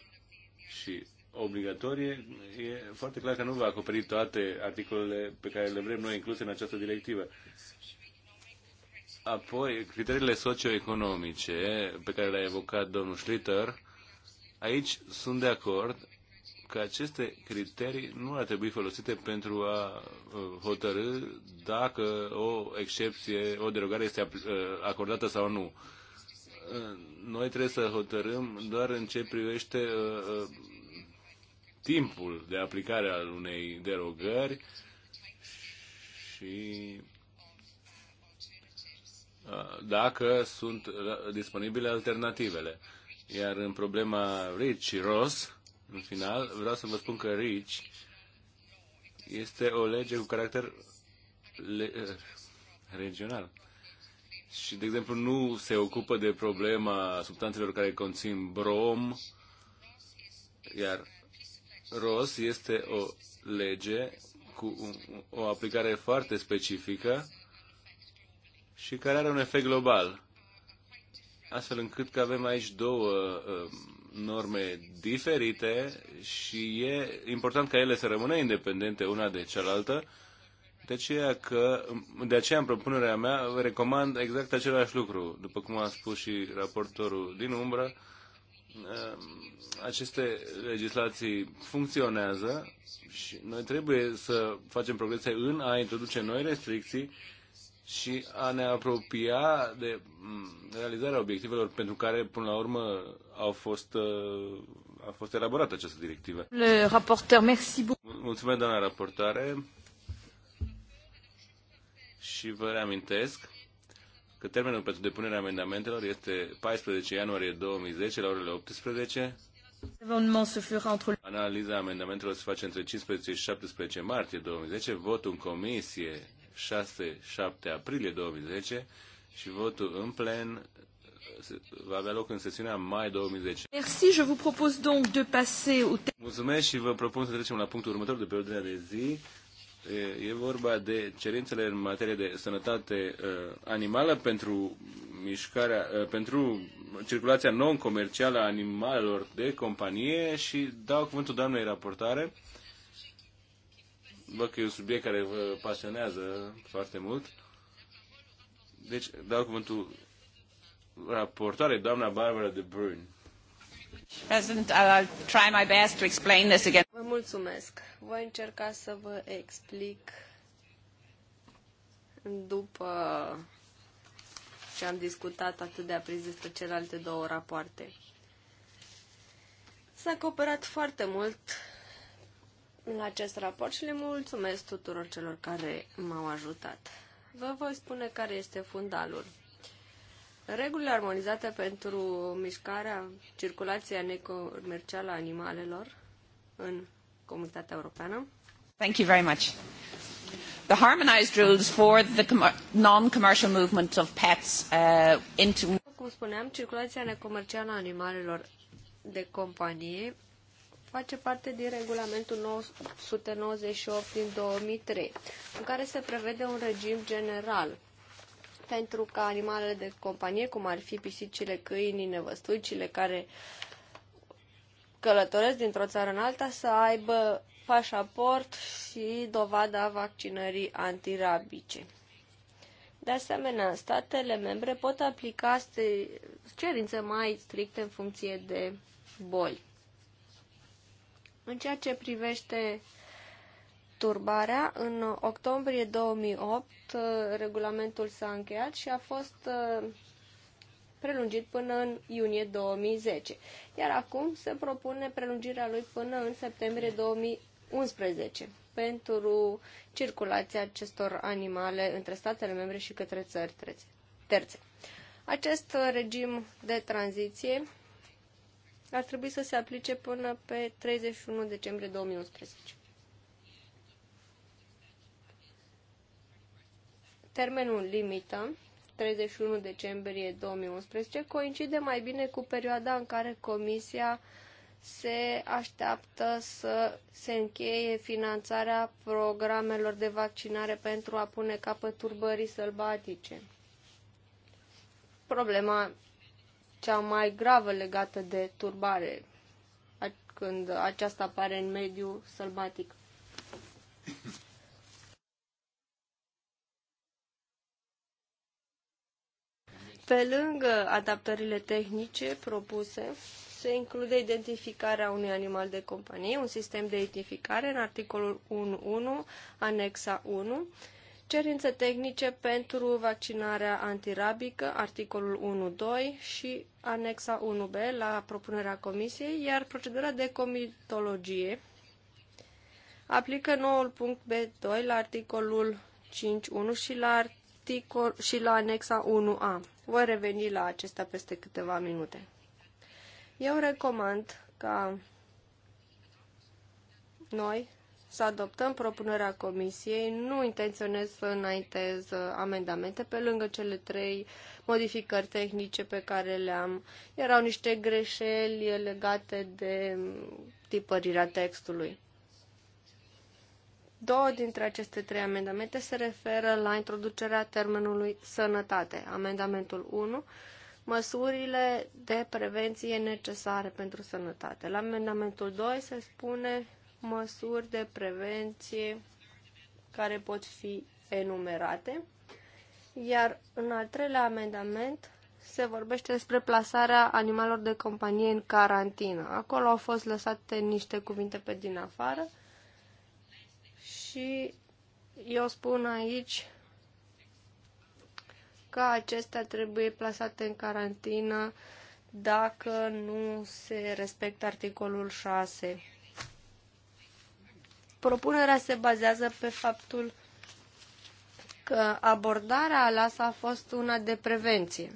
și obligatorie, e foarte clar că nu va acoperi toate articolele pe care le vrem noi incluse în această directivă. Apoi, criteriile socioeconomice pe care le-a evocat domnul Schlitter, aici sunt de acord, că aceste criterii nu ar trebui folosite pentru a uh, hotărâ dacă o excepție, o derogare este uh, acordată sau nu. Uh, noi trebuie să hotărâm doar în ce privește timpul de aplicare al unei derogări și dacă sunt disponibile alternativele. Iar în problema Rich și Ross, în final, vreau să vă spun că Rich este o lege cu caracter le- eh, regional. Și, de exemplu, nu se ocupă de problema substanțelor care conțin brom, iar ROS este o lege cu o aplicare foarte specifică și care are un efect global. Astfel încât că avem aici două eh, norme diferite și e important ca ele să rămână independente una de cealaltă. De aceea, că, de aceea în propunerea mea recomand exact același lucru, după cum a spus și raportorul din umbră, aceste legislații funcționează și noi trebuie să facem progrese în a introduce noi restricții și a ne apropia de mm, realizarea obiectivelor pentru care, până la urmă, au fost, uh, a fost elaborată această directivă. Le raporteur, merci beaucoup. Mulțumesc, doamna raportare. Și vă reamintesc că termenul pentru depunerea amendamentelor este 14 ianuarie 2010 la orele 18. Analiza amendamentelor se face între 15 și 17 martie 2010, votul în comisie 6-7 aprilie 2010 și votul în plen va avea loc în sesiunea mai 2010. Merci, je vous propose donc de passer au... Mulțumesc și vă propun să trecem la punctul următor de pe ordinea de zi. E vorba de cerințele în materie de sănătate uh, animală pentru mișcarea, uh, pentru circulația non-comercială a animalelor de companie și dau cuvântul doamnei raportare bă că e un subiect care vă pasionează foarte mult. Deci, dau cuvântul raportoare, doamna Barbara de Bruyne. President, I'll try my best to explain this again. Vă mulțumesc. Voi încerca să vă explic după ce am discutat atât de aprins despre celelalte două rapoarte. S-a cooperat foarte mult la acest raport și le mulțumesc tuturor celor care m-au ajutat. Vă voi spune care este fundalul. Regulile armonizate pentru mișcarea, circulația necomercială a animalelor în Comunitatea Europeană. Thank you very much. The harmonized rules for the non-commercial movement of pets uh, into... Cum spuneam, circulația necomercială a animalelor de companie face parte din regulamentul 998 din 2003, în care se prevede un regim general pentru ca animalele de companie, cum ar fi pisicile, câinii, nevăstuicile, care călătoresc dintr-o țară în alta, să aibă pașaport și dovada vaccinării antirabice. De asemenea, statele membre pot aplica cerințe mai stricte în funcție de boli. În ceea ce privește turbarea, în octombrie 2008 uh, regulamentul s-a încheiat și a fost uh, prelungit până în iunie 2010, iar acum se propune prelungirea lui până în septembrie 2011 pentru circulația acestor animale între statele membre și către țări terțe. Acest regim de tranziție ar trebui să se aplice până pe 31 decembrie 2011. Termenul limită 31 decembrie 2011 coincide mai bine cu perioada în care Comisia se așteaptă să se încheie finanțarea programelor de vaccinare pentru a pune capăt turbării sălbatice. Problema cea mai gravă legată de turbare, când aceasta apare în mediu sălbatic. Pe lângă adaptările tehnice propuse, se include identificarea unui animal de companie, un sistem de identificare în articolul 1.1, anexa 1, cerințe tehnice pentru vaccinarea antirabică, articolul 1.2 și anexa 1b la propunerea comisiei, iar procedura de comitologie aplică noul punct B2 la articolul 5.1 și la, articol, și la anexa 1a. Voi reveni la acestea peste câteva minute. Eu recomand ca noi, să adoptăm propunerea comisiei. Nu intenționez să înaintez uh, amendamente pe lângă cele trei modificări tehnice pe care le-am. Erau niște greșeli legate de mm, tipărirea textului. Două dintre aceste trei amendamente se referă la introducerea termenului sănătate, amendamentul 1, măsurile de prevenție necesare pentru sănătate. La amendamentul 2 se spune măsuri de prevenție care pot fi enumerate. Iar în al treilea amendament se vorbește despre plasarea animalelor de companie în carantină. Acolo au fost lăsate niște cuvinte pe din afară și eu spun aici că acestea trebuie plasate în carantină dacă nu se respectă articolul 6 Propunerea se bazează pe faptul că abordarea alasă a fost una de prevenție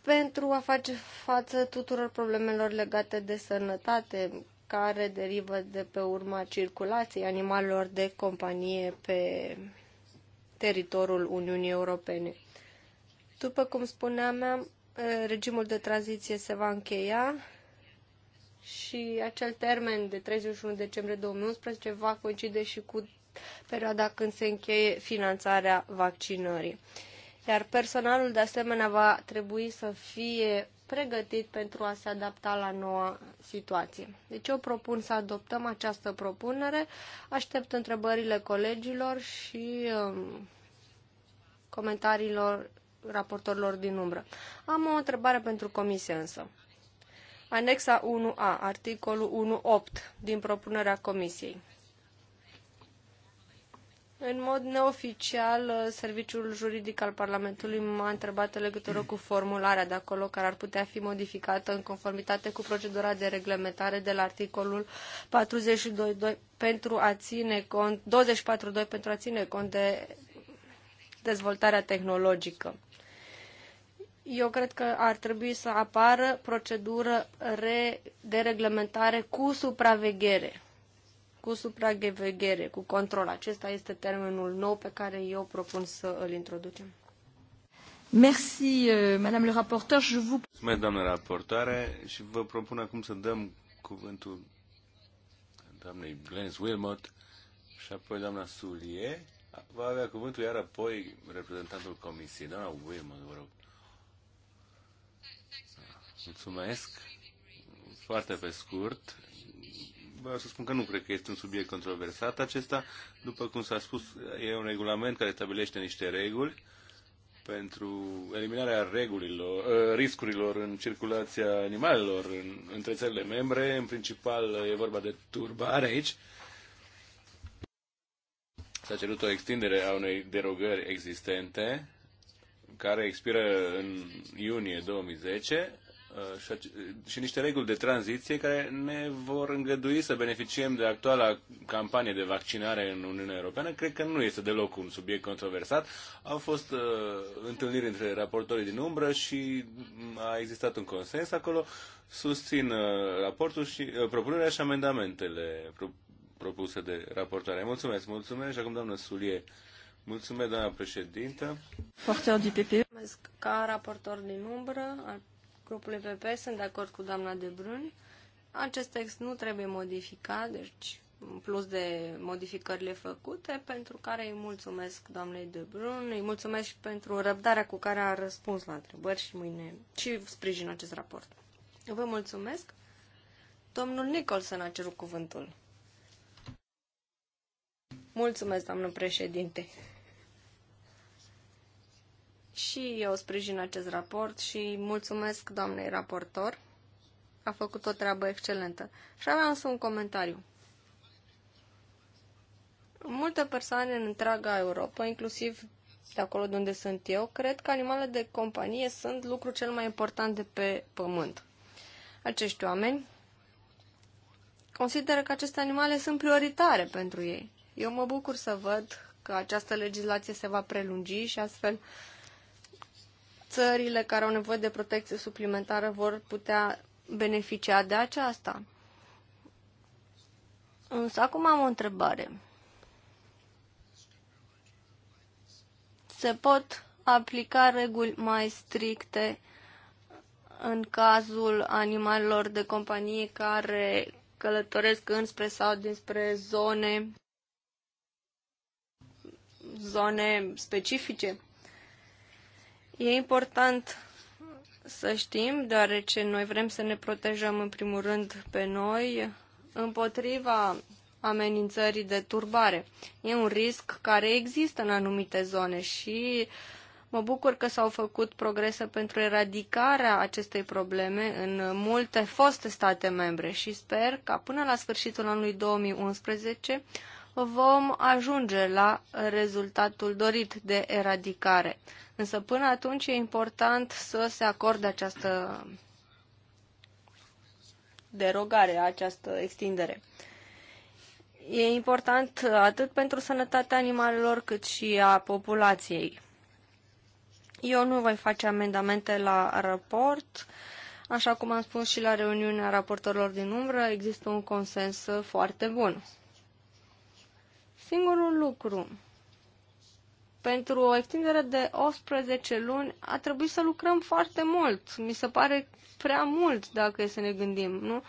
pentru a face față tuturor problemelor legate de sănătate care derivă de pe urma circulației animalelor de companie pe teritoriul Uniunii Europene. După cum spuneam, regimul de tranziție se va încheia și acel termen de 31 decembrie 2011 va coincide și cu perioada când se încheie finanțarea vaccinării. Iar personalul de asemenea va trebui să fie pregătit pentru a se adapta la noua situație. Deci eu propun să adoptăm această propunere, aștept întrebările colegilor și um, comentariilor raportorilor din umbră. Am o întrebare pentru comisie însă. Anexa 1A, articolul 1.8 din propunerea Comisiei. În mod neoficial, Serviciul Juridic al Parlamentului m-a întrebat în legătură cu formularea de acolo care ar putea fi modificată în conformitate cu procedura de reglementare de la articolul 42.2 pentru a ține cont, 24.2 pentru a ține cont de dezvoltarea tehnologică eu cred că ar trebui să apară procedură de reglementare cu supraveghere. Cu supraveghere, cu control. Acesta este termenul nou pe care eu propun să îl introducem. Merci, euh, Madame le rapporteur. Je vous... Mulțumesc, doamnă raportoare, și vă propun acum să dăm cuvântul doamnei Glenn Wilmot și apoi doamna Sulie. Va avea cuvântul iar apoi reprezentantul Comisiei. Doamna Wilmot, vă rog. Mulțumesc. Foarte pe scurt. Vreau să spun că nu cred că este un subiect controversat acesta. După cum s-a spus, e un regulament care stabilește niște reguli pentru eliminarea regulilor, ă, riscurilor în circulația animalelor în, între țările membre. În principal e vorba de turbare aici. S-a cerut o extindere a unei derogări existente care expiră în iunie 2010 și, niște reguli de tranziție care ne vor îngădui să beneficiem de actuala campanie de vaccinare în Uniunea Europeană. Cred că nu este deloc un subiect controversat. Au fost uh, întâlniri între raportorii din umbră și a existat un consens acolo. Susțin uh, raportul și uh, propunerea și amendamentele pro- propuse de raportoare. Mulțumesc, mulțumesc și acum doamnă Sulie. Mulțumesc, doamna președintă. Portor du PP. Ca raportor din umbră al grupului PP sunt de acord cu doamna De Brun. Acest text nu trebuie modificat, deci în plus de modificările făcute, pentru care îi mulțumesc doamnei De Brun, îi mulțumesc și pentru răbdarea cu care a răspuns la întrebări și mâine și sprijin acest raport. Vă mulțumesc. Domnul Nicholson a cerut cuvântul. Mulțumesc, doamnă președinte. Și eu sprijin acest raport și mulțumesc doamnei raportor. A făcut o treabă excelentă. Și aveam însă un comentariu. Multe persoane în întreaga Europa, inclusiv de acolo de unde sunt eu, cred că animalele de companie sunt lucru cel mai important de pe pământ. Acești oameni consideră că aceste animale sunt prioritare pentru ei. Eu mă bucur să văd că această legislație se va prelungi și astfel uh, țările care au nevoie de protecție suplimentară vor putea beneficia de aceasta. Însă acum am o întrebare. Se pot aplica reguli mai stricte în cazul animalelor de companie care călătoresc înspre sau dinspre zone zone specifice? E important să știm, deoarece noi vrem să ne protejăm în primul rând pe noi împotriva amenințării de turbare. E un risc care există în anumite zone și mă bucur că s-au făcut progrese pentru eradicarea acestei probleme în multe foste state membre și sper ca până la sfârșitul anului 2011 vom ajunge la rezultatul dorit de eradicare. Însă până atunci e important să se acorde această derogare, această extindere. E important atât pentru sănătatea animalelor cât și a populației. Eu nu voi face amendamente la raport. Așa cum am spus și la reuniunea raportorilor din umbră, există un consens foarte bun. Singurul lucru, pentru o extindere de 18 luni a trebuit să lucrăm foarte mult. Mi se pare prea mult dacă e să ne gândim, nu?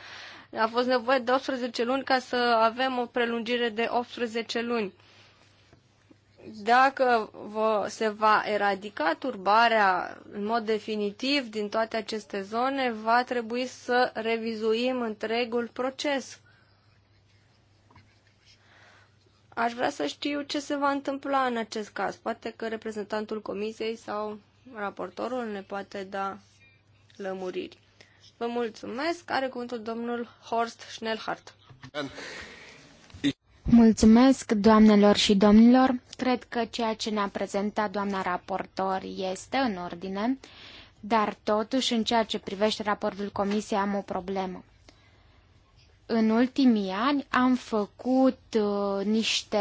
A fost nevoie de 18 luni ca să avem o prelungire de 18 luni. Dacă vă, se va eradica turbarea în mod definitiv din toate aceste zone, va trebui să revizuim întregul proces Aș vrea să știu ce se va întâmpla în acest caz. Poate că reprezentantul comisiei sau raportorul ne poate da lămuriri. Vă mulțumesc. Are cuvântul domnul Horst Schnellhardt. Mulțumesc, doamnelor și domnilor. Cred că ceea ce ne-a prezentat doamna raportor este în ordine, dar totuși în ceea ce privește raportul comisiei am o problemă în ultimii ani am făcut uh, niște,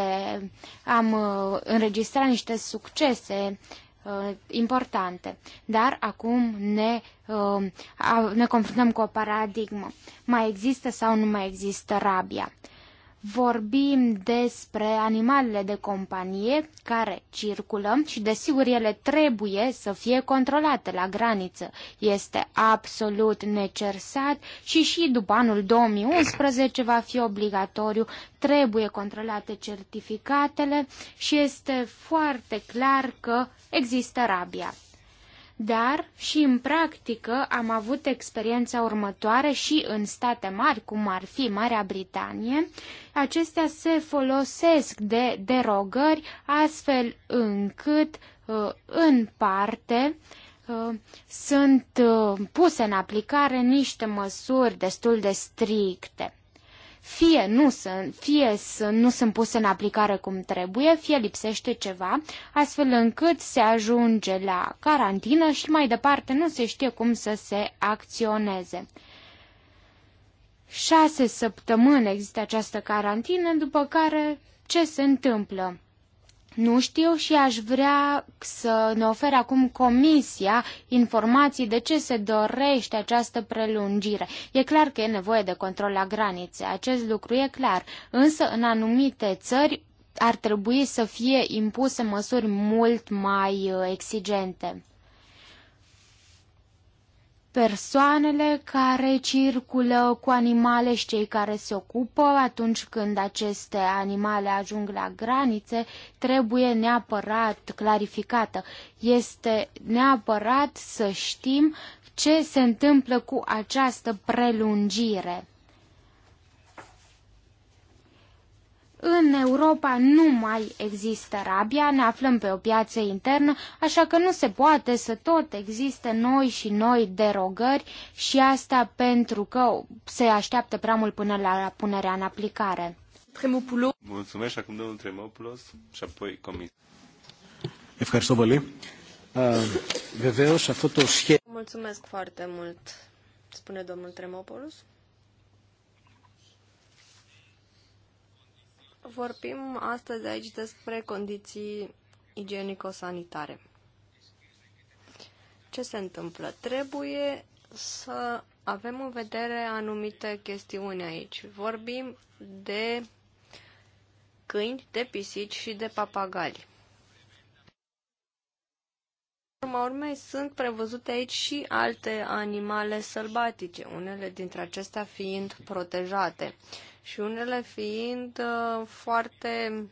am uh, înregistrat niște succese uh, importante, dar acum ne, uh, ne confruntăm cu o paradigmă. Mai există sau nu mai există rabia? Vorbim despre animalele de companie care circulă și desigur ele trebuie să fie controlate la graniță. Este absolut necesar și și după anul 2011 va fi obligatoriu, trebuie controlate certificatele și este foarte clar că există rabia dar și în practică am avut experiența următoare și în state mari, cum ar fi Marea Britanie. Acestea se folosesc de derogări astfel încât uh, în parte uh, sunt uh, puse în aplicare niște măsuri destul de stricte fie nu sunt, fie nu sunt puse în aplicare cum trebuie, fie lipsește ceva, astfel încât se ajunge la carantină și mai departe nu se știe cum să se acționeze. Șase săptămâni există această carantină, după care ce se întâmplă? Nu știu și aș vrea să ne ofere acum Comisia informații de ce se dorește această prelungire. E clar că e nevoie de control la granițe, acest lucru e clar, însă în anumite țări ar trebui să fie impuse măsuri mult mai uh, exigente persoanele care circulă cu animale și cei care se ocupă atunci când aceste animale ajung la granițe trebuie neapărat clarificată. Este neapărat să știm ce se întâmplă cu această prelungire. În Europa nu mai există rabia, ne aflăm pe o piață internă, așa că nu se poate să tot existe noi și noi derogări și asta pentru că se așteaptă prea mult până la punerea în aplicare. Tremopoulos. Mulțumesc, acum domnul Tremopulos și apoi comis. Uh, Mulțumesc foarte mult, spune domnul Tremopulos. Vorbim astăzi aici despre condiții igienico-sanitare. Ce se întâmplă? Trebuie să avem în vedere anumite chestiuni aici. Vorbim de câini, de pisici și de papagali. Urma urmei, sunt prevăzute aici și alte animale sălbatice, unele dintre acestea fiind protejate. Uh, și unele fiind uh, foarte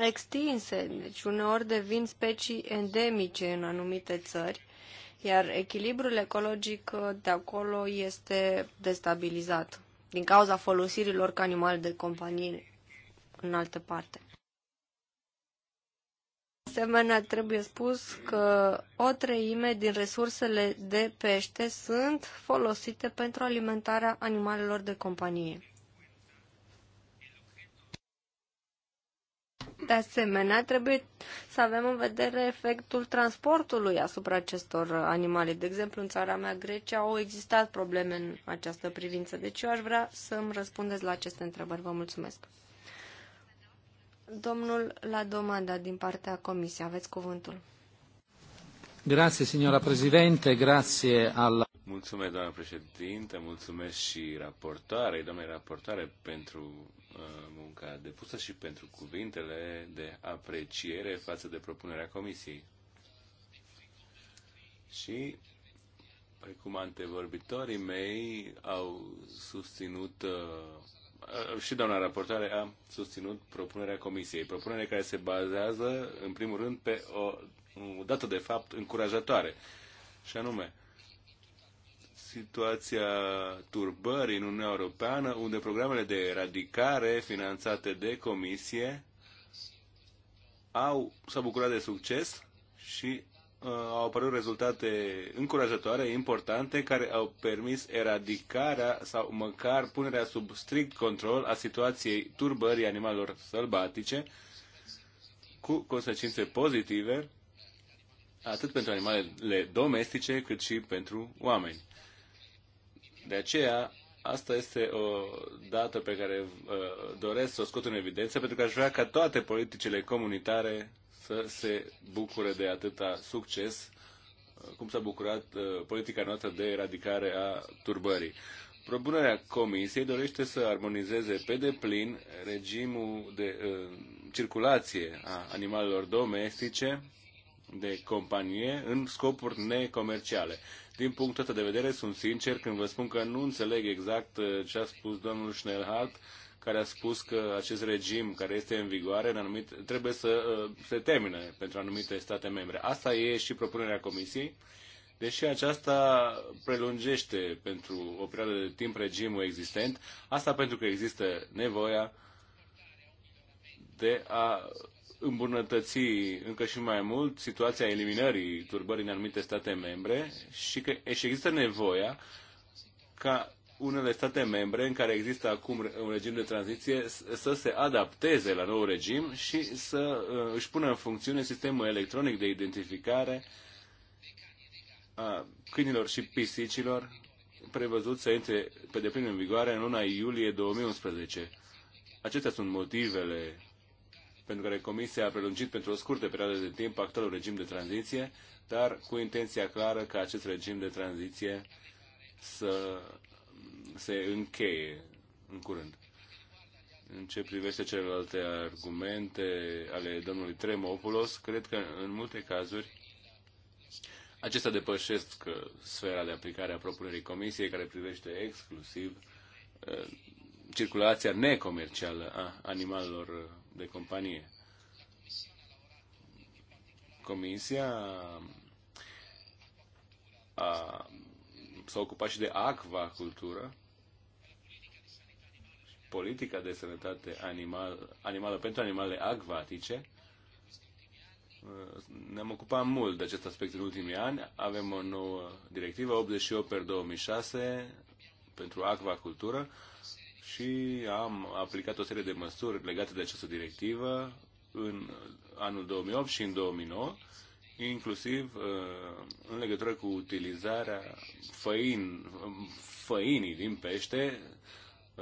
extinse, deci uneori devin specii endemice în anumite țări, iar echilibrul ecologic uh, de acolo este destabilizat din cauza folosirilor ca animal de companie în altă parte. Asemenea, trebuie spus că o treime din resursele de pește sunt folosite pentru alimentarea animalelor de companie. De asemenea, trebuie să avem în vedere efectul transportului asupra acestor animale. De exemplu, în țara mea, Grecia, au existat probleme în această privință. Deci eu aș vrea să îmi răspundeți la aceste întrebări. Vă mulțumesc. Domnul domanda din partea Comisiei, aveți cuvântul. Grazie, signora Presidente, grazie alla... Mulțumesc, doamna președinte, mulțumesc și raportoare, doamne raportoare, pentru Uh, munca depusă și pentru cuvintele de apreciere față de propunerea comisiei. Și, precum antevorbitorii mei au susținut uh, și doamna raportare a susținut propunerea comisiei, propunere care se bazează, în primul rând, pe o, o dată de fapt încurajatoare, și anume situația turbării în Uniunea Europeană, unde programele de eradicare finanțate de comisie au, s-au bucurat de succes și uh, au apărut rezultate încurajatoare, importante, care au permis eradicarea sau măcar punerea sub strict control a situației turbării animalelor sălbatice, cu consecințe pozitive atât pentru animalele domestice cât și pentru oameni. De aceea, asta este o dată pe care uh, doresc să o scot în evidență, pentru că aș vrea ca toate politicile comunitare să se bucure de atâta succes uh, cum s-a bucurat uh, politica noastră de eradicare a turbării. Propunerea Comisiei dorește să armonizeze pe deplin regimul de uh, circulație a animalelor domestice de companie în scopuri necomerciale. Din punctul ăsta de vedere, sunt sincer când vă spun că nu înțeleg exact uh, ce a spus domnul Schnellhardt, care a spus că acest regim care este în vigoare în anumit, trebuie să uh, se termine pentru anumite state membre. Asta e și propunerea Comisiei, deși aceasta prelungește pentru o perioadă de timp regimul existent, asta pentru că există nevoia de a îmbunătăți încă și mai mult situația eliminării turbării în anumite state membre și că și există nevoia ca unele state membre în care există acum un regim de tranziție să se adapteze la nou regim și să uh, își pună în funcțiune sistemul electronic de identificare a câinilor și pisicilor prevăzut să intre pe deplin în vigoare în luna iulie 2011. Acestea sunt motivele pentru care Comisia a prelungit pentru o scurtă perioadă de timp actualul regim de tranziție, dar cu intenția clară ca acest regim de tranziție să se încheie în curând. În ce privește celelalte argumente ale domnului Tremopoulos, cred că în multe cazuri acestea depășesc uh, sfera de aplicare a propunerii comisiei care privește exclusiv uh, circulația necomercială a animalelor uh, de companie. Comisia a, s-a ocupat și de acvacultură, politica de sănătate animal, animală pentru animale acvatice. Ne-am ocupat mult de acest aspect în ultimii ani. Avem o nouă directivă, 88 per 2006, pentru acvacultură și am aplicat o serie de măsuri legate de această directivă în anul 2008 și în 2009, inclusiv uh, în legătură cu utilizarea făin, făinii din pește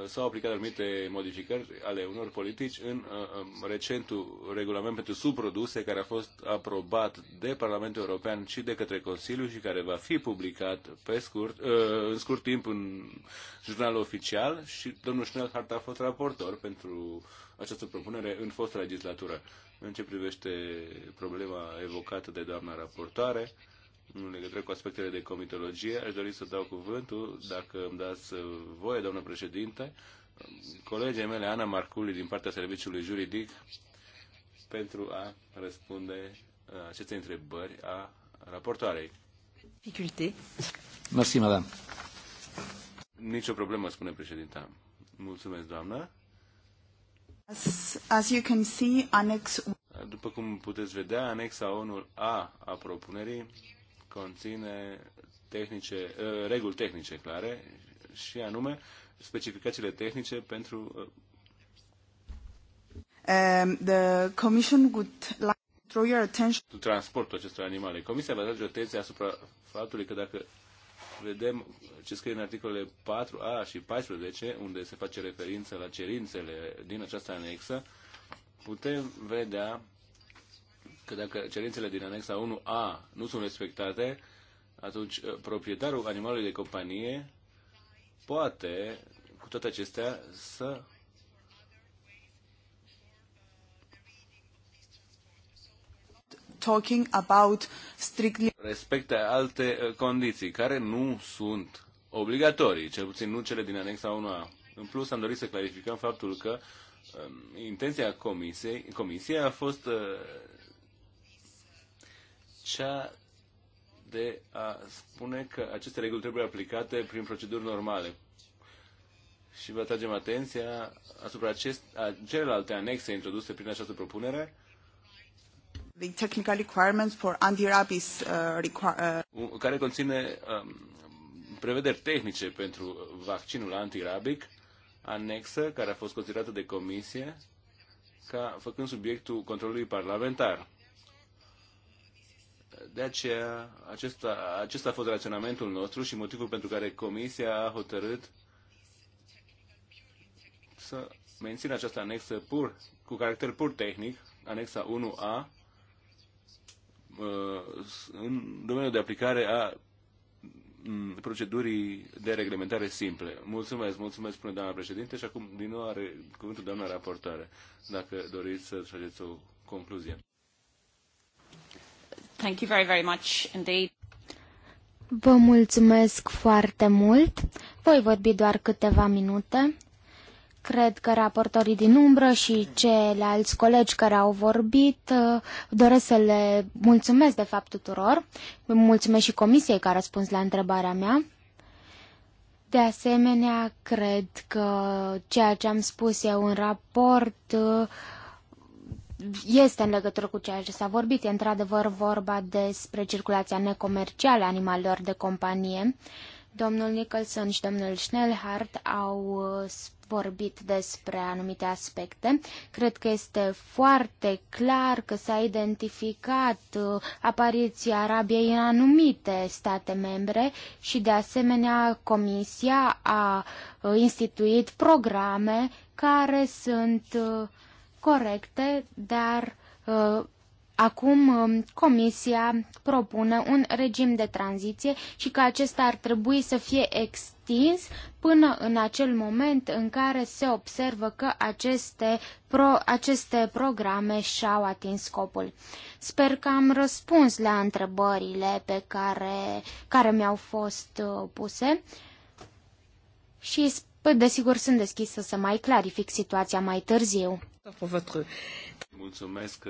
s-au aplicat anumite modificări ale unor politici în uh, um, recentul regulament pentru subproduse care a fost aprobat de Parlamentul European și de către Consiliu și care va fi publicat pe scurt, uh, în scurt timp în jurnalul oficial și domnul Schnellhardt a fost raportor pentru această propunere în fostă legislatură. În ce privește problema evocată de doamna raportoare, în legătură cu aspectele de comitologie. Aș dori să dau cuvântul, dacă îmi dați voie, doamnă președinte, colegii mele, Ana Marculi, din partea Serviciului Juridic, pentru a răspunde uh, aceste întrebări a raportoarei. Dificulte. Mersi, madame. Nicio problemă, spune președinta. Mulțumesc, doamnă. As, as you can see, annex... După cum puteți vedea, anexa 1 A a propunerii conține tehnice, ă, reguli tehnice clare și anume specificațiile tehnice pentru ă, Um, the Commission would like to draw your attention. Transportul acestor animale. Comisia va atrage da atenție asupra faptului că dacă vedem ce scrie în articolele 4a și 14, unde se face referință la cerințele din această anexă, putem vedea că dacă cerințele din anexa 1A nu sunt respectate, atunci uh, proprietarul animalului de companie poate, cu toate acestea, să talking about strictly respecte alte uh, condiții care nu sunt obligatorii, cel puțin nu cele din anexa 1A. În plus, am dorit să clarificăm faptul că um, intenția comisiei, comisiei a fost uh, cea de a spune că aceste reguli trebuie aplicate prin proceduri normale. Și vă atragem atenția asupra acest, a celelalte anexe introduse prin această propunere. The technical requirements for anti-rabies uh, uh, care conține um, prevederi tehnice pentru vaccinul antirabic, anexă care a fost considerată de comisie ca făcând subiectul controlului parlamentar. De aceea, acesta, acesta a fost raționamentul nostru și motivul pentru care Comisia a hotărât să mențină această anexă pur, cu caracter pur tehnic, anexa 1A, uh, în domeniul de aplicare a mm, procedurii de reglementare simple. Mulțumesc, mulțumesc, spune doamna președinte și acum din nou are cuvântul doamna raportoare, dacă doriți să trageți o concluzie. Thank you very, very much indeed. Vă mulțumesc foarte mult. Voi vorbi doar câteva minute. Cred că raportorii din umbră și ceilalți colegi care au vorbit uh, doresc să le mulțumesc de fapt tuturor. Mulțumesc și comisiei care a răspuns la întrebarea mea. De asemenea, cred că ceea ce am spus eu în raport uh, este în legătură cu ceea ce s-a vorbit. E într-adevăr vorba despre circulația necomercială a animalelor de companie. Domnul Nicholson și domnul Schnellhardt au uh, vorbit despre anumite aspecte. Cred că este foarte clar că s-a identificat uh, apariția Arabiei în anumite state membre și de asemenea Comisia a uh, instituit programe care sunt uh, corecte, dar uh, acum uh, Comisia propune un regim de tranziție și că acesta ar trebui să fie extins până în acel moment în care se observă că aceste, pro, aceste programe și-au atins scopul. Sper că am răspuns la întrebările pe care, care mi-au fost uh, puse și Păi, desigur, sunt deschisă să mai clarific situația mai târziu. Mulțumesc,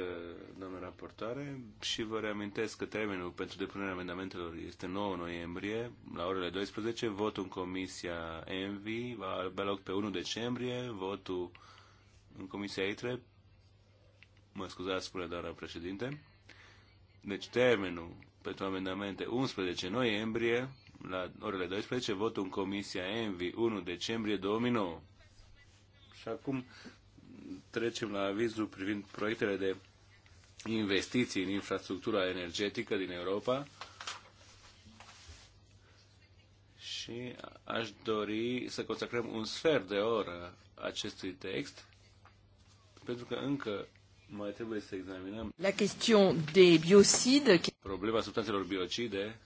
doamnă raportoare, și vă reamintesc că termenul pentru depunerea amendamentelor este 9 noiembrie, la orele 12, votul în Comisia ENVI va avea loc pe 1 decembrie, votul în Comisia ITRE, mă scuzați, spune doamna președinte, deci termenul pentru amendamente 11 noiembrie, la orele 12, votul în Comisia ENVI, 1 decembrie 2009. Și acum trecem la avizul privind proiectele de investiții în infrastructura energetică din Europa și aș dori să consacrăm un sfert de oră acestui text pentru că încă mai trebuie să examinăm la question des biocides problema substanțelor biocide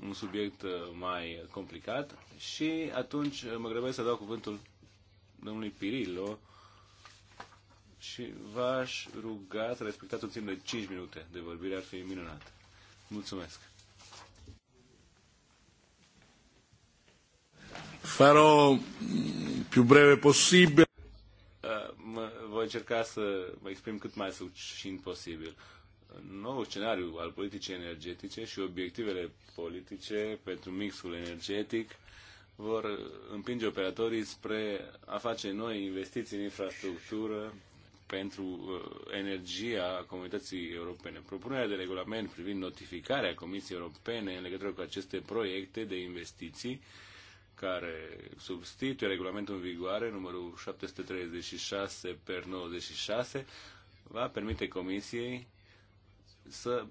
un subiect uh, mai complicat și atunci uh, mă grăbesc să dau cuvântul domnului Pirilo și v-aș ruga să respectați un timp de 5 minute de vorbire, ar fi minunat. Mulțumesc! Farò mm, più breve possibile. Uh, mă, voi încerca să mă exprim cât mai succint posibil nou scenariu al politicii energetice și obiectivele politice pentru mixul energetic vor împinge operatorii spre a face noi investiții în infrastructură pentru uh, energia comunității europene. Propunerea de regulament privind notificarea Comisiei Europene în legătură cu aceste proiecte de investiții care substituie regulamentul în vigoare, numărul 736 per 96, va permite Comisiei să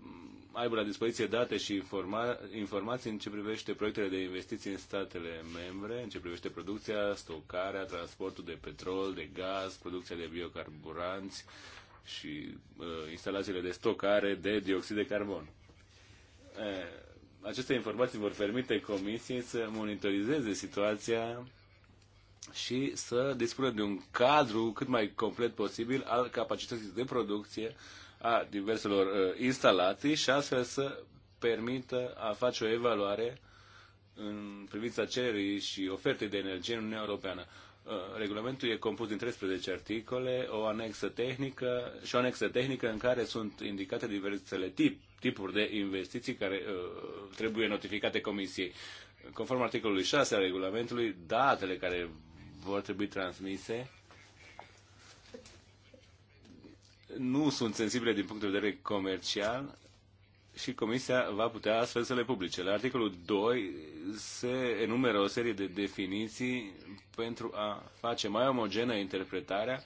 aibă la dispoziție date și informa- informații în ce privește proiectele de investiții în statele membre, în ce privește producția, stocarea, transportul de petrol, de gaz, producția de biocarburanți și uh, instalațiile de stocare de dioxid de carbon. Uh, aceste informații vor permite Comisiei să monitorizeze situația și să dispună de un cadru cât mai complet posibil al capacității de producție uh, a diverselor uh, instalații și astfel să permită a face o evaluare în privința cererii și ofertei de energie în Uniunea Europeană. Uh, regulamentul e compus din 13 articole, o anexă tehnică și o anexă tehnică în care sunt indicate diversele tip, tipuri de investiții care uh, trebuie notificate Comisiei. Conform articolului 6 al regulamentului, datele care vor trebui transmise nu sunt sensibile din punct de vedere comercial și Comisia va putea astfel să le publice. La articolul 2 se enumeră o serie de definiții pentru a face mai omogenă interpretarea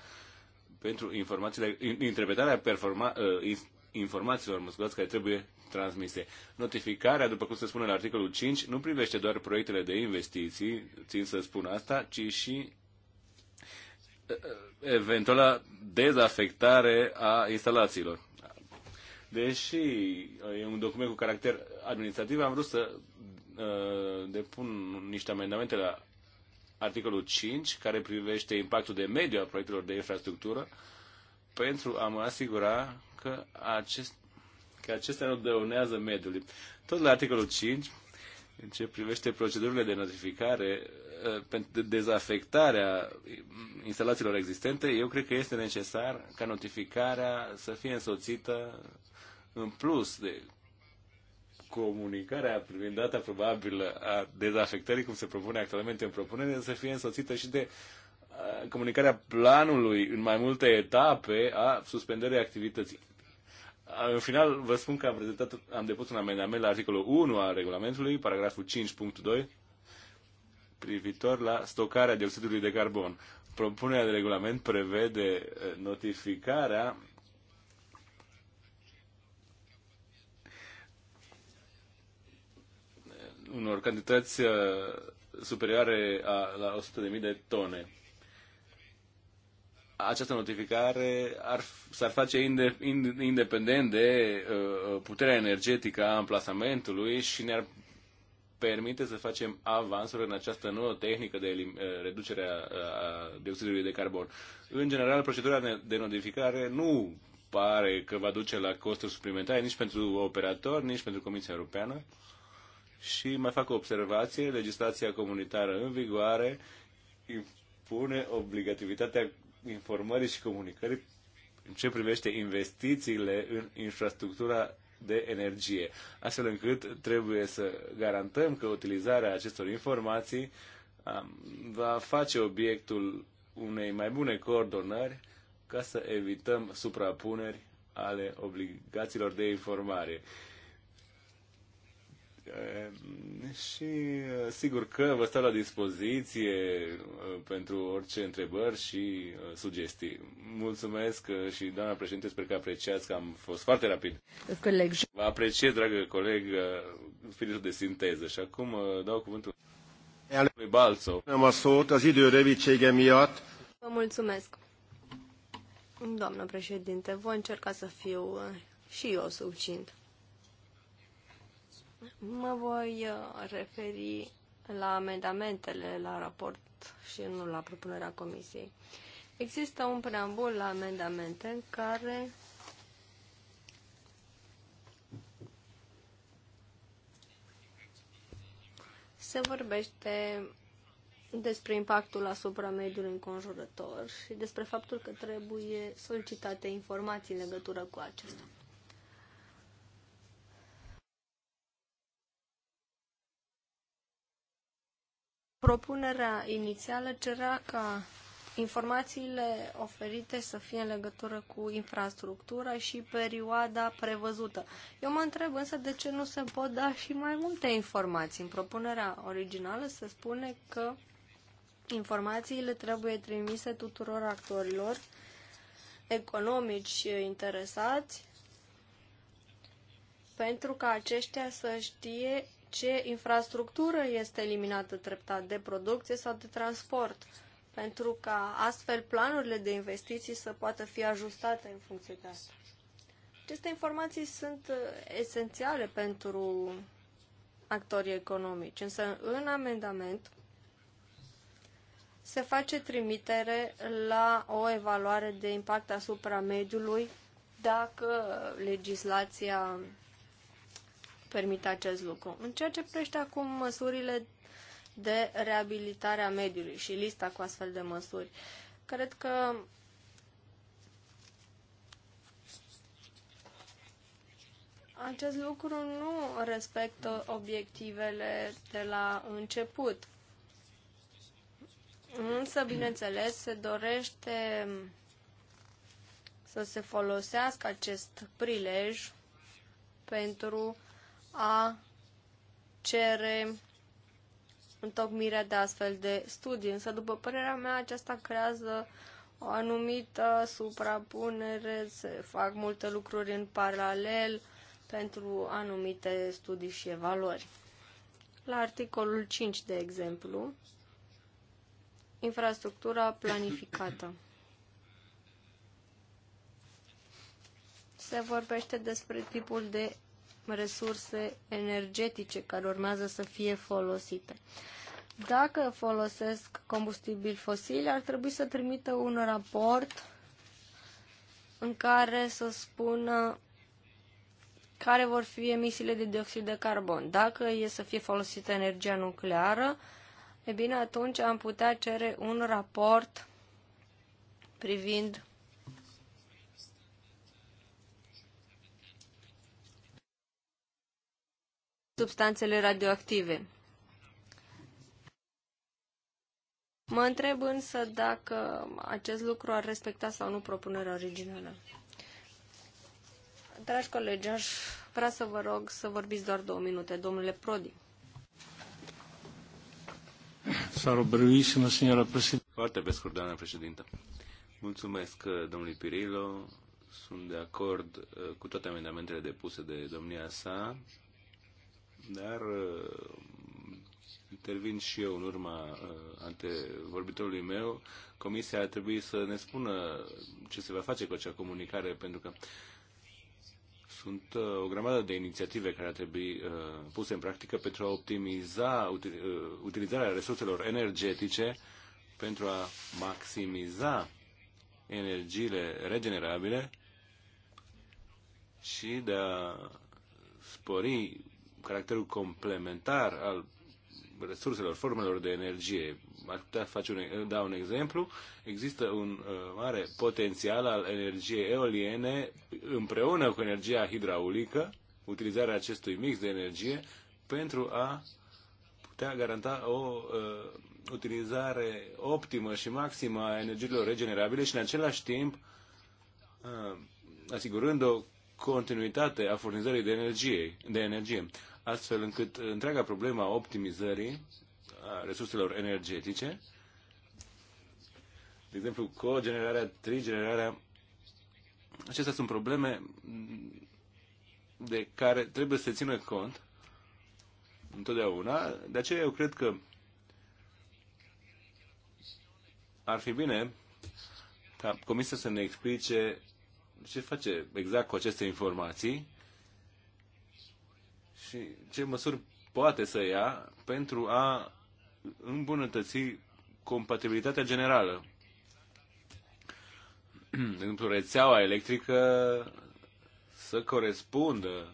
pentru informațiile, interpretarea performa, ă, informațiilor, mă care trebuie transmise. Notificarea, după cum se spune la articolul 5, nu privește doar proiectele de investiții, țin să spun asta, ci și eventuala dezafectare a instalațiilor. Deși uh, e un document cu caracter administrativ, am vrut să uh, depun niște amendamente la articolul 5, care privește impactul de mediu al proiectelor de infrastructură, pentru a mă asigura că, acest, că acestea nu dăunează mediului. Tot la articolul 5, în ce privește procedurile de notificare Uh, pentru dezafectarea instalațiilor existente, eu cred că este necesar ca notificarea să fie însoțită în plus de comunicarea privind data probabilă a dezafectării, cum se propune actualmente în propunere, să fie însoțită și de uh, comunicarea planului în mai multe etape a suspenderii activității. Uh, în final, vă spun că am, prezentat, am depus un amendament la articolul 1 al regulamentului, paragraful 5.2, privitor la stocarea dioxidului de carbon. Propunerea de regulament prevede eh, notificarea unor cantități eh, superioare a, la 100.000 de tone. Această notificare ar, s-ar face inde, ind, independent de uh, puterea energetică a amplasamentului și ne-ar permite să facem avansuri în această nouă tehnică de eh, reducere a, a dioxidului de carbon. În general, procedura de notificare nu pare că va duce la costuri suplimentare nici pentru operator, nici pentru Comisia Europeană. Și mai fac o observație, legislația comunitară în vigoare impune obligativitatea informării și comunicării în ce privește investițiile în infrastructura de energie, astfel încât trebuie să garantăm că utilizarea acestor informații va face obiectul unei mai bune coordonări ca să evităm suprapuneri ale obligațiilor de informare. Și sigur că vă stau la dispoziție pentru orice întrebări și sugestii. Mulțumesc și doamna președinte, sper că apreciați că am fost foarte rapid. Coleg. Vă apreciez, dragă coleg, spiritul de sinteză și acum dau cuvântul lui Balțo. Am a szót Vă mulțumesc. Doamnă președinte, voi încerca să fiu și eu succint. Mă voi uh, referi la amendamentele la raport și nu la propunerea comisiei. Există un preambul la amendamente în care se vorbește despre impactul asupra mediului înconjurător și despre faptul că trebuie solicitate informații în legătură cu acesta. Propunerea inițială cerea ca informațiile oferite să fie în legătură cu infrastructura și perioada prevăzută. Eu mă întreb însă de ce nu se pot da și mai multe informații. În propunerea originală se spune că informațiile trebuie trimise tuturor actorilor economici interesați pentru ca aceștia să știe ce infrastructură este eliminată treptat de producție sau de transport, pentru ca astfel planurile de investiții să poată fi ajustate în funcție de asta. Aceste informații sunt uh, esențiale pentru actorii economici, însă în amendament se face trimitere la o evaluare de impact asupra mediului dacă legislația permite acest lucru. În ceea ce privește acum măsurile de reabilitare a mediului și lista cu astfel de măsuri, cred că acest lucru nu respectă obiectivele de la început. Însă, bineînțeles, se dorește să se folosească acest prilej pentru a cere întocmirea de astfel de studii. Însă, după părerea mea, aceasta creează o anumită suprapunere, se fac multe lucruri în paralel pentru anumite studii și evaluări. La articolul 5, de exemplu, infrastructura planificată. Se vorbește despre tipul de resurse energetice care urmează să fie folosite. Dacă folosesc combustibili fosili, ar trebui să trimită un raport în care să spună care vor fi emisiile de dioxid de carbon. Dacă e să fie folosită energia nucleară, e bine, atunci am putea cere un raport privind substanțele radioactive. Mă întreb însă dacă acest lucru ar respecta sau nu propunerea originală. Dragi colegi, aș vrea să vă rog să vorbiți doar două minute, domnule Prodi. Saru brevissima, signora președinte. Foarte pe scurt, doamna președintă. Mulțumesc, uh, domnului Pirilo. Sunt de acord uh, cu toate amendamentele depuse de domnia sa dar uh, intervin și eu în urma uh, antevorbitorului meu. Comisia ar trebui să ne spună ce se va face cu acea comunicare, pentru că sunt uh, o grămadă de inițiative care ar trebui puse în practică pentru a optimiza utilizarea resurselor energetice, pentru a maximiza energiile regenerabile și de a spori caracterul complementar al resurselor, formelor de energie. Ar putea face un, da un exemplu. Există un uh, mare potențial al energiei eoliene împreună cu energia hidraulică, utilizarea acestui mix de energie pentru a putea garanta o uh, utilizare optimă și maximă a energiilor regenerabile și în același timp uh, asigurând o continuitate a furnizării de energie. De energie astfel încât întreaga problemă a optimizării a resurselor energetice, de exemplu, cogenerarea, trigenerarea, acestea sunt probleme de care trebuie să se țină cont întotdeauna. De aceea eu cred că ar fi bine ca Comisia să ne explice ce face exact cu aceste informații și ce măsuri poate să ia pentru a îmbunătăți compatibilitatea generală. Într-o rețeaua electrică să corespundă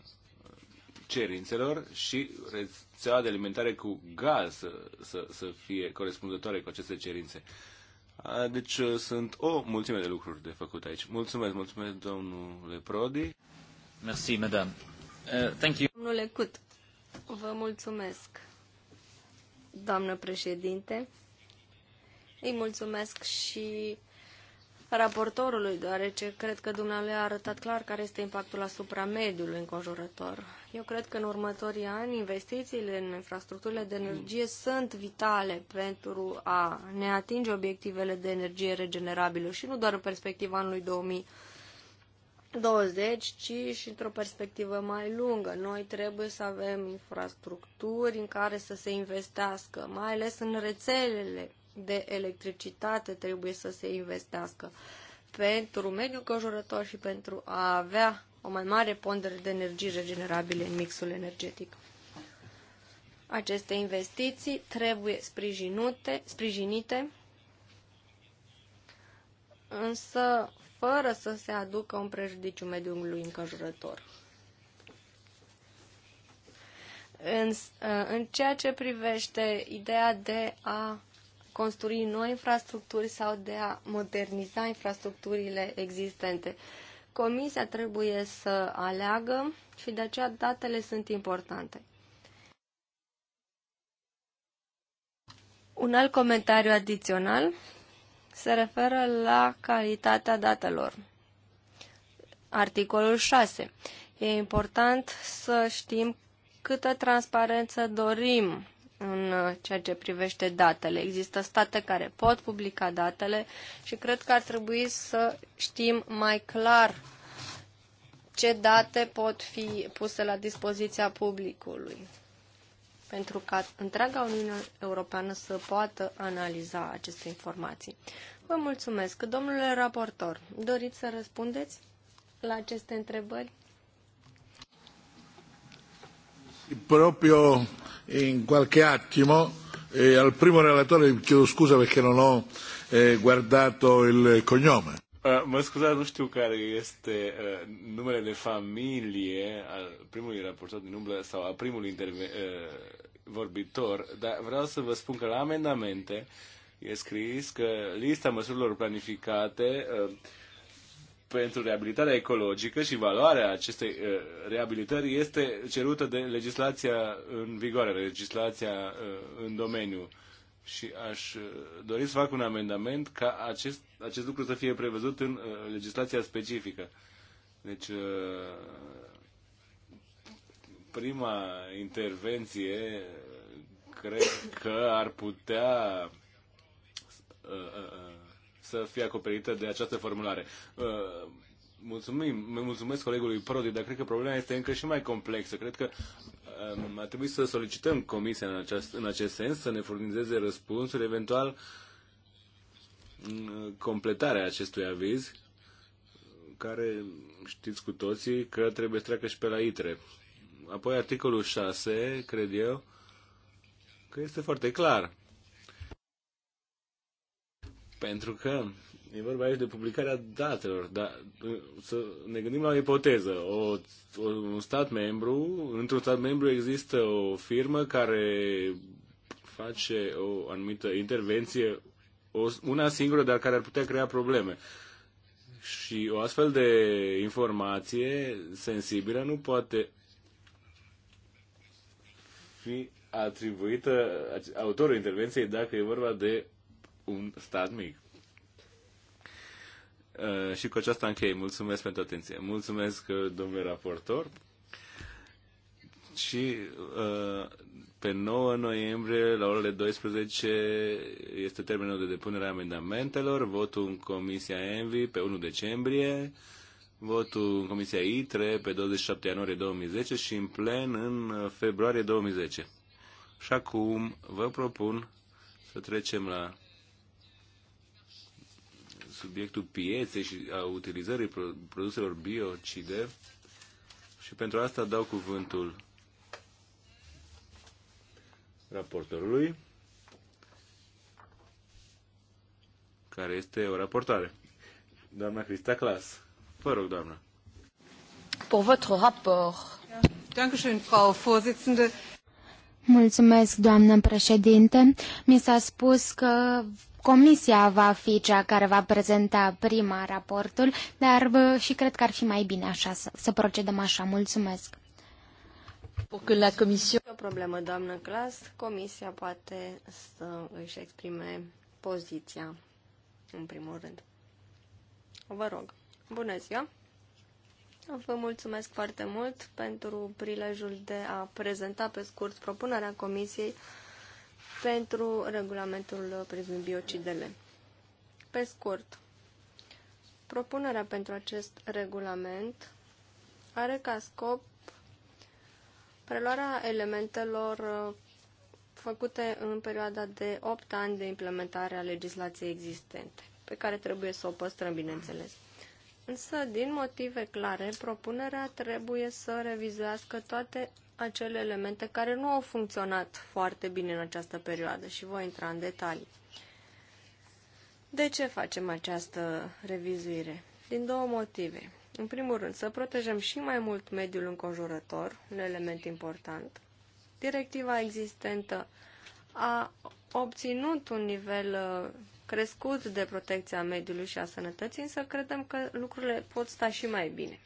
cerințelor și rețeaua de alimentare cu gaz să, să, să fie corespunzătoare cu aceste cerințe. Deci uh, sunt o mulțime de lucruri de făcut aici. Mulțumesc, mulțumesc domnule Prodi. Mersi, madame. Uh, Domnule Cut, vă mulțumesc, doamnă președinte. Îi mulțumesc și raportorului, deoarece cred că dumnealui a arătat clar care este impactul asupra mediului înconjurător. Eu cred că în următorii ani investițiile în infrastructurile de energie sunt vitale pentru a ne atinge obiectivele de energie regenerabilă și nu doar în perspectiva anului 2020 20, ci și într-o perspectivă mai lungă. Noi trebuie să avem infrastructuri în care să se investească, mai ales în rețelele de electricitate trebuie să se investească pentru mediul cojurător și pentru a avea o mai mare pondere de energii regenerabile în mixul energetic. Aceste investiții trebuie sprijinute, sprijinite, însă fără să se aducă un prejudiciu mediului încăjurător. În, uh, în ceea ce privește ideea de a construi noi infrastructuri sau de a moderniza infrastructurile existente, comisia trebuie să aleagă și de aceea datele sunt importante. Un alt comentariu adițional se referă la calitatea datelor. Articolul 6. E important să știm câtă transparență dorim în ceea ce privește datele. Există state care pot publica datele și cred că ar trebui să știm mai clar ce date pot fi puse la dispoziția publicului pentru ca întreaga Uniune Europeană să poată analiza aceste informații. Vă mulțumesc. Domnule raportor, doriți să răspundeți la aceste întrebări? Proprio in qualche attimo eh, al primo relatore chiedo scusa perché non ho eh, guardato il cognome. Uh, mă scuzați, nu știu care este uh, numele de familie al primului raportor din umblă sau al primului interve- uh, vorbitor, dar vreau să vă spun că la amendamente e scris că lista măsurilor planificate pentru reabilitarea ecologică și valoarea acestei reabilitări este cerută de legislația în vigoare, legislația în domeniu și aș uh, dori să fac un amendament ca acest, acest lucru să fie prevăzut în uh, legislația specifică. Deci, uh, prima intervenție uh, cred că ar putea uh, uh, uh, să fie acoperită de această formulare. Uh, mulțumim, mulțumesc colegului Prodi, dar cred că problema este încă și mai complexă. Cred că um, ar trebui să solicităm comisia în, aceast, în acest sens să ne furnizeze răspunsuri, eventual completarea acestui aviz, care știți cu toții că trebuie să treacă și pe la ITRE. Apoi articolul 6, cred eu, că este foarte clar. Pentru că E vorba aici de publicarea datelor, dar uh, să ne gândim la o ipoteză. O, o, un stat membru, într-un stat membru există o firmă care face o anumită intervenție, o, una singură, dar care ar putea crea probleme. Și o astfel de informație sensibilă nu poate fi atribuită autorul intervenției dacă e vorba de un stat mic. Uh, și cu aceasta închei. Mulțumesc pentru atenție. Mulțumesc, uh, domnule raportor. Și uh, pe 9 noiembrie, la orele 12, este termenul de depunere a amendamentelor, votul în Comisia Envi pe 1 decembrie, votul în Comisia ITRE pe 27 ianuarie 2010 și în plen în februarie 2010. Și acum vă propun să trecem la subiectul pieței și a utilizării produselor biocide și pentru asta dau cuvântul raportorului, care este o raportare. Doamna Crista Clas. Vă rog, doamna. Pour Dankeschön, Frau Vorsitzende. Mulțumesc, doamnă președinte. Mi s-a spus că Comisia va fi cea care va prezenta prima raportul, dar și cred că ar fi mai bine așa să, să procedăm așa. Mulțumesc. Că la comisie... O problemă, doamnă Clas. Comisia poate să își exprime poziția, în primul rând. Vă rog. Bună ziua! Vă mulțumesc foarte mult pentru prilejul de a prezenta pe scurt propunerea Comisiei pentru regulamentul privind biocidele. Pe scurt, propunerea pentru acest regulament are ca scop preluarea elementelor uh, făcute în perioada de 8 ani de implementare a legislației existente, pe care trebuie să o păstrăm, bineînțeles. Însă, din motive clare, propunerea trebuie să revizuiască toate acele elemente care nu au funcționat foarte bine în această perioadă și voi intra în detalii. De ce facem această revizuire? Din două motive. În primul rând, să protejăm și mai mult mediul înconjurător, un element important. Directiva existentă a obținut un nivel uh, crescut de protecția mediului și a sănătății, însă credem că lucrurile pot sta și mai bine.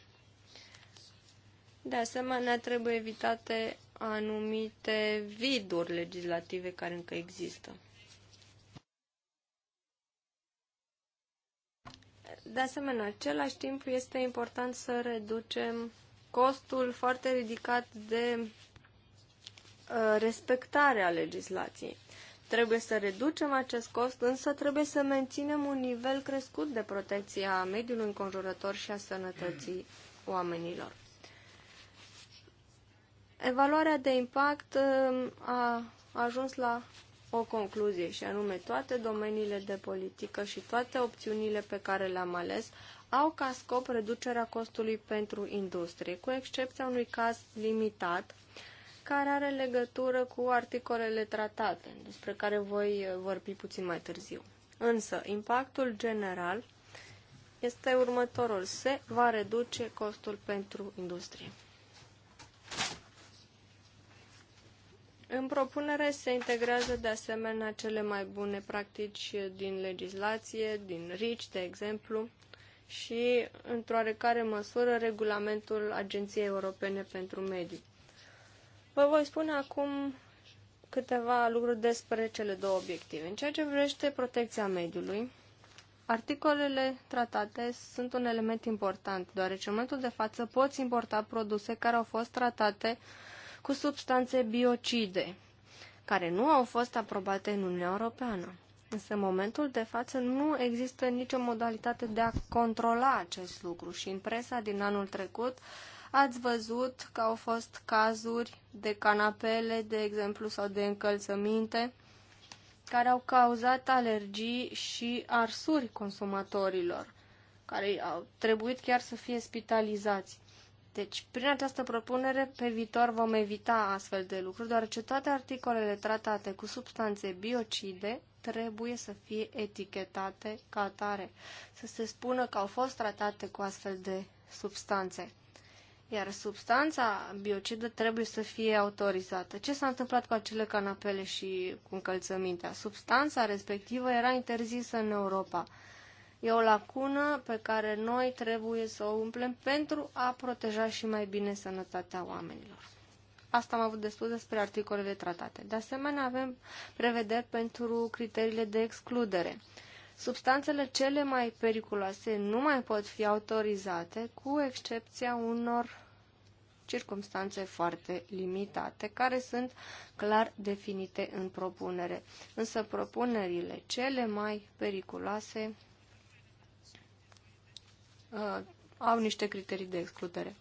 De asemenea, trebuie evitate anumite viduri legislative care încă există. De asemenea, în același timp este important să reducem costul foarte ridicat de uh, respectarea legislației. Trebuie să reducem acest cost, însă trebuie să menținem un nivel crescut de protecție a mediului înconjurător și a sănătății oamenilor. Evaluarea de impact um, a ajuns la o concluzie și anume toate domeniile de politică și toate opțiunile pe care le-am ales au ca scop reducerea costului pentru industrie, cu excepția unui caz limitat care are legătură cu articolele tratate, despre care voi uh, vorbi puțin mai târziu. Însă, impactul general este următorul. Se va reduce costul pentru industrie. În propunere se integrează de asemenea cele mai bune practici din legislație, din RICI, de exemplu, și, într-o oarecare măsură, regulamentul Agenției Europene pentru Mediu. Vă voi spune acum câteva lucruri despre cele două obiective. În ceea ce vrește protecția mediului, articolele tratate sunt un element important, deoarece în momentul de față poți importa produse care au fost tratate uh, cu substanțe biocide, care nu au fost aprobate în Uniunea Europeană. Însă, în momentul de față, nu există nicio modalitate de a controla acest lucru și în presa din anul trecut ați văzut că au fost cazuri de canapele, de exemplu, sau de încălțăminte, care au cauzat alergii și arsuri consumatorilor, care au trebuit chiar să fie spitalizați. Deci, prin această propunere, pe viitor vom evita astfel de lucruri, deoarece toate articolele tratate cu substanțe biocide trebuie să fie etichetate ca atare, să se spună că au fost tratate cu astfel de substanțe. Iar substanța biocidă trebuie să fie autorizată. Ce s-a întâmplat cu acele canapele și cu încălțămintea? Substanța respectivă era interzisă în Europa. E o lacună pe care noi trebuie să o umplem pentru a proteja și mai bine sănătatea oamenilor. Asta am avut de spus despre articolele tratate. De asemenea, avem prevederi pentru criteriile de excludere. Substanțele cele mai periculoase nu mai pot fi autorizate, cu excepția unor circumstanțe foarte limitate, care sunt clar definite în propunere. Însă propunerile cele mai periculoase uh, au niște criterii de excludere.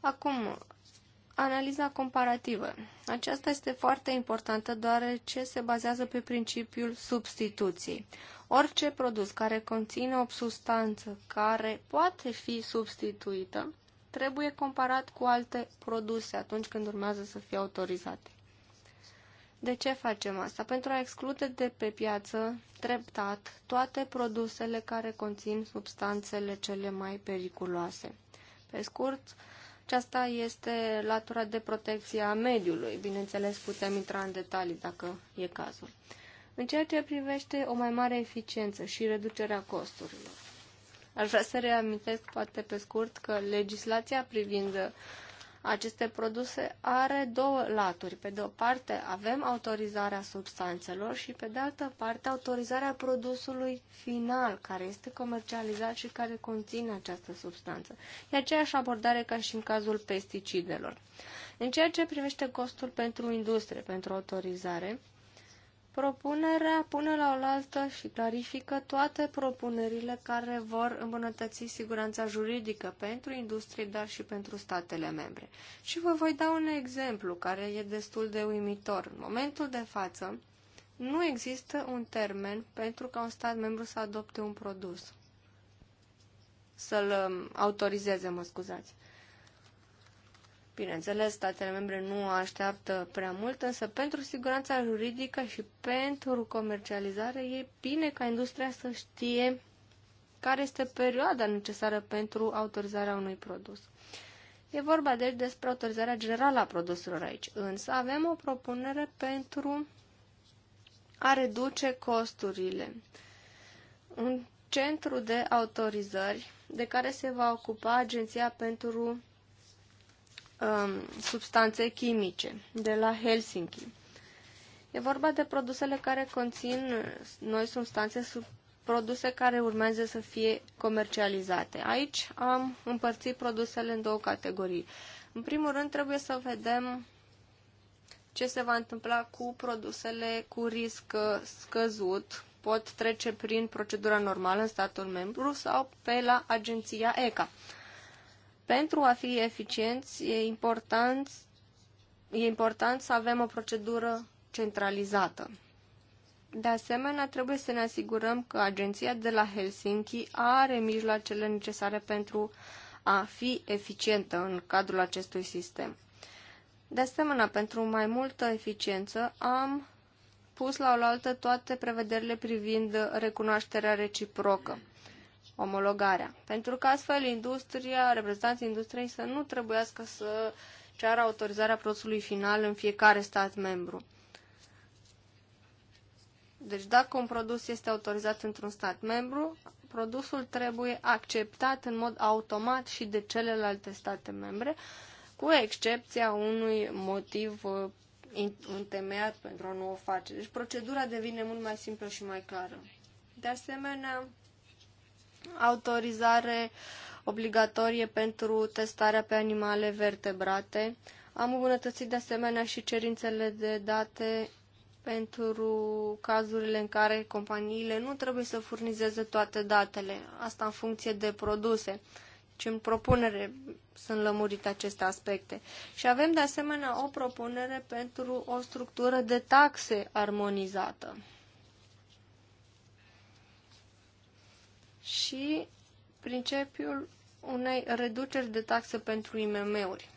Acum, analiza comparativă. Aceasta este foarte importantă deoarece se bazează pe principiul substituției. Orice produs care conține o substanță care poate fi substituită trebuie comparat cu alte produse atunci când urmează să fie autorizate. De ce facem asta? Pentru a exclude de pe piață treptat toate produsele care conțin substanțele cele mai periculoase. Pe scurt, aceasta este latura de protecție a mediului. Bineînțeles, putem intra în detalii dacă e cazul. În ceea ce privește o mai mare eficiență și reducerea costurilor, aș vrea să reamintesc poate pe scurt că legislația privind aceste produse are două laturi. Pe de o parte avem autorizarea substanțelor și pe de altă parte autorizarea produsului final care este comercializat și care conține această substanță. E aceeași abordare ca și în cazul pesticidelor. În ceea ce privește costul pentru industrie, pentru autorizare, Propunerea pune la oaltă și clarifică toate propunerile care vor îmbunătăți siguranța juridică pentru industrie, dar și pentru statele membre. Și vă voi da un exemplu care e destul de uimitor. În momentul de față, nu există un termen pentru ca un stat membru să adopte un produs. Să-l um, autorizeze, mă scuzați. Bineînțeles, statele membre nu așteaptă prea mult, însă pentru siguranța juridică și pentru comercializare e bine ca industria să știe care este perioada necesară pentru autorizarea unui produs. E vorba deci despre autorizarea generală a produselor aici, însă avem o propunere pentru a reduce costurile. Un centru de autorizări de care se va ocupa Agenția pentru um, substanțe chimice de la Helsinki. E vorba de produsele care conțin noi substanțe sub produse care urmează să fie comercializate. Aici am împărțit produsele în două categorii. În primul rând trebuie să vedem ce se va întâmpla cu produsele cu risc uh, scăzut, pot trece prin procedura normală în statul membru sau pe la agenția ECA. Pentru a fi eficienți, e important, e important să avem o procedură centralizată. De asemenea, trebuie să ne asigurăm că agenția de la Helsinki are mijloacele necesare pentru a fi eficientă în cadrul acestui sistem. De asemenea, pentru mai multă eficiență, am pus la oaltă toate prevederile privind recunoașterea reciprocă omologarea. Pentru că astfel industria, reprezentanții industriei să nu trebuiască să ceară autorizarea produsului final în fiecare stat membru. Deci dacă un produs este autorizat într-un stat membru, produsul trebuie acceptat în mod automat și de celelalte state membre, cu excepția unui motiv uh, întemeiat pentru a nu o face. Deci procedura devine mult mai simplă și mai clară. De asemenea, autorizare obligatorie pentru testarea pe animale vertebrate. Am îmbunătățit de asemenea și cerințele de date pentru cazurile în care companiile nu trebuie să furnizeze toate datele, asta în funcție de produse. ci deci, în propunere sunt lămurite aceste aspecte. Și avem de asemenea o propunere pentru o structură de taxe armonizată. și principiul unei reduceri de taxe pentru IMM-uri.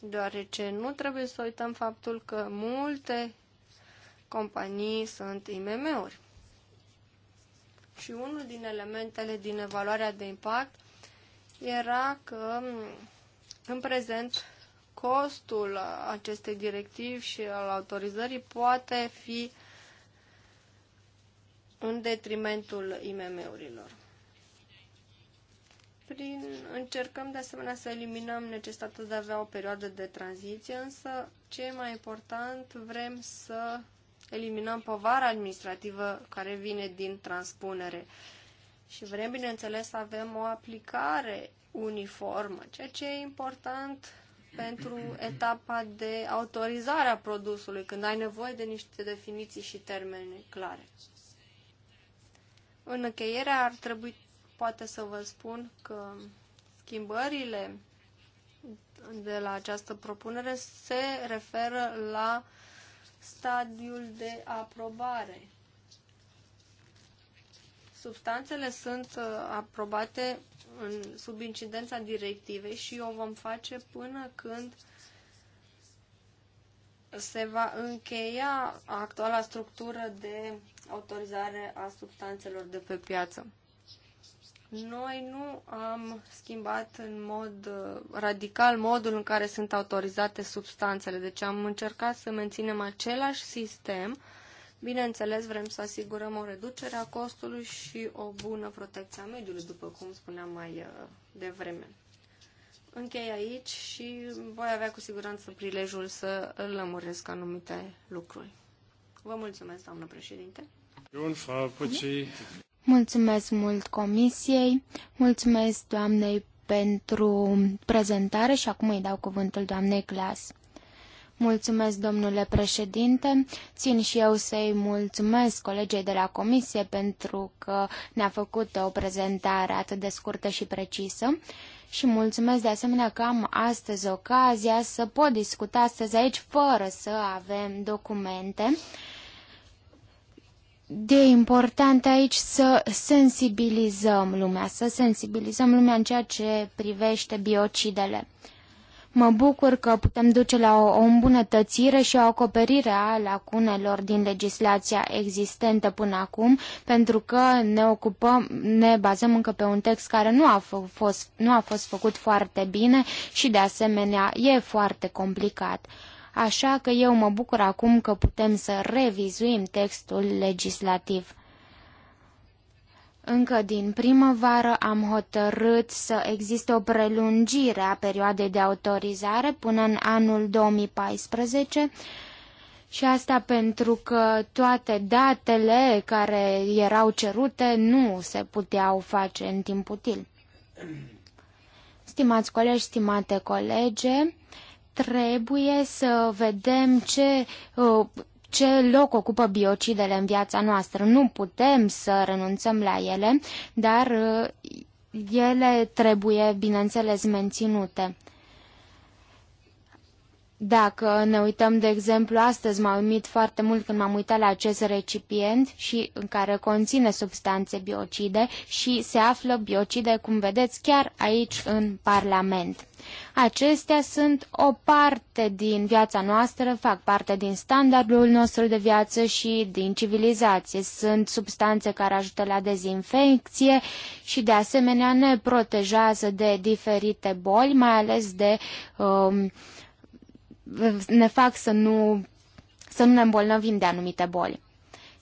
Deoarece nu trebuie să uităm faptul că multe companii sunt IMM-uri. Și unul din elementele din evaluarea de impact era că în prezent costul acestei directivi și al autorizării poate fi în detrimentul IMM-urilor. Prin, încercăm de asemenea să eliminăm necesitatea de a avea o perioadă de tranziție, însă ce e mai important, vrem să eliminăm povara administrativă care vine din transpunere. Și vrem, bineînțeles, să avem o aplicare uniformă, ceea ce e important pentru etapa de autorizare a produsului, când ai nevoie de niște definiții și termeni clare. În încheiere ar trebui poate să vă spun că schimbările de la această propunere se referă la stadiul de aprobare. Substanțele sunt uh, aprobate în, sub incidența directivei și o vom face până când uh, se va încheia actuala structură de autorizare a substanțelor de pe piață. Noi nu am schimbat în mod uh, radical modul în care sunt autorizate substanțele, deci am încercat să menținem același sistem. Bineînțeles, vrem să asigurăm o reducere a costului și o bună protecție a mediului, după cum spuneam mai uh, devreme închei aici și voi avea cu siguranță prilejul să lămuresc anumite lucruri. Vă mulțumesc, doamnă președinte. Mulțumesc mult comisiei, mulțumesc doamnei pentru prezentare și acum îi dau cuvântul doamnei Clas. Mulțumesc, domnule președinte. Țin și eu să-i mulțumesc colegei de la comisie pentru că ne-a făcut o prezentare atât de scurtă și precisă și mulțumesc de asemenea că am astăzi ocazia să pot discuta astăzi aici fără să avem documente. De important aici să sensibilizăm lumea, să sensibilizăm lumea în ceea ce privește biocidele. Mă bucur că putem duce la o, o îmbunătățire și o acoperire a lacunelor din legislația existentă până acum, pentru că ne ocupăm, ne bazăm încă pe un text care nu a fost, nu a fost făcut foarte bine și de asemenea e foarte complicat. Așa că eu mă bucur acum că putem să revizuim textul legislativ. Încă din primăvară am hotărât să existe o prelungire a perioadei de autorizare până în anul 2014 și asta pentru că toate datele care erau cerute nu se puteau face în timp util. Stimați colegi, stimate colege, trebuie să vedem ce uh, ce loc ocupă biocidele în viața noastră. Nu putem să renunțăm la ele, dar uh, ele trebuie, bineînțeles, menținute. Dacă ne uităm, de exemplu, astăzi m-a uimit foarte mult când m-am uitat la acest recipient și în care conține substanțe biocide și se află biocide, cum vedeți, chiar aici în Parlament. Acestea sunt o parte din viața noastră, fac parte din standardul nostru de viață și din civilizație. Sunt substanțe care ajută la dezinfecție și de asemenea ne protejează de diferite boli, mai ales de um, ne fac să nu, să nu ne îmbolnăvim de anumite boli.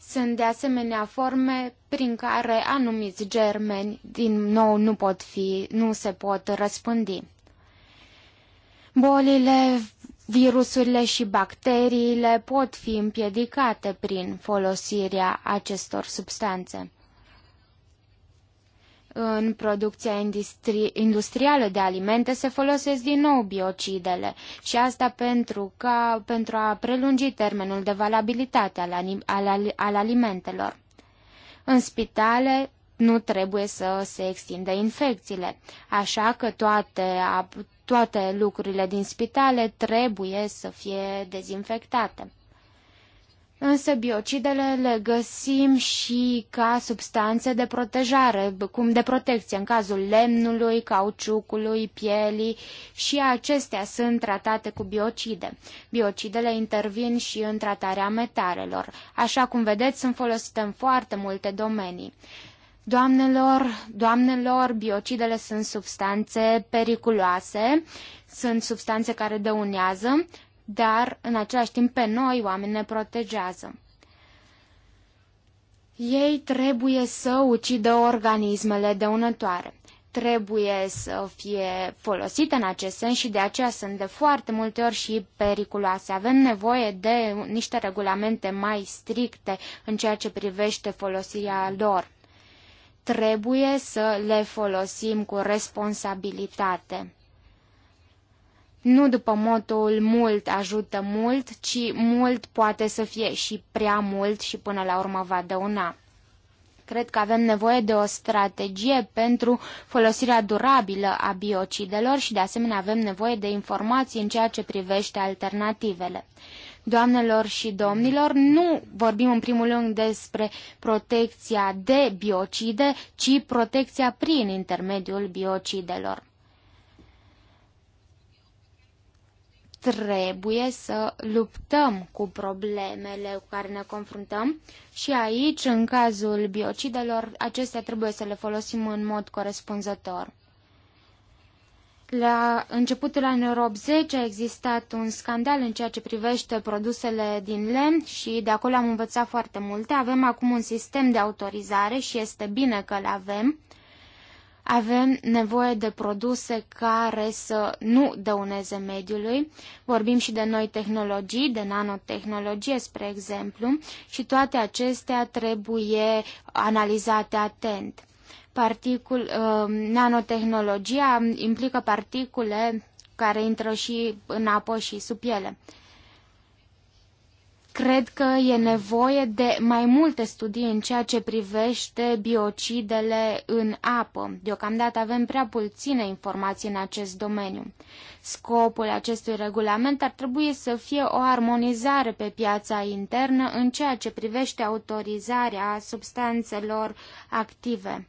Sunt de asemenea forme prin care anumiți germeni din nou nu pot fi, nu se pot răspândi. Bolile, virusurile și bacteriile pot fi împiedicate prin folosirea acestor substanțe în producția industri industrială de alimente se folosesc din nou biocidele și asta pentru, ca, pentru a prelungi termenul de valabilitate al, al, al alimentelor. În spitale nu trebuie să se extindă infecțiile, așa că toate, toate lucrurile din spitale trebuie să fie dezinfectate. Însă biocidele le găsim și ca substanțe de protejare, cum de protecție, în cazul lemnului, cauciucului, pielii și acestea sunt tratate cu biocide. Biocidele intervin și în tratarea metalelor. Așa cum vedeți, sunt folosite în foarte multe domenii. Doamnelor, doamnelor, biocidele sunt substanțe periculoase, sunt substanțe care dăunează, dar în același timp pe noi oameni ne protejează. Ei trebuie să ucidă organismele dăunătoare. Trebuie să fie folosite în acest sens și de aceea sunt de foarte multe ori și periculoase. Avem nevoie de niște regulamente mai stricte în ceea ce privește folosirea lor. Trebuie să le folosim cu responsabilitate nu după motul mult ajută mult, ci mult poate să fie și prea mult și până la urmă va dăuna. Cred că avem nevoie de o strategie pentru folosirea durabilă a biocidelor și de asemenea avem nevoie de informații în ceea ce privește alternativele. Doamnelor și domnilor, nu vorbim în primul rând despre protecția de biocide, ci protecția prin intermediul biocidelor. trebuie să luptăm cu problemele cu care ne confruntăm și aici, în cazul biocidelor, acestea trebuie să le folosim în mod corespunzător. La începutul anilor 80 a existat un scandal în ceea ce privește produsele din lemn și de acolo am învățat foarte multe. Avem acum un sistem de autorizare și este bine că îl avem. Avem nevoie de produse care să nu dăuneze mediului. Vorbim și de noi tehnologii, de nanotehnologie, spre exemplu, și toate acestea trebuie analizate atent. Particul, um, nanotehnologia implică particule care intră și în apă și sub piele. Cred că e nevoie de mai multe studii în ceea ce privește biocidele în apă. Deocamdată avem prea puține informații în acest domeniu. Scopul acestui regulament ar trebui să fie o armonizare pe piața internă în ceea ce privește autorizarea substanțelor active.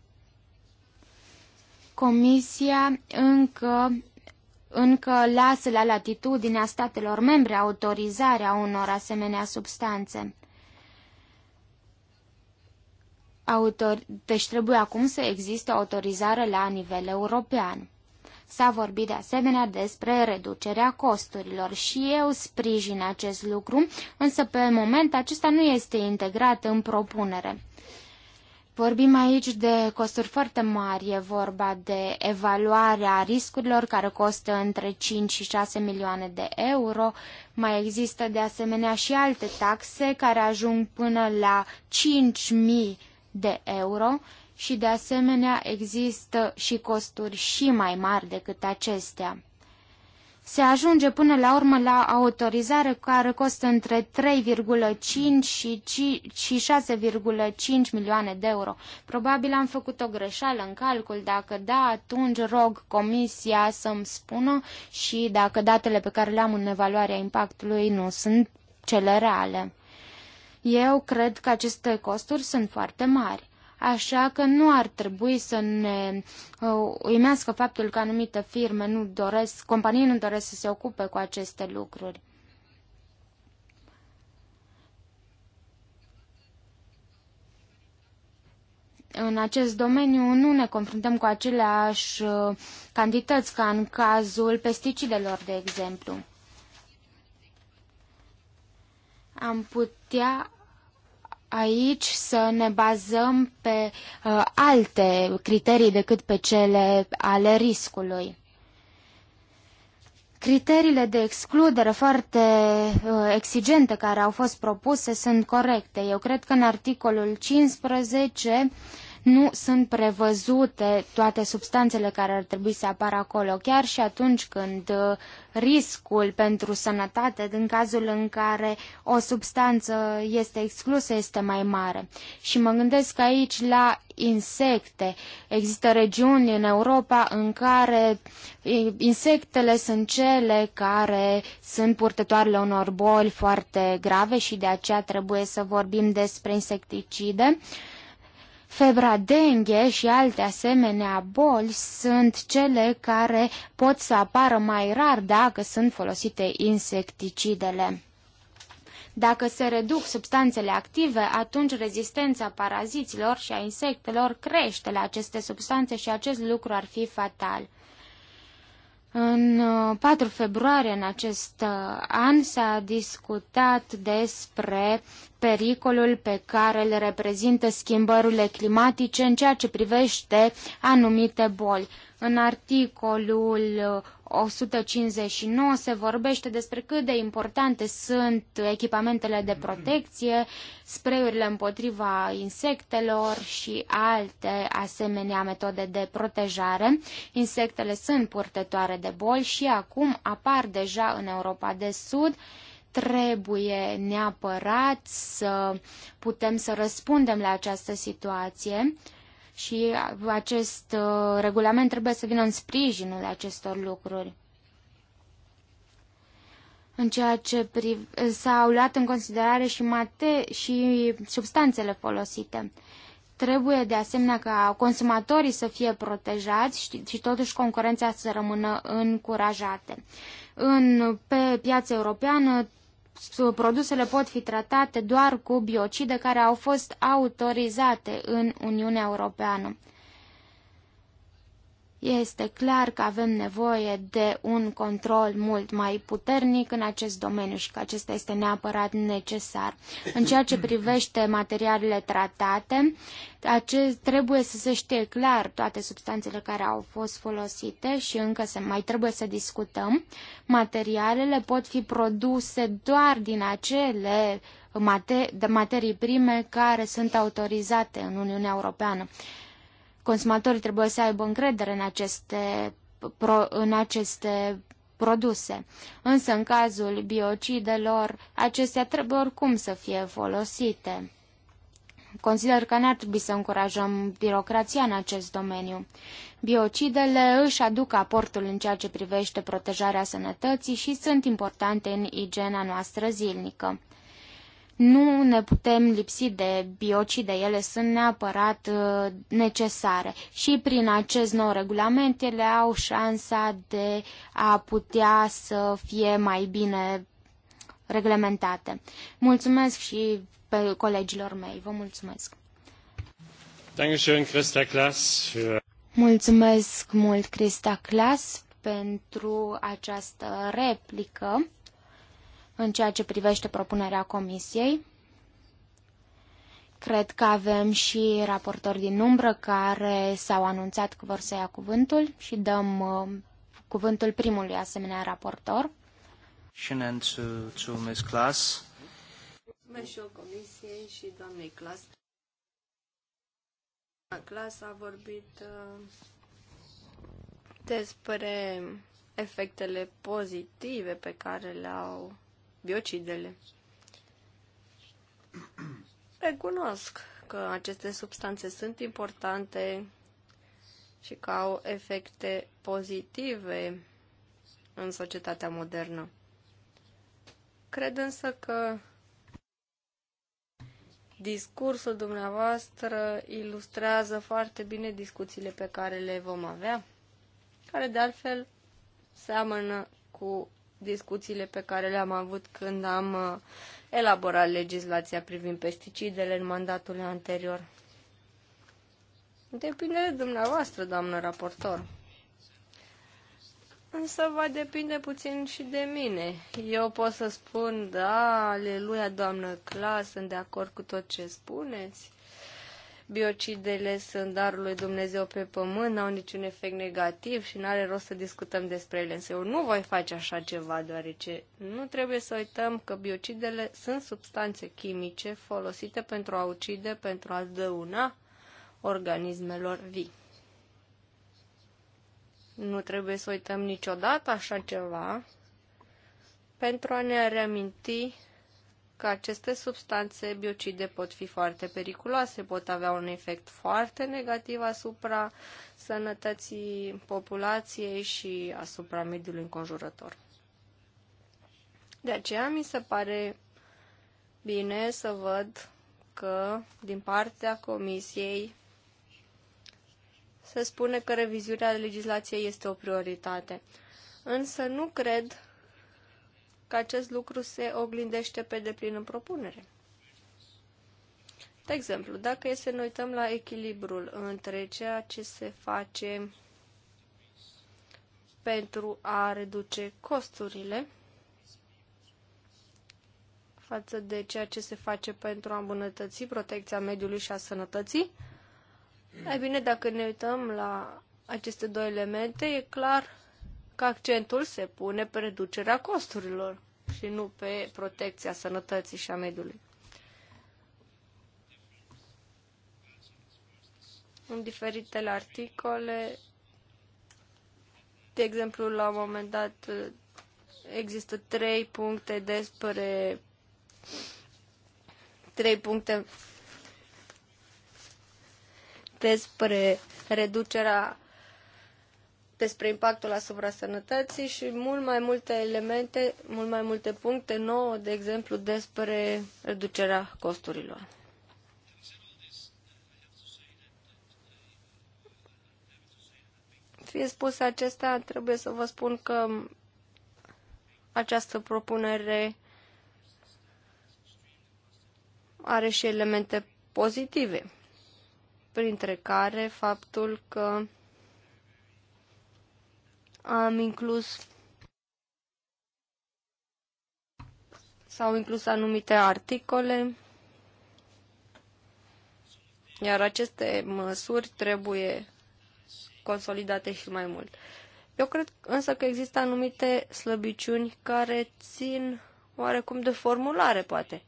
Comisia încă încă lasă la latitudinea statelor membre autorizarea unor asemenea substanțe. Autor... Deci trebuie acum să existe autorizare la nivel european. S-a vorbit de asemenea despre reducerea costurilor și eu sprijin acest lucru, însă pe moment acesta nu este integrat în propunere. Vorbim aici de costuri foarte mari, e vorba de evaluarea riscurilor care costă între 5 și 6 milioane de euro. Mai există de asemenea și alte taxe care ajung până la 5.000 de euro și de asemenea există și costuri și mai mari decât acestea se ajunge până la urmă la autorizare care costă între 3,5 și 6,5 milioane de euro. Probabil am făcut o greșeală în calcul. Dacă da, atunci rog comisia să-mi spună și dacă datele pe care le-am în evaluarea impactului nu sunt cele reale. Eu cred că aceste costuri sunt foarte mari. Așa că nu ar trebui să ne uh, uimească faptul că anumite firme nu doresc, companii nu doresc să se ocupe cu aceste lucruri. în acest domeniu nu ne confruntăm cu aceleași uh, cantități ca în cazul pesticidelor, de exemplu. Am putea aici să ne bazăm pe uh, alte criterii decât pe cele ale riscului. Criteriile de excludere foarte uh, exigente care au fost propuse sunt corecte. Eu cred că în articolul 15 nu sunt prevăzute toate substanțele care ar trebui să apară acolo, chiar și atunci când uh, riscul pentru sănătate, din cazul în care o substanță este exclusă, este mai mare. Și mă gândesc aici la insecte. Există regiuni în Europa în care insectele sunt cele care sunt purtătoarele unor boli foarte grave și de aceea trebuie să vorbim despre insecticide. Uh, Febra denghe și alte asemenea boli sunt cele care pot să apară mai rar dacă sunt folosite insecticidele. Dacă se reduc substanțele active, atunci rezistența paraziților și a insectelor crește la aceste substanțe și acest lucru ar fi fatal. În 4 uh, februarie în acest uh, an s-a discutat despre pericolul pe care îl reprezintă schimbările climatice în ceea ce privește anumite boli. În articolul uh, 159 se vorbește despre cât de importante sunt echipamentele de protecție, spreurile împotriva insectelor și alte asemenea metode de protejare. Insectele sunt purtătoare de boli și acum apar deja în Europa de Sud trebuie neapărat să putem să răspundem la această situație și acest uh, regulament trebuie să vină în sprijinul acestor lucruri. În ceea ce priv... s-au luat în considerare și, mate... și substanțele folosite. Trebuie de asemenea ca consumatorii să fie protejați și, și totuși concurența să rămână încurajate. În, pe piața europeană produsele pot fi tratate doar cu biocide care au fost autorizate în Uniunea Europeană. Este clar că avem nevoie de un control mult mai puternic în acest domeniu și că acesta este neapărat necesar. În ceea ce privește materialele tratate, acest, trebuie să se știe clar toate substanțele care au fost folosite și încă se, mai trebuie să discutăm. Materialele pot fi produse doar din acele materii prime care sunt autorizate în Uniunea Europeană. Consumatorii trebuie să aibă încredere în aceste, pro, în aceste produse. Însă, în cazul biocidelor, acestea trebuie oricum să fie folosite. Consider că n-ar trebui să încurajăm birocrația în acest domeniu. Biocidele își aduc aportul în ceea ce privește protejarea sănătății și sunt importante în igiena noastră zilnică. Nu ne putem lipsi de biocide, ele sunt neapărat uh, necesare și prin acest nou regulament ele au șansa de a putea să fie mai bine reglementate. Mulțumesc și pe colegilor mei. Vă mulțumesc. Mulțumesc mult, Crista Klaas, pentru această replică în ceea ce privește propunerea comisiei. Cred că avem și raportori din umbră care s-au anunțat că vor să ia cuvântul și dăm uh, cuvântul primului asemenea raportor. And to, to Ms. Klaas. Mulțumesc și eu comisiei și doamnei Clas. Clas a vorbit uh, despre efectele pozitive pe care le-au biocidele. Recunosc că aceste substanțe sunt importante și că au efecte pozitive în societatea modernă. Cred însă că discursul dumneavoastră ilustrează foarte bine discuțiile pe care le vom avea, care de altfel seamănă cu discuțiile pe care le-am avut când am uh, elaborat legislația privind pesticidele în mandatul anterior. Depinde de dumneavoastră, doamnă raportor. Însă va depinde puțin și de mine. Eu pot să spun, da, aleluia, doamnă Clas, sunt de acord cu tot ce spuneți biocidele sunt darul lui Dumnezeu pe pământ, n-au niciun efect negativ și n-are rost să discutăm despre ele. Însă eu nu voi face așa ceva, deoarece nu trebuie să uităm că biocidele sunt substanțe chimice folosite pentru a ucide, pentru a dăuna organismelor vii. Nu trebuie să uităm niciodată așa ceva pentru a ne reaminti că aceste substanțe biocide pot fi foarte periculoase, pot avea un efect foarte negativ asupra sănătății populației și asupra mediului înconjurător. De aceea mi se pare bine să văd că din partea Comisiei se spune că revizuirea legislației este o prioritate. Însă nu cred că acest lucru se oglindește pe deplin în propunere. De exemplu, dacă e să ne uităm la echilibrul între ceea ce se face pentru a reduce costurile față de ceea ce se face pentru a îmbunătăți protecția mediului și a sănătății, mai bine, dacă ne uităm la aceste două elemente, e clar că accentul se pune pe reducerea costurilor și nu pe protecția sănătății și a mediului. În diferitele articole, de exemplu, la un moment dat uh, există trei puncte despre trei puncte despre reducerea despre impactul asupra sănătății și mult mai multe elemente, mult mai multe puncte nouă, de exemplu, despre reducerea costurilor. Fie spus acestea, trebuie să vă spun că această propunere are și elemente pozitive, printre care faptul că am inclus s-au inclus anumite articole, iar aceste măsuri trebuie consolidate și mai mult. Eu cred însă că există anumite slăbiciuni care țin oarecum de formulare, poate.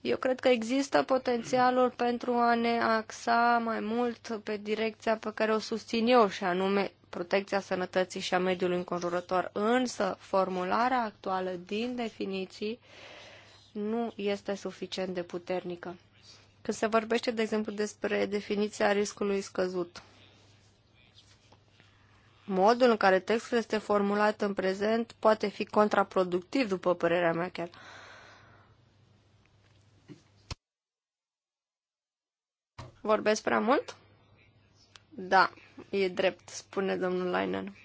Eu cred că există potențialul pentru a ne axa mai mult pe direcția pe care o susțin eu, și anume protecția sănătății și a mediului înconjurător, însă formularea actuală din definiții nu este suficient de puternică. Când se vorbește, de exemplu, despre definiția riscului scăzut, modul în care textul este formulat în prezent poate fi contraproductiv, după părerea mea chiar. Vorbesc prea mult? Da, e drept, spune domnul Lainan.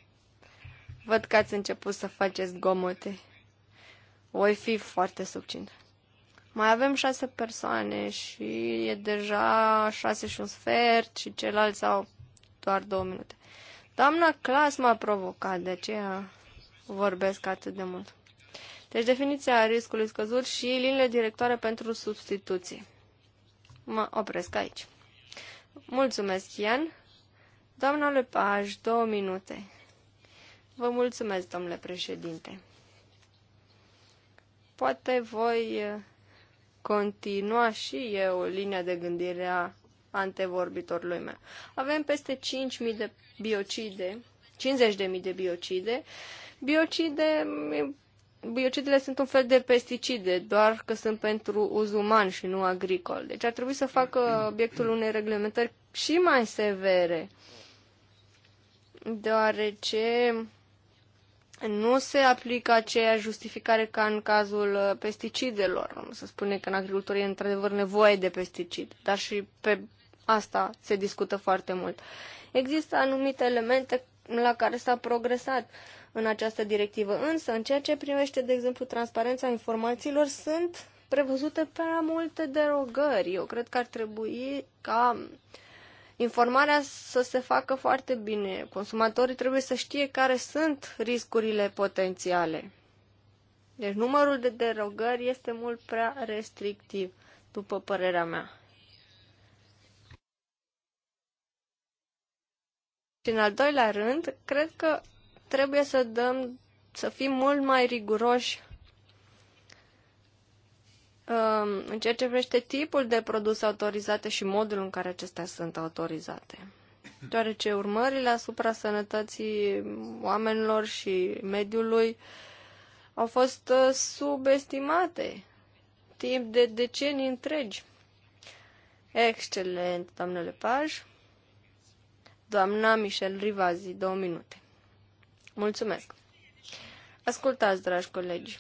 Văd că ați început să faceți gomote. Voi fi foarte succint. Mai avem șase persoane și e deja șase și un sfert și ceilalți au doar două minute. Doamna Clas m-a provocat, de aceea vorbesc atât de mult. Deci definiția riscului scăzut și liniile directoare pentru substituții. Mă opresc aici. Mulțumesc, Ian. Doamna Lepaj, două minute. Vă mulțumesc, domnule președinte. Poate voi eh, continua și eu linia de gândire a antevorbitorului meu. Avem peste 5.000 de biocide, 50.000 de biocide. Biocide, mm, biocidele sunt un fel de pesticide, doar că sunt pentru uz uman și nu agricol. Deci ar trebui să facă obiectul unei reglementări și mai severe deoarece nu se aplică aceea justificare ca în cazul uh, pesticidelor. Se spune că în agricultură e într-adevăr nevoie de pesticide, dar și pe asta se discută foarte mult. Există anumite elemente la care s-a progresat în această directivă, însă în ceea ce privește, de exemplu, transparența informațiilor, sunt prevăzute prea multe derogări. Eu cred că ar trebui ca uh, informarea să se facă foarte bine. Consumatorii trebuie să știe care sunt riscurile potențiale. Deci numărul de derogări este mult prea restrictiv, după părerea mea. Și în al doilea rând, cred că trebuie să dăm, să fim mult mai riguroși Um, în ceea ce vrește tipul de produse autorizate și modul în care acestea sunt autorizate. Deoarece urmările asupra sănătății oamenilor și mediului au fost uh, subestimate timp de decenii întregi. Excelent, doamnele Paj. Doamna Michel Rivazi, două minute. Mulțumesc. Ascultați, dragi colegi.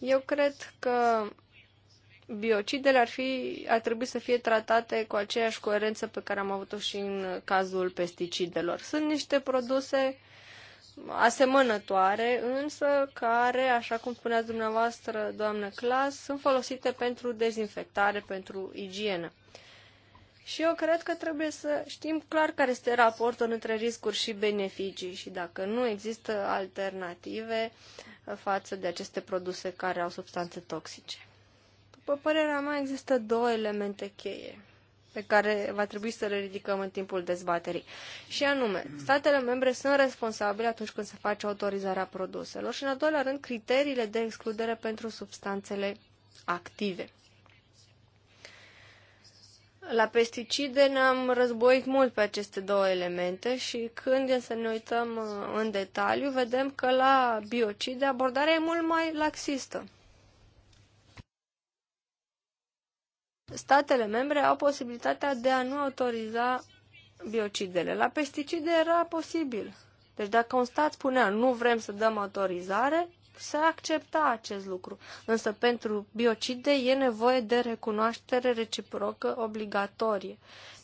Eu cred că biocidele ar, fi, ar trebui să fie tratate cu aceeași coerență pe care am avut-o și în cazul pesticidelor. Sunt niște produse asemănătoare, însă care, așa cum spuneați dumneavoastră, doamnă Clas, sunt folosite pentru dezinfectare, pentru igienă. Și eu cred că trebuie să știm clar care este raportul între riscuri și beneficii și dacă nu există alternative, față de aceste produse care au substanțe toxice. După părerea mea, există două elemente cheie pe care va trebui să le ridicăm în timpul dezbaterii. Și anume, statele membre sunt responsabile atunci când se face autorizarea produselor și, în al doilea rând, criteriile de excludere pentru substanțele active. La pesticide ne-am războit mult pe aceste două elemente și când să ne uităm uh, în detaliu, vedem că la biocide abordarea e mult mai laxistă. Statele membre au posibilitatea de a nu autoriza biocidele. La pesticide era posibil. Deci dacă un stat spunea nu vrem să dăm autorizare, să accepta acest lucru. Însă pentru biocide e nevoie de recunoaștere reciprocă obligatorie.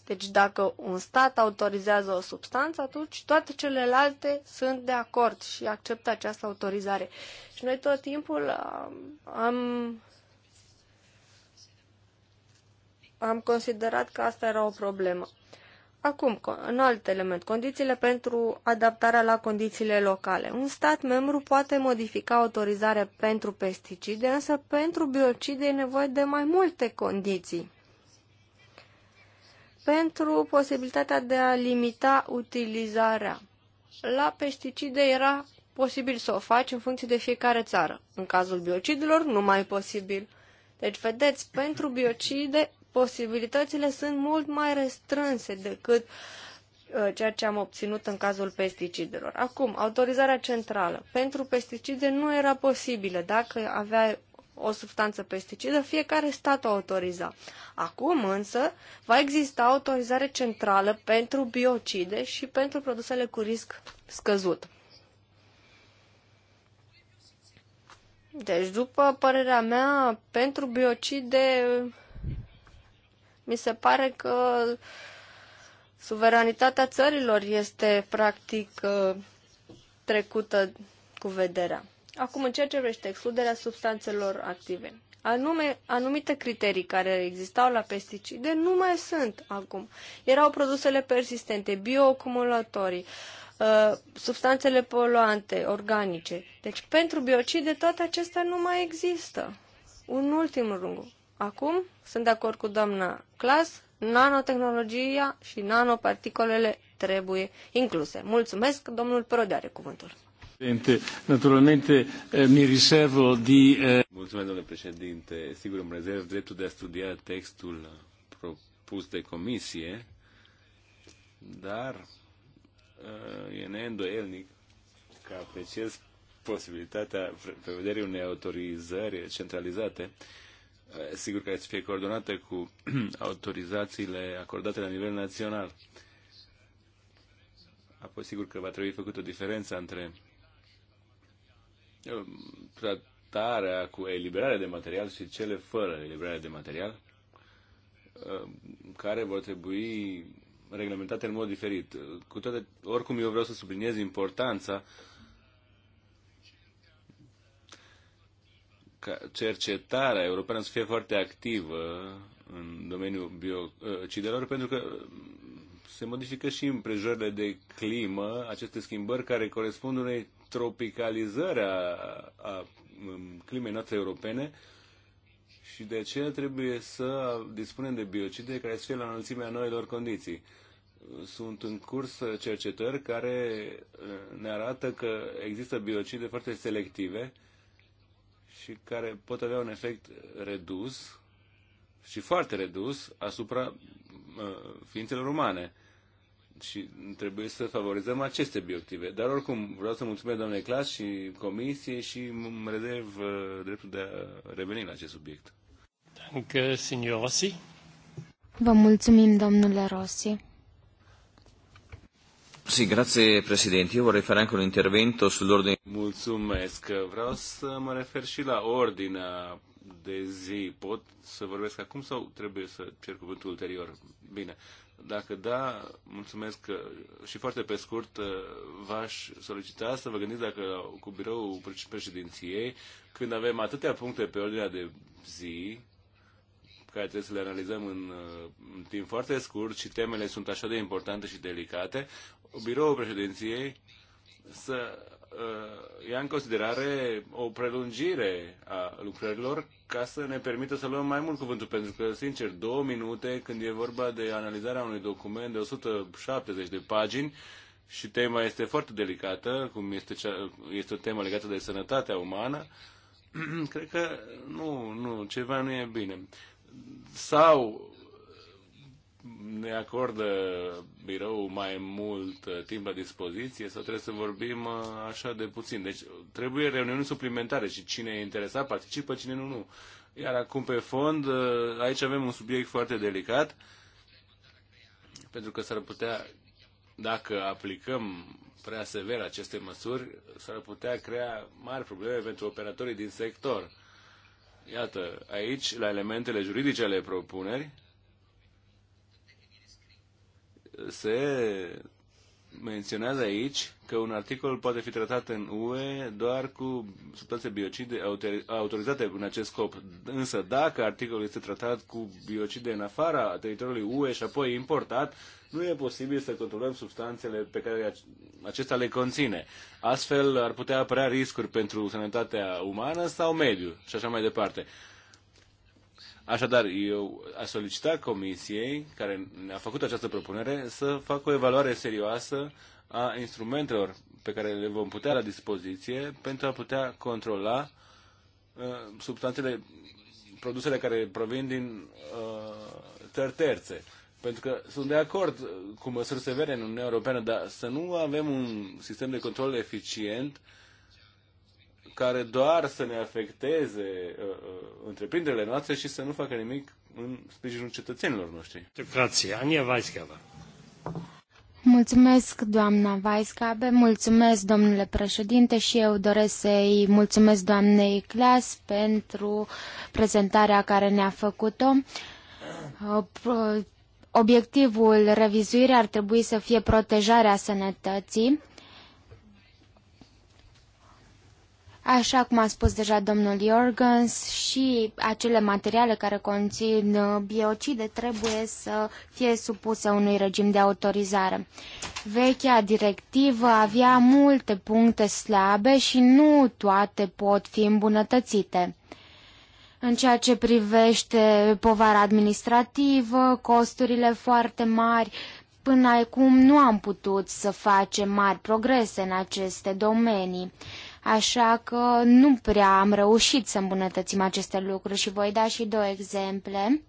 Deci dacă un stat autorizează o substanță, atunci toate celelalte sunt de acord și acceptă această autorizare. Și noi tot timpul um, am, am considerat că asta era o problemă. Acum, un alt element, condițiile pentru adaptarea la condițiile locale. Un stat membru poate modifica autorizarea pentru pesticide, însă pentru biocide e nevoie de mai multe condiții. Pentru posibilitatea de a limita utilizarea. La pesticide era posibil să o faci în funcție de fiecare țară. În cazul biocidelor, nu mai e posibil. Deci, vedeți, pentru biocide posibilitățile sunt mult mai restrânse decât uh, ceea ce am obținut în cazul pesticidelor. Acum, autorizarea centrală pentru pesticide nu era posibilă dacă avea o substanță pesticidă, fiecare stat o autoriza. Acum însă va exista autorizare centrală pentru biocide și pentru produsele cu risc scăzut. Deci, după părerea mea, pentru biocide mi se pare că suveranitatea țărilor este practic uh, trecută cu vederea. Acum, în ceea ce vrește excluderea substanțelor active, anume, anumite criterii care existau la pesticide nu mai sunt acum. Erau produsele persistente, bioacumulatorii, uh, substanțele poluante, organice. Deci, pentru biocide, toate acestea nu mai există. Un ultim rând, Acum sunt de acord cu doamna Clas, nanotehnologia și nanoparticolele trebuie incluse. Mulțumesc, domnul Prode are cuvântul. Naturalmente eh, mi riservo di... Eh, Mulțumesc, domnule președinte. Sigur, îmi rezerv dreptul de a studia textul propus de comisie, dar eh, e neîndoielnic că apreciez posibilitatea prevederii unei autorizări centralizate Eh, sigur că să fie coordonată cu autorizațiile acordate la nivel național. Apoi, sigur că va trebui făcută o diferență între eh, tratarea cu eliberare de material și cele fără eliberare de material, eh, care vor trebui reglementate în mod diferit. Cu toate, oricum, eu vreau să subliniez importanța uh, ca cercetarea europeană să fie foarte activă în domeniul biocidelor, uh, pentru că se modifică și împrejurările de climă, aceste schimbări care corespund unei tropicalizări a, a um, climei noastre europene și de aceea trebuie să dispunem de biocide care să fie la înălțimea noilor condiții. Sunt în curs cercetări care uh, ne arată că există biocide foarte selective, și care pot avea un efect redus și foarte redus asupra uh, ființelor umane. Și trebuie să favorizăm aceste obiective. Dar oricum, vreau să mulțumesc doamnei Clas și comisiei și îmi rezerv uh, dreptul de a reveni la acest subiect. signor Rossi. Vă mulțumim, domnule Rossi. Sì, grazie Presidente. Io vorrei fare anche un intervento sull'ordine. Mulțumesc. Vreau să mă refer și la ordinea de zi. Pot să vorbesc acum sau trebuie să cer cuvântul ulterior? Bine. Dacă da, mulțumesc și foarte pe scurt v-aș solicita să vă gândiți dacă cu biroul președinției, când avem atâtea puncte pe ordinea de zi, care trebuie să le analizăm în, în timp foarte scurt și temele sunt așa de importante și delicate, biroul președinției să uh, ia în considerare o prelungire a lucrărilor ca să ne permită să luăm mai mult cuvântul, pentru că, sincer, două minute când e vorba de analizarea unui document de 170 de pagini și tema este foarte delicată, cum este, cea, este o temă legată de sănătatea umană, cred că nu, nu, ceva nu e bine. Sau ne acordă birou mai mult uh, timp la dispoziție sau trebuie să vorbim uh, așa de puțin. Deci trebuie reuniuni suplimentare și cine e interesat participă, cine nu, nu. Iar acum pe fond, uh, aici avem un subiect foarte delicat, pentru că s-ar putea, dacă aplicăm prea sever aceste măsuri, s-ar putea crea mari probleme pentru operatorii din sector. Iată, aici, la elementele juridice ale propuneri, se menționează aici că un articol poate fi tratat în UE doar cu substanțe biocide autorizate în acest scop. Însă dacă articolul este tratat cu biocide în afara teritoriului UE și apoi importat, nu e posibil să controlăm substanțele pe care acesta le conține. Astfel ar putea apărea riscuri pentru sănătatea umană sau mediu și așa mai departe. Așadar, eu aș solicita Comisiei, care a făcut această propunere, să facă o evaluare serioasă a instrumentelor pe care le vom putea la dispoziție pentru a putea controla uh, substanțele, produsele care provin din uh, terțe. Pentru că sunt de acord cu măsuri severe în Uniunea Europeană, dar să nu avem un sistem de control eficient uh, care doar să ne afecteze uh, uh, întreprinderile noastre și să nu facă nimic în sprijinul cetățenilor noștri. Grație. Ania Weisgerber. Mulțumesc, doamna Vaiscabe, mulțumesc, domnule președinte, și eu doresc să-i mulțumesc doamnei Clas pentru prezentarea care ne-a făcut-o. Obiectivul revizuirii ar trebui să fie protejarea sănătății Așa cum a spus deja domnul Jorgens, și acele materiale care conțin uh, biocide trebuie să fie supuse unui regim de autorizare. Vechea directivă avea multe puncte slabe și nu toate pot fi îmbunătățite. În ceea ce privește povara administrativă, costurile foarte mari, Până acum nu am putut să facem mari progrese în aceste domenii așa că nu prea am reușit să îmbunătățim aceste lucruri și voi da și două exemple.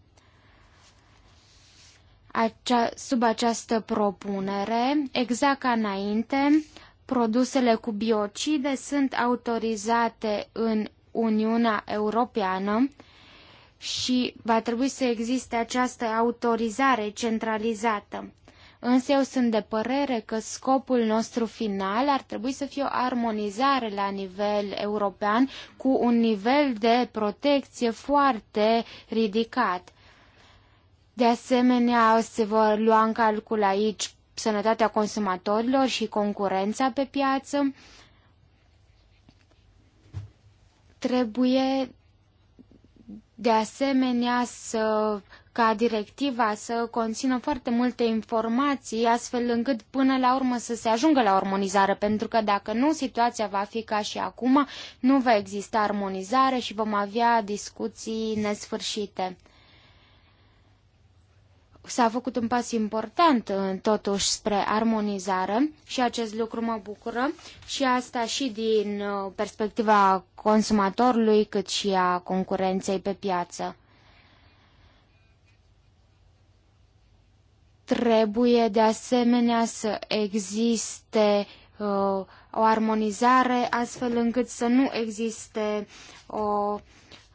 Acea, sub această propunere, exact ca înainte, produsele cu biocide sunt autorizate în Uniunea Europeană și va trebui să existe această autorizare centralizată. Însă eu sunt de părere că scopul nostru final ar trebui să fie o armonizare la nivel european cu un nivel de protecție foarte ridicat. De asemenea, se vor lua în calcul aici sănătatea consumatorilor și concurența pe piață. Trebuie de asemenea să ca directiva să conțină foarte multe informații, astfel încât până la urmă să se ajungă la armonizare, pentru că dacă nu, situația va fi ca și acum, nu va exista armonizare și vom avea discuții nesfârșite. S-a făcut un pas important uh, totuși spre armonizare și acest lucru mă bucură și asta și din uh, perspectiva consumatorului cât și a concurenței pe piață. Trebuie de asemenea să existe uh, o armonizare astfel încât să nu existe o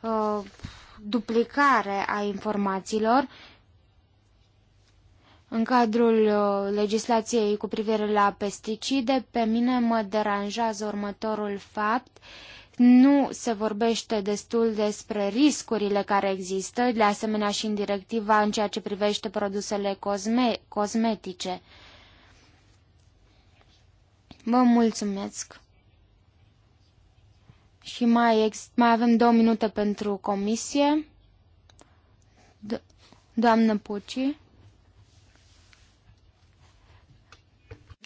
uh, duplicare a informațiilor în cadrul uh, legislației cu privire la pesticide, pe mine mă deranjează următorul fapt. Uh, nu se vorbește destul despre riscurile care există, de asemenea și în directiva în ceea ce privește produsele cosme- cosmetice. Vă mulțumesc! Și mai, ex- mai avem două minute pentru comisie. Do- Doamnă Puci.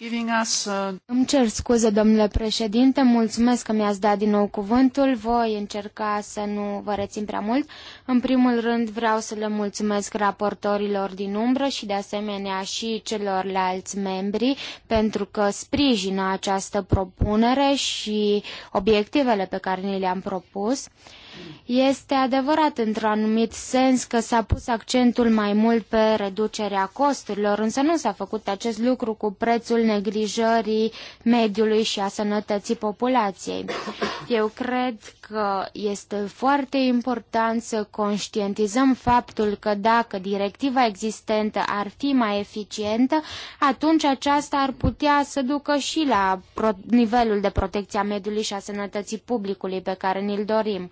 Uh, Îmi cer scuze, domnule președinte, mulțumesc că mi-ați dat din nou cuvântul. Voi încerca să nu vă rețin prea mult. În primul rând vreau să le mulțumesc raportorilor din umbră și de asemenea și celorlalți membri pentru că sprijină această propunere și obiectivele pe care ni le-am propus. Este adevărat într-un anumit sens că s-a pus accentul mai mult pe reducerea costurilor, însă nu s-a făcut acest lucru cu prețul neglijării mediului și a sănătății populației. Eu cred că este foarte important să conștientizăm faptul că dacă directiva existentă ar fi mai eficientă, atunci aceasta ar putea să ducă și la nivelul de protecție a mediului și a sănătății publicului pe care ni-l dorim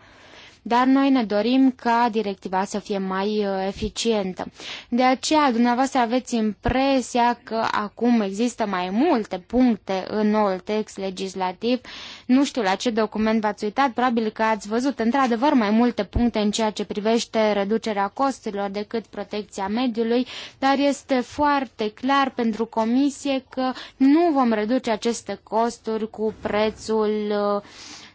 dar noi ne dorim ca directiva să fie mai uh, eficientă. De aceea, dumneavoastră aveți impresia că acum există mai multe puncte în noul text legislativ. Nu știu la ce document v-ați uitat, probabil că ați văzut într-adevăr mai multe puncte în ceea ce privește reducerea costurilor decât protecția mediului, dar este foarte clar pentru Comisie că nu vom reduce aceste costuri cu prețul uh,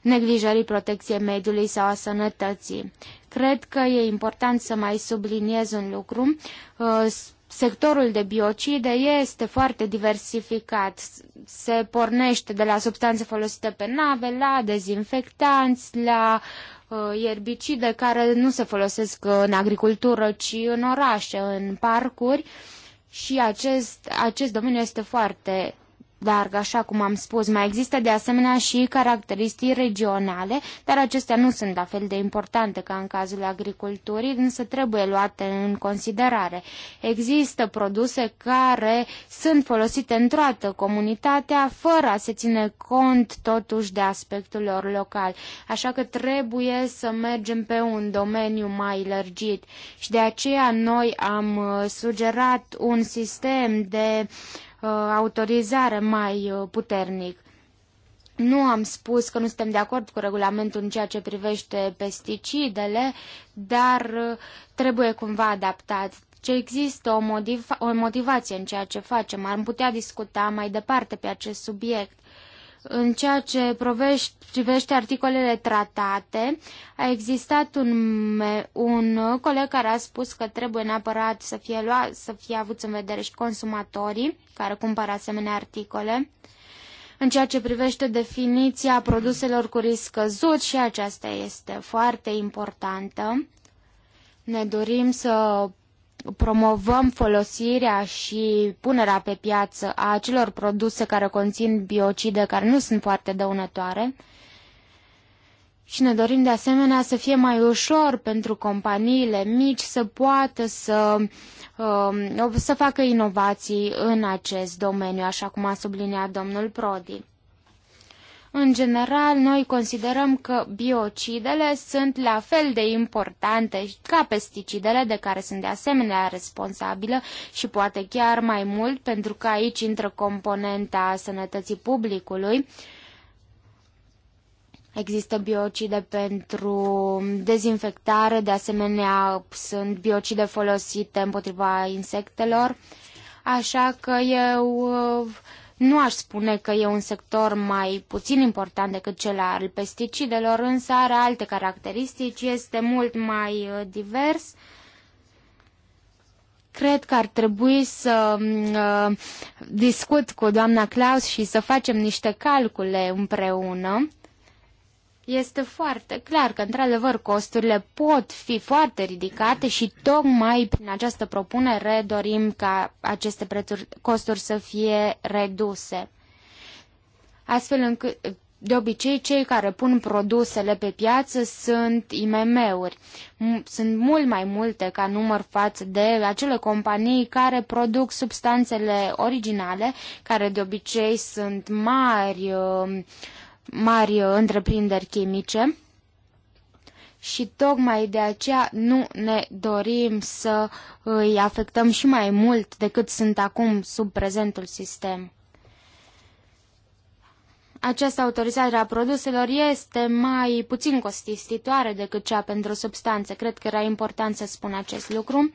neglijării protecției mediului sau a sănătății. Cred că e important să mai subliniez un lucru. Uh, sectorul de biocide este foarte diversificat. Se pornește de la substanțe folosite pe nave, la dezinfectanți, la uh, ierbicide care nu se folosesc în agricultură, ci în orașe, în parcuri. Și acest, acest domeniu este foarte dar, așa cum am spus, mai există de asemenea și caracteristici regionale, dar acestea nu sunt la fel de importante ca în cazul agriculturii, însă trebuie luate în considerare. Există produse care sunt folosite în toată comunitatea, fără a se ține cont totuși de aspectul lor local. Așa că trebuie să mergem pe un domeniu mai lărgit și de aceea noi am uh, sugerat un sistem de uh, Uh, autorizare mai uh, puternic. Nu am spus că nu suntem de acord cu regulamentul în ceea ce privește pesticidele, dar uh, trebuie cumva adaptat. Ce există o, motiva- o motivație în ceea ce facem. Am putea discuta mai departe pe acest subiect. În ceea ce privește articolele tratate, a existat un, un coleg care a spus că trebuie neapărat să fie, luat, să fie avut în vedere și consumatorii care cumpără asemenea articole. În ceea ce privește definiția produselor cu risc scăzut, și aceasta este foarte importantă. Ne dorim să promovăm folosirea și punerea pe piață a acelor produse care conțin biocide care nu sunt foarte dăunătoare și ne dorim de asemenea să fie mai ușor pentru companiile mici să poată să, um, să facă inovații în acest domeniu, așa cum a subliniat domnul Prodi. În general, noi considerăm că biocidele sunt la fel de importante ca pesticidele, de care sunt de asemenea responsabilă și poate chiar mai mult, pentru că aici intră componenta sănătății publicului. Există biocide pentru dezinfectare, de asemenea sunt biocide folosite împotriva insectelor, așa că eu nu aș spune că e un sector mai puțin important decât cel al pesticidelor, însă are alte caracteristici, este mult mai uh, divers. Cred că ar trebui să mm, uh, discut cu doamna Claus și să facem niște calcule împreună este foarte clar că, într-adevăr, costurile pot fi foarte ridicate și tocmai prin această propunere dorim ca aceste prețuri, costuri să fie reduse. Astfel încât, de obicei, cei care pun produsele pe piață sunt IMM-uri. Sunt mult mai multe ca număr față de acele companii care produc substanțele originale, care de obicei sunt mari, um, mari uh, întreprinderi chimice și tocmai de aceea nu ne dorim să îi afectăm și mai mult decât sunt acum sub prezentul sistem această autorizare a produselor este mai puțin costisitoare decât cea pentru substanțe. Cred că era important să spun acest lucru.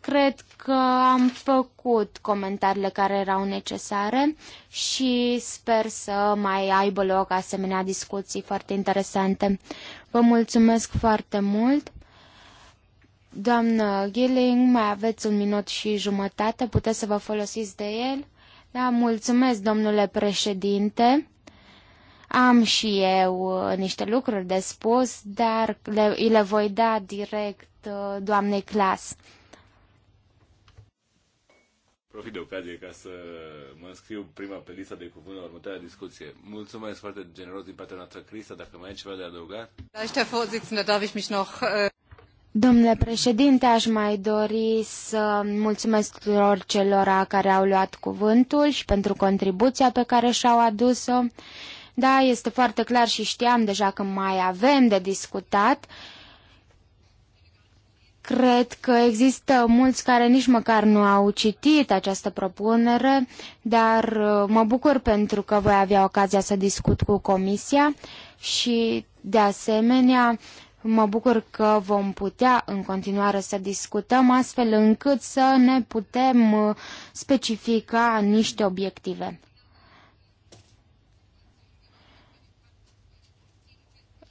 Cred că am făcut comentariile care erau necesare și sper să mai aibă loc asemenea discuții foarte interesante. Vă mulțumesc foarte mult! Doamnă Gilling, mai aveți un minut și jumătate, puteți să vă folosiți de el. Da, mulțumesc, domnule președinte. Am și eu uh, niște lucruri de spus, dar le, îi le voi da direct uh, doamnei Clas. Profit de ocazie ca să mă înscriu prima pe lista de cuvânt la următoarea discuție. Mulțumesc foarte generos din partea noastră, Crista, dacă mai ai ceva de adăugat. Äh, Domnule președinte, aș mai dori să mulțumesc tuturor celor care au luat cuvântul și pentru contribuția pe care și-au adus-o. Da, este foarte clar și știam deja că mai avem de discutat. Cred că există mulți care nici măcar nu au citit această propunere, dar uh, mă bucur pentru că voi avea ocazia să discut cu Comisia și, de asemenea, mă bucur că vom putea în continuare să discutăm astfel încât să ne putem uh, specifica niște obiective.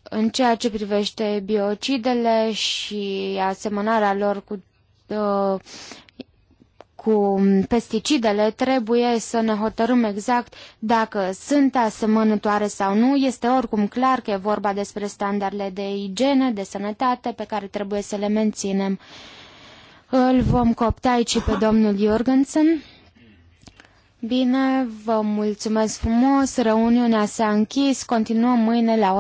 În ceea ce privește biocidele și asemănarea lor cu, uh, cu pesticidele, trebuie să ne hotărâm exact dacă sunt asemănătoare sau nu. Este oricum clar că e vorba despre standardele de igienă, de sănătate pe care trebuie să le menținem. Îl vom copta aici pe domnul Jorgensen. Bine, vă mulțumesc frumos, reuniunea s-a închis, continuăm mâine la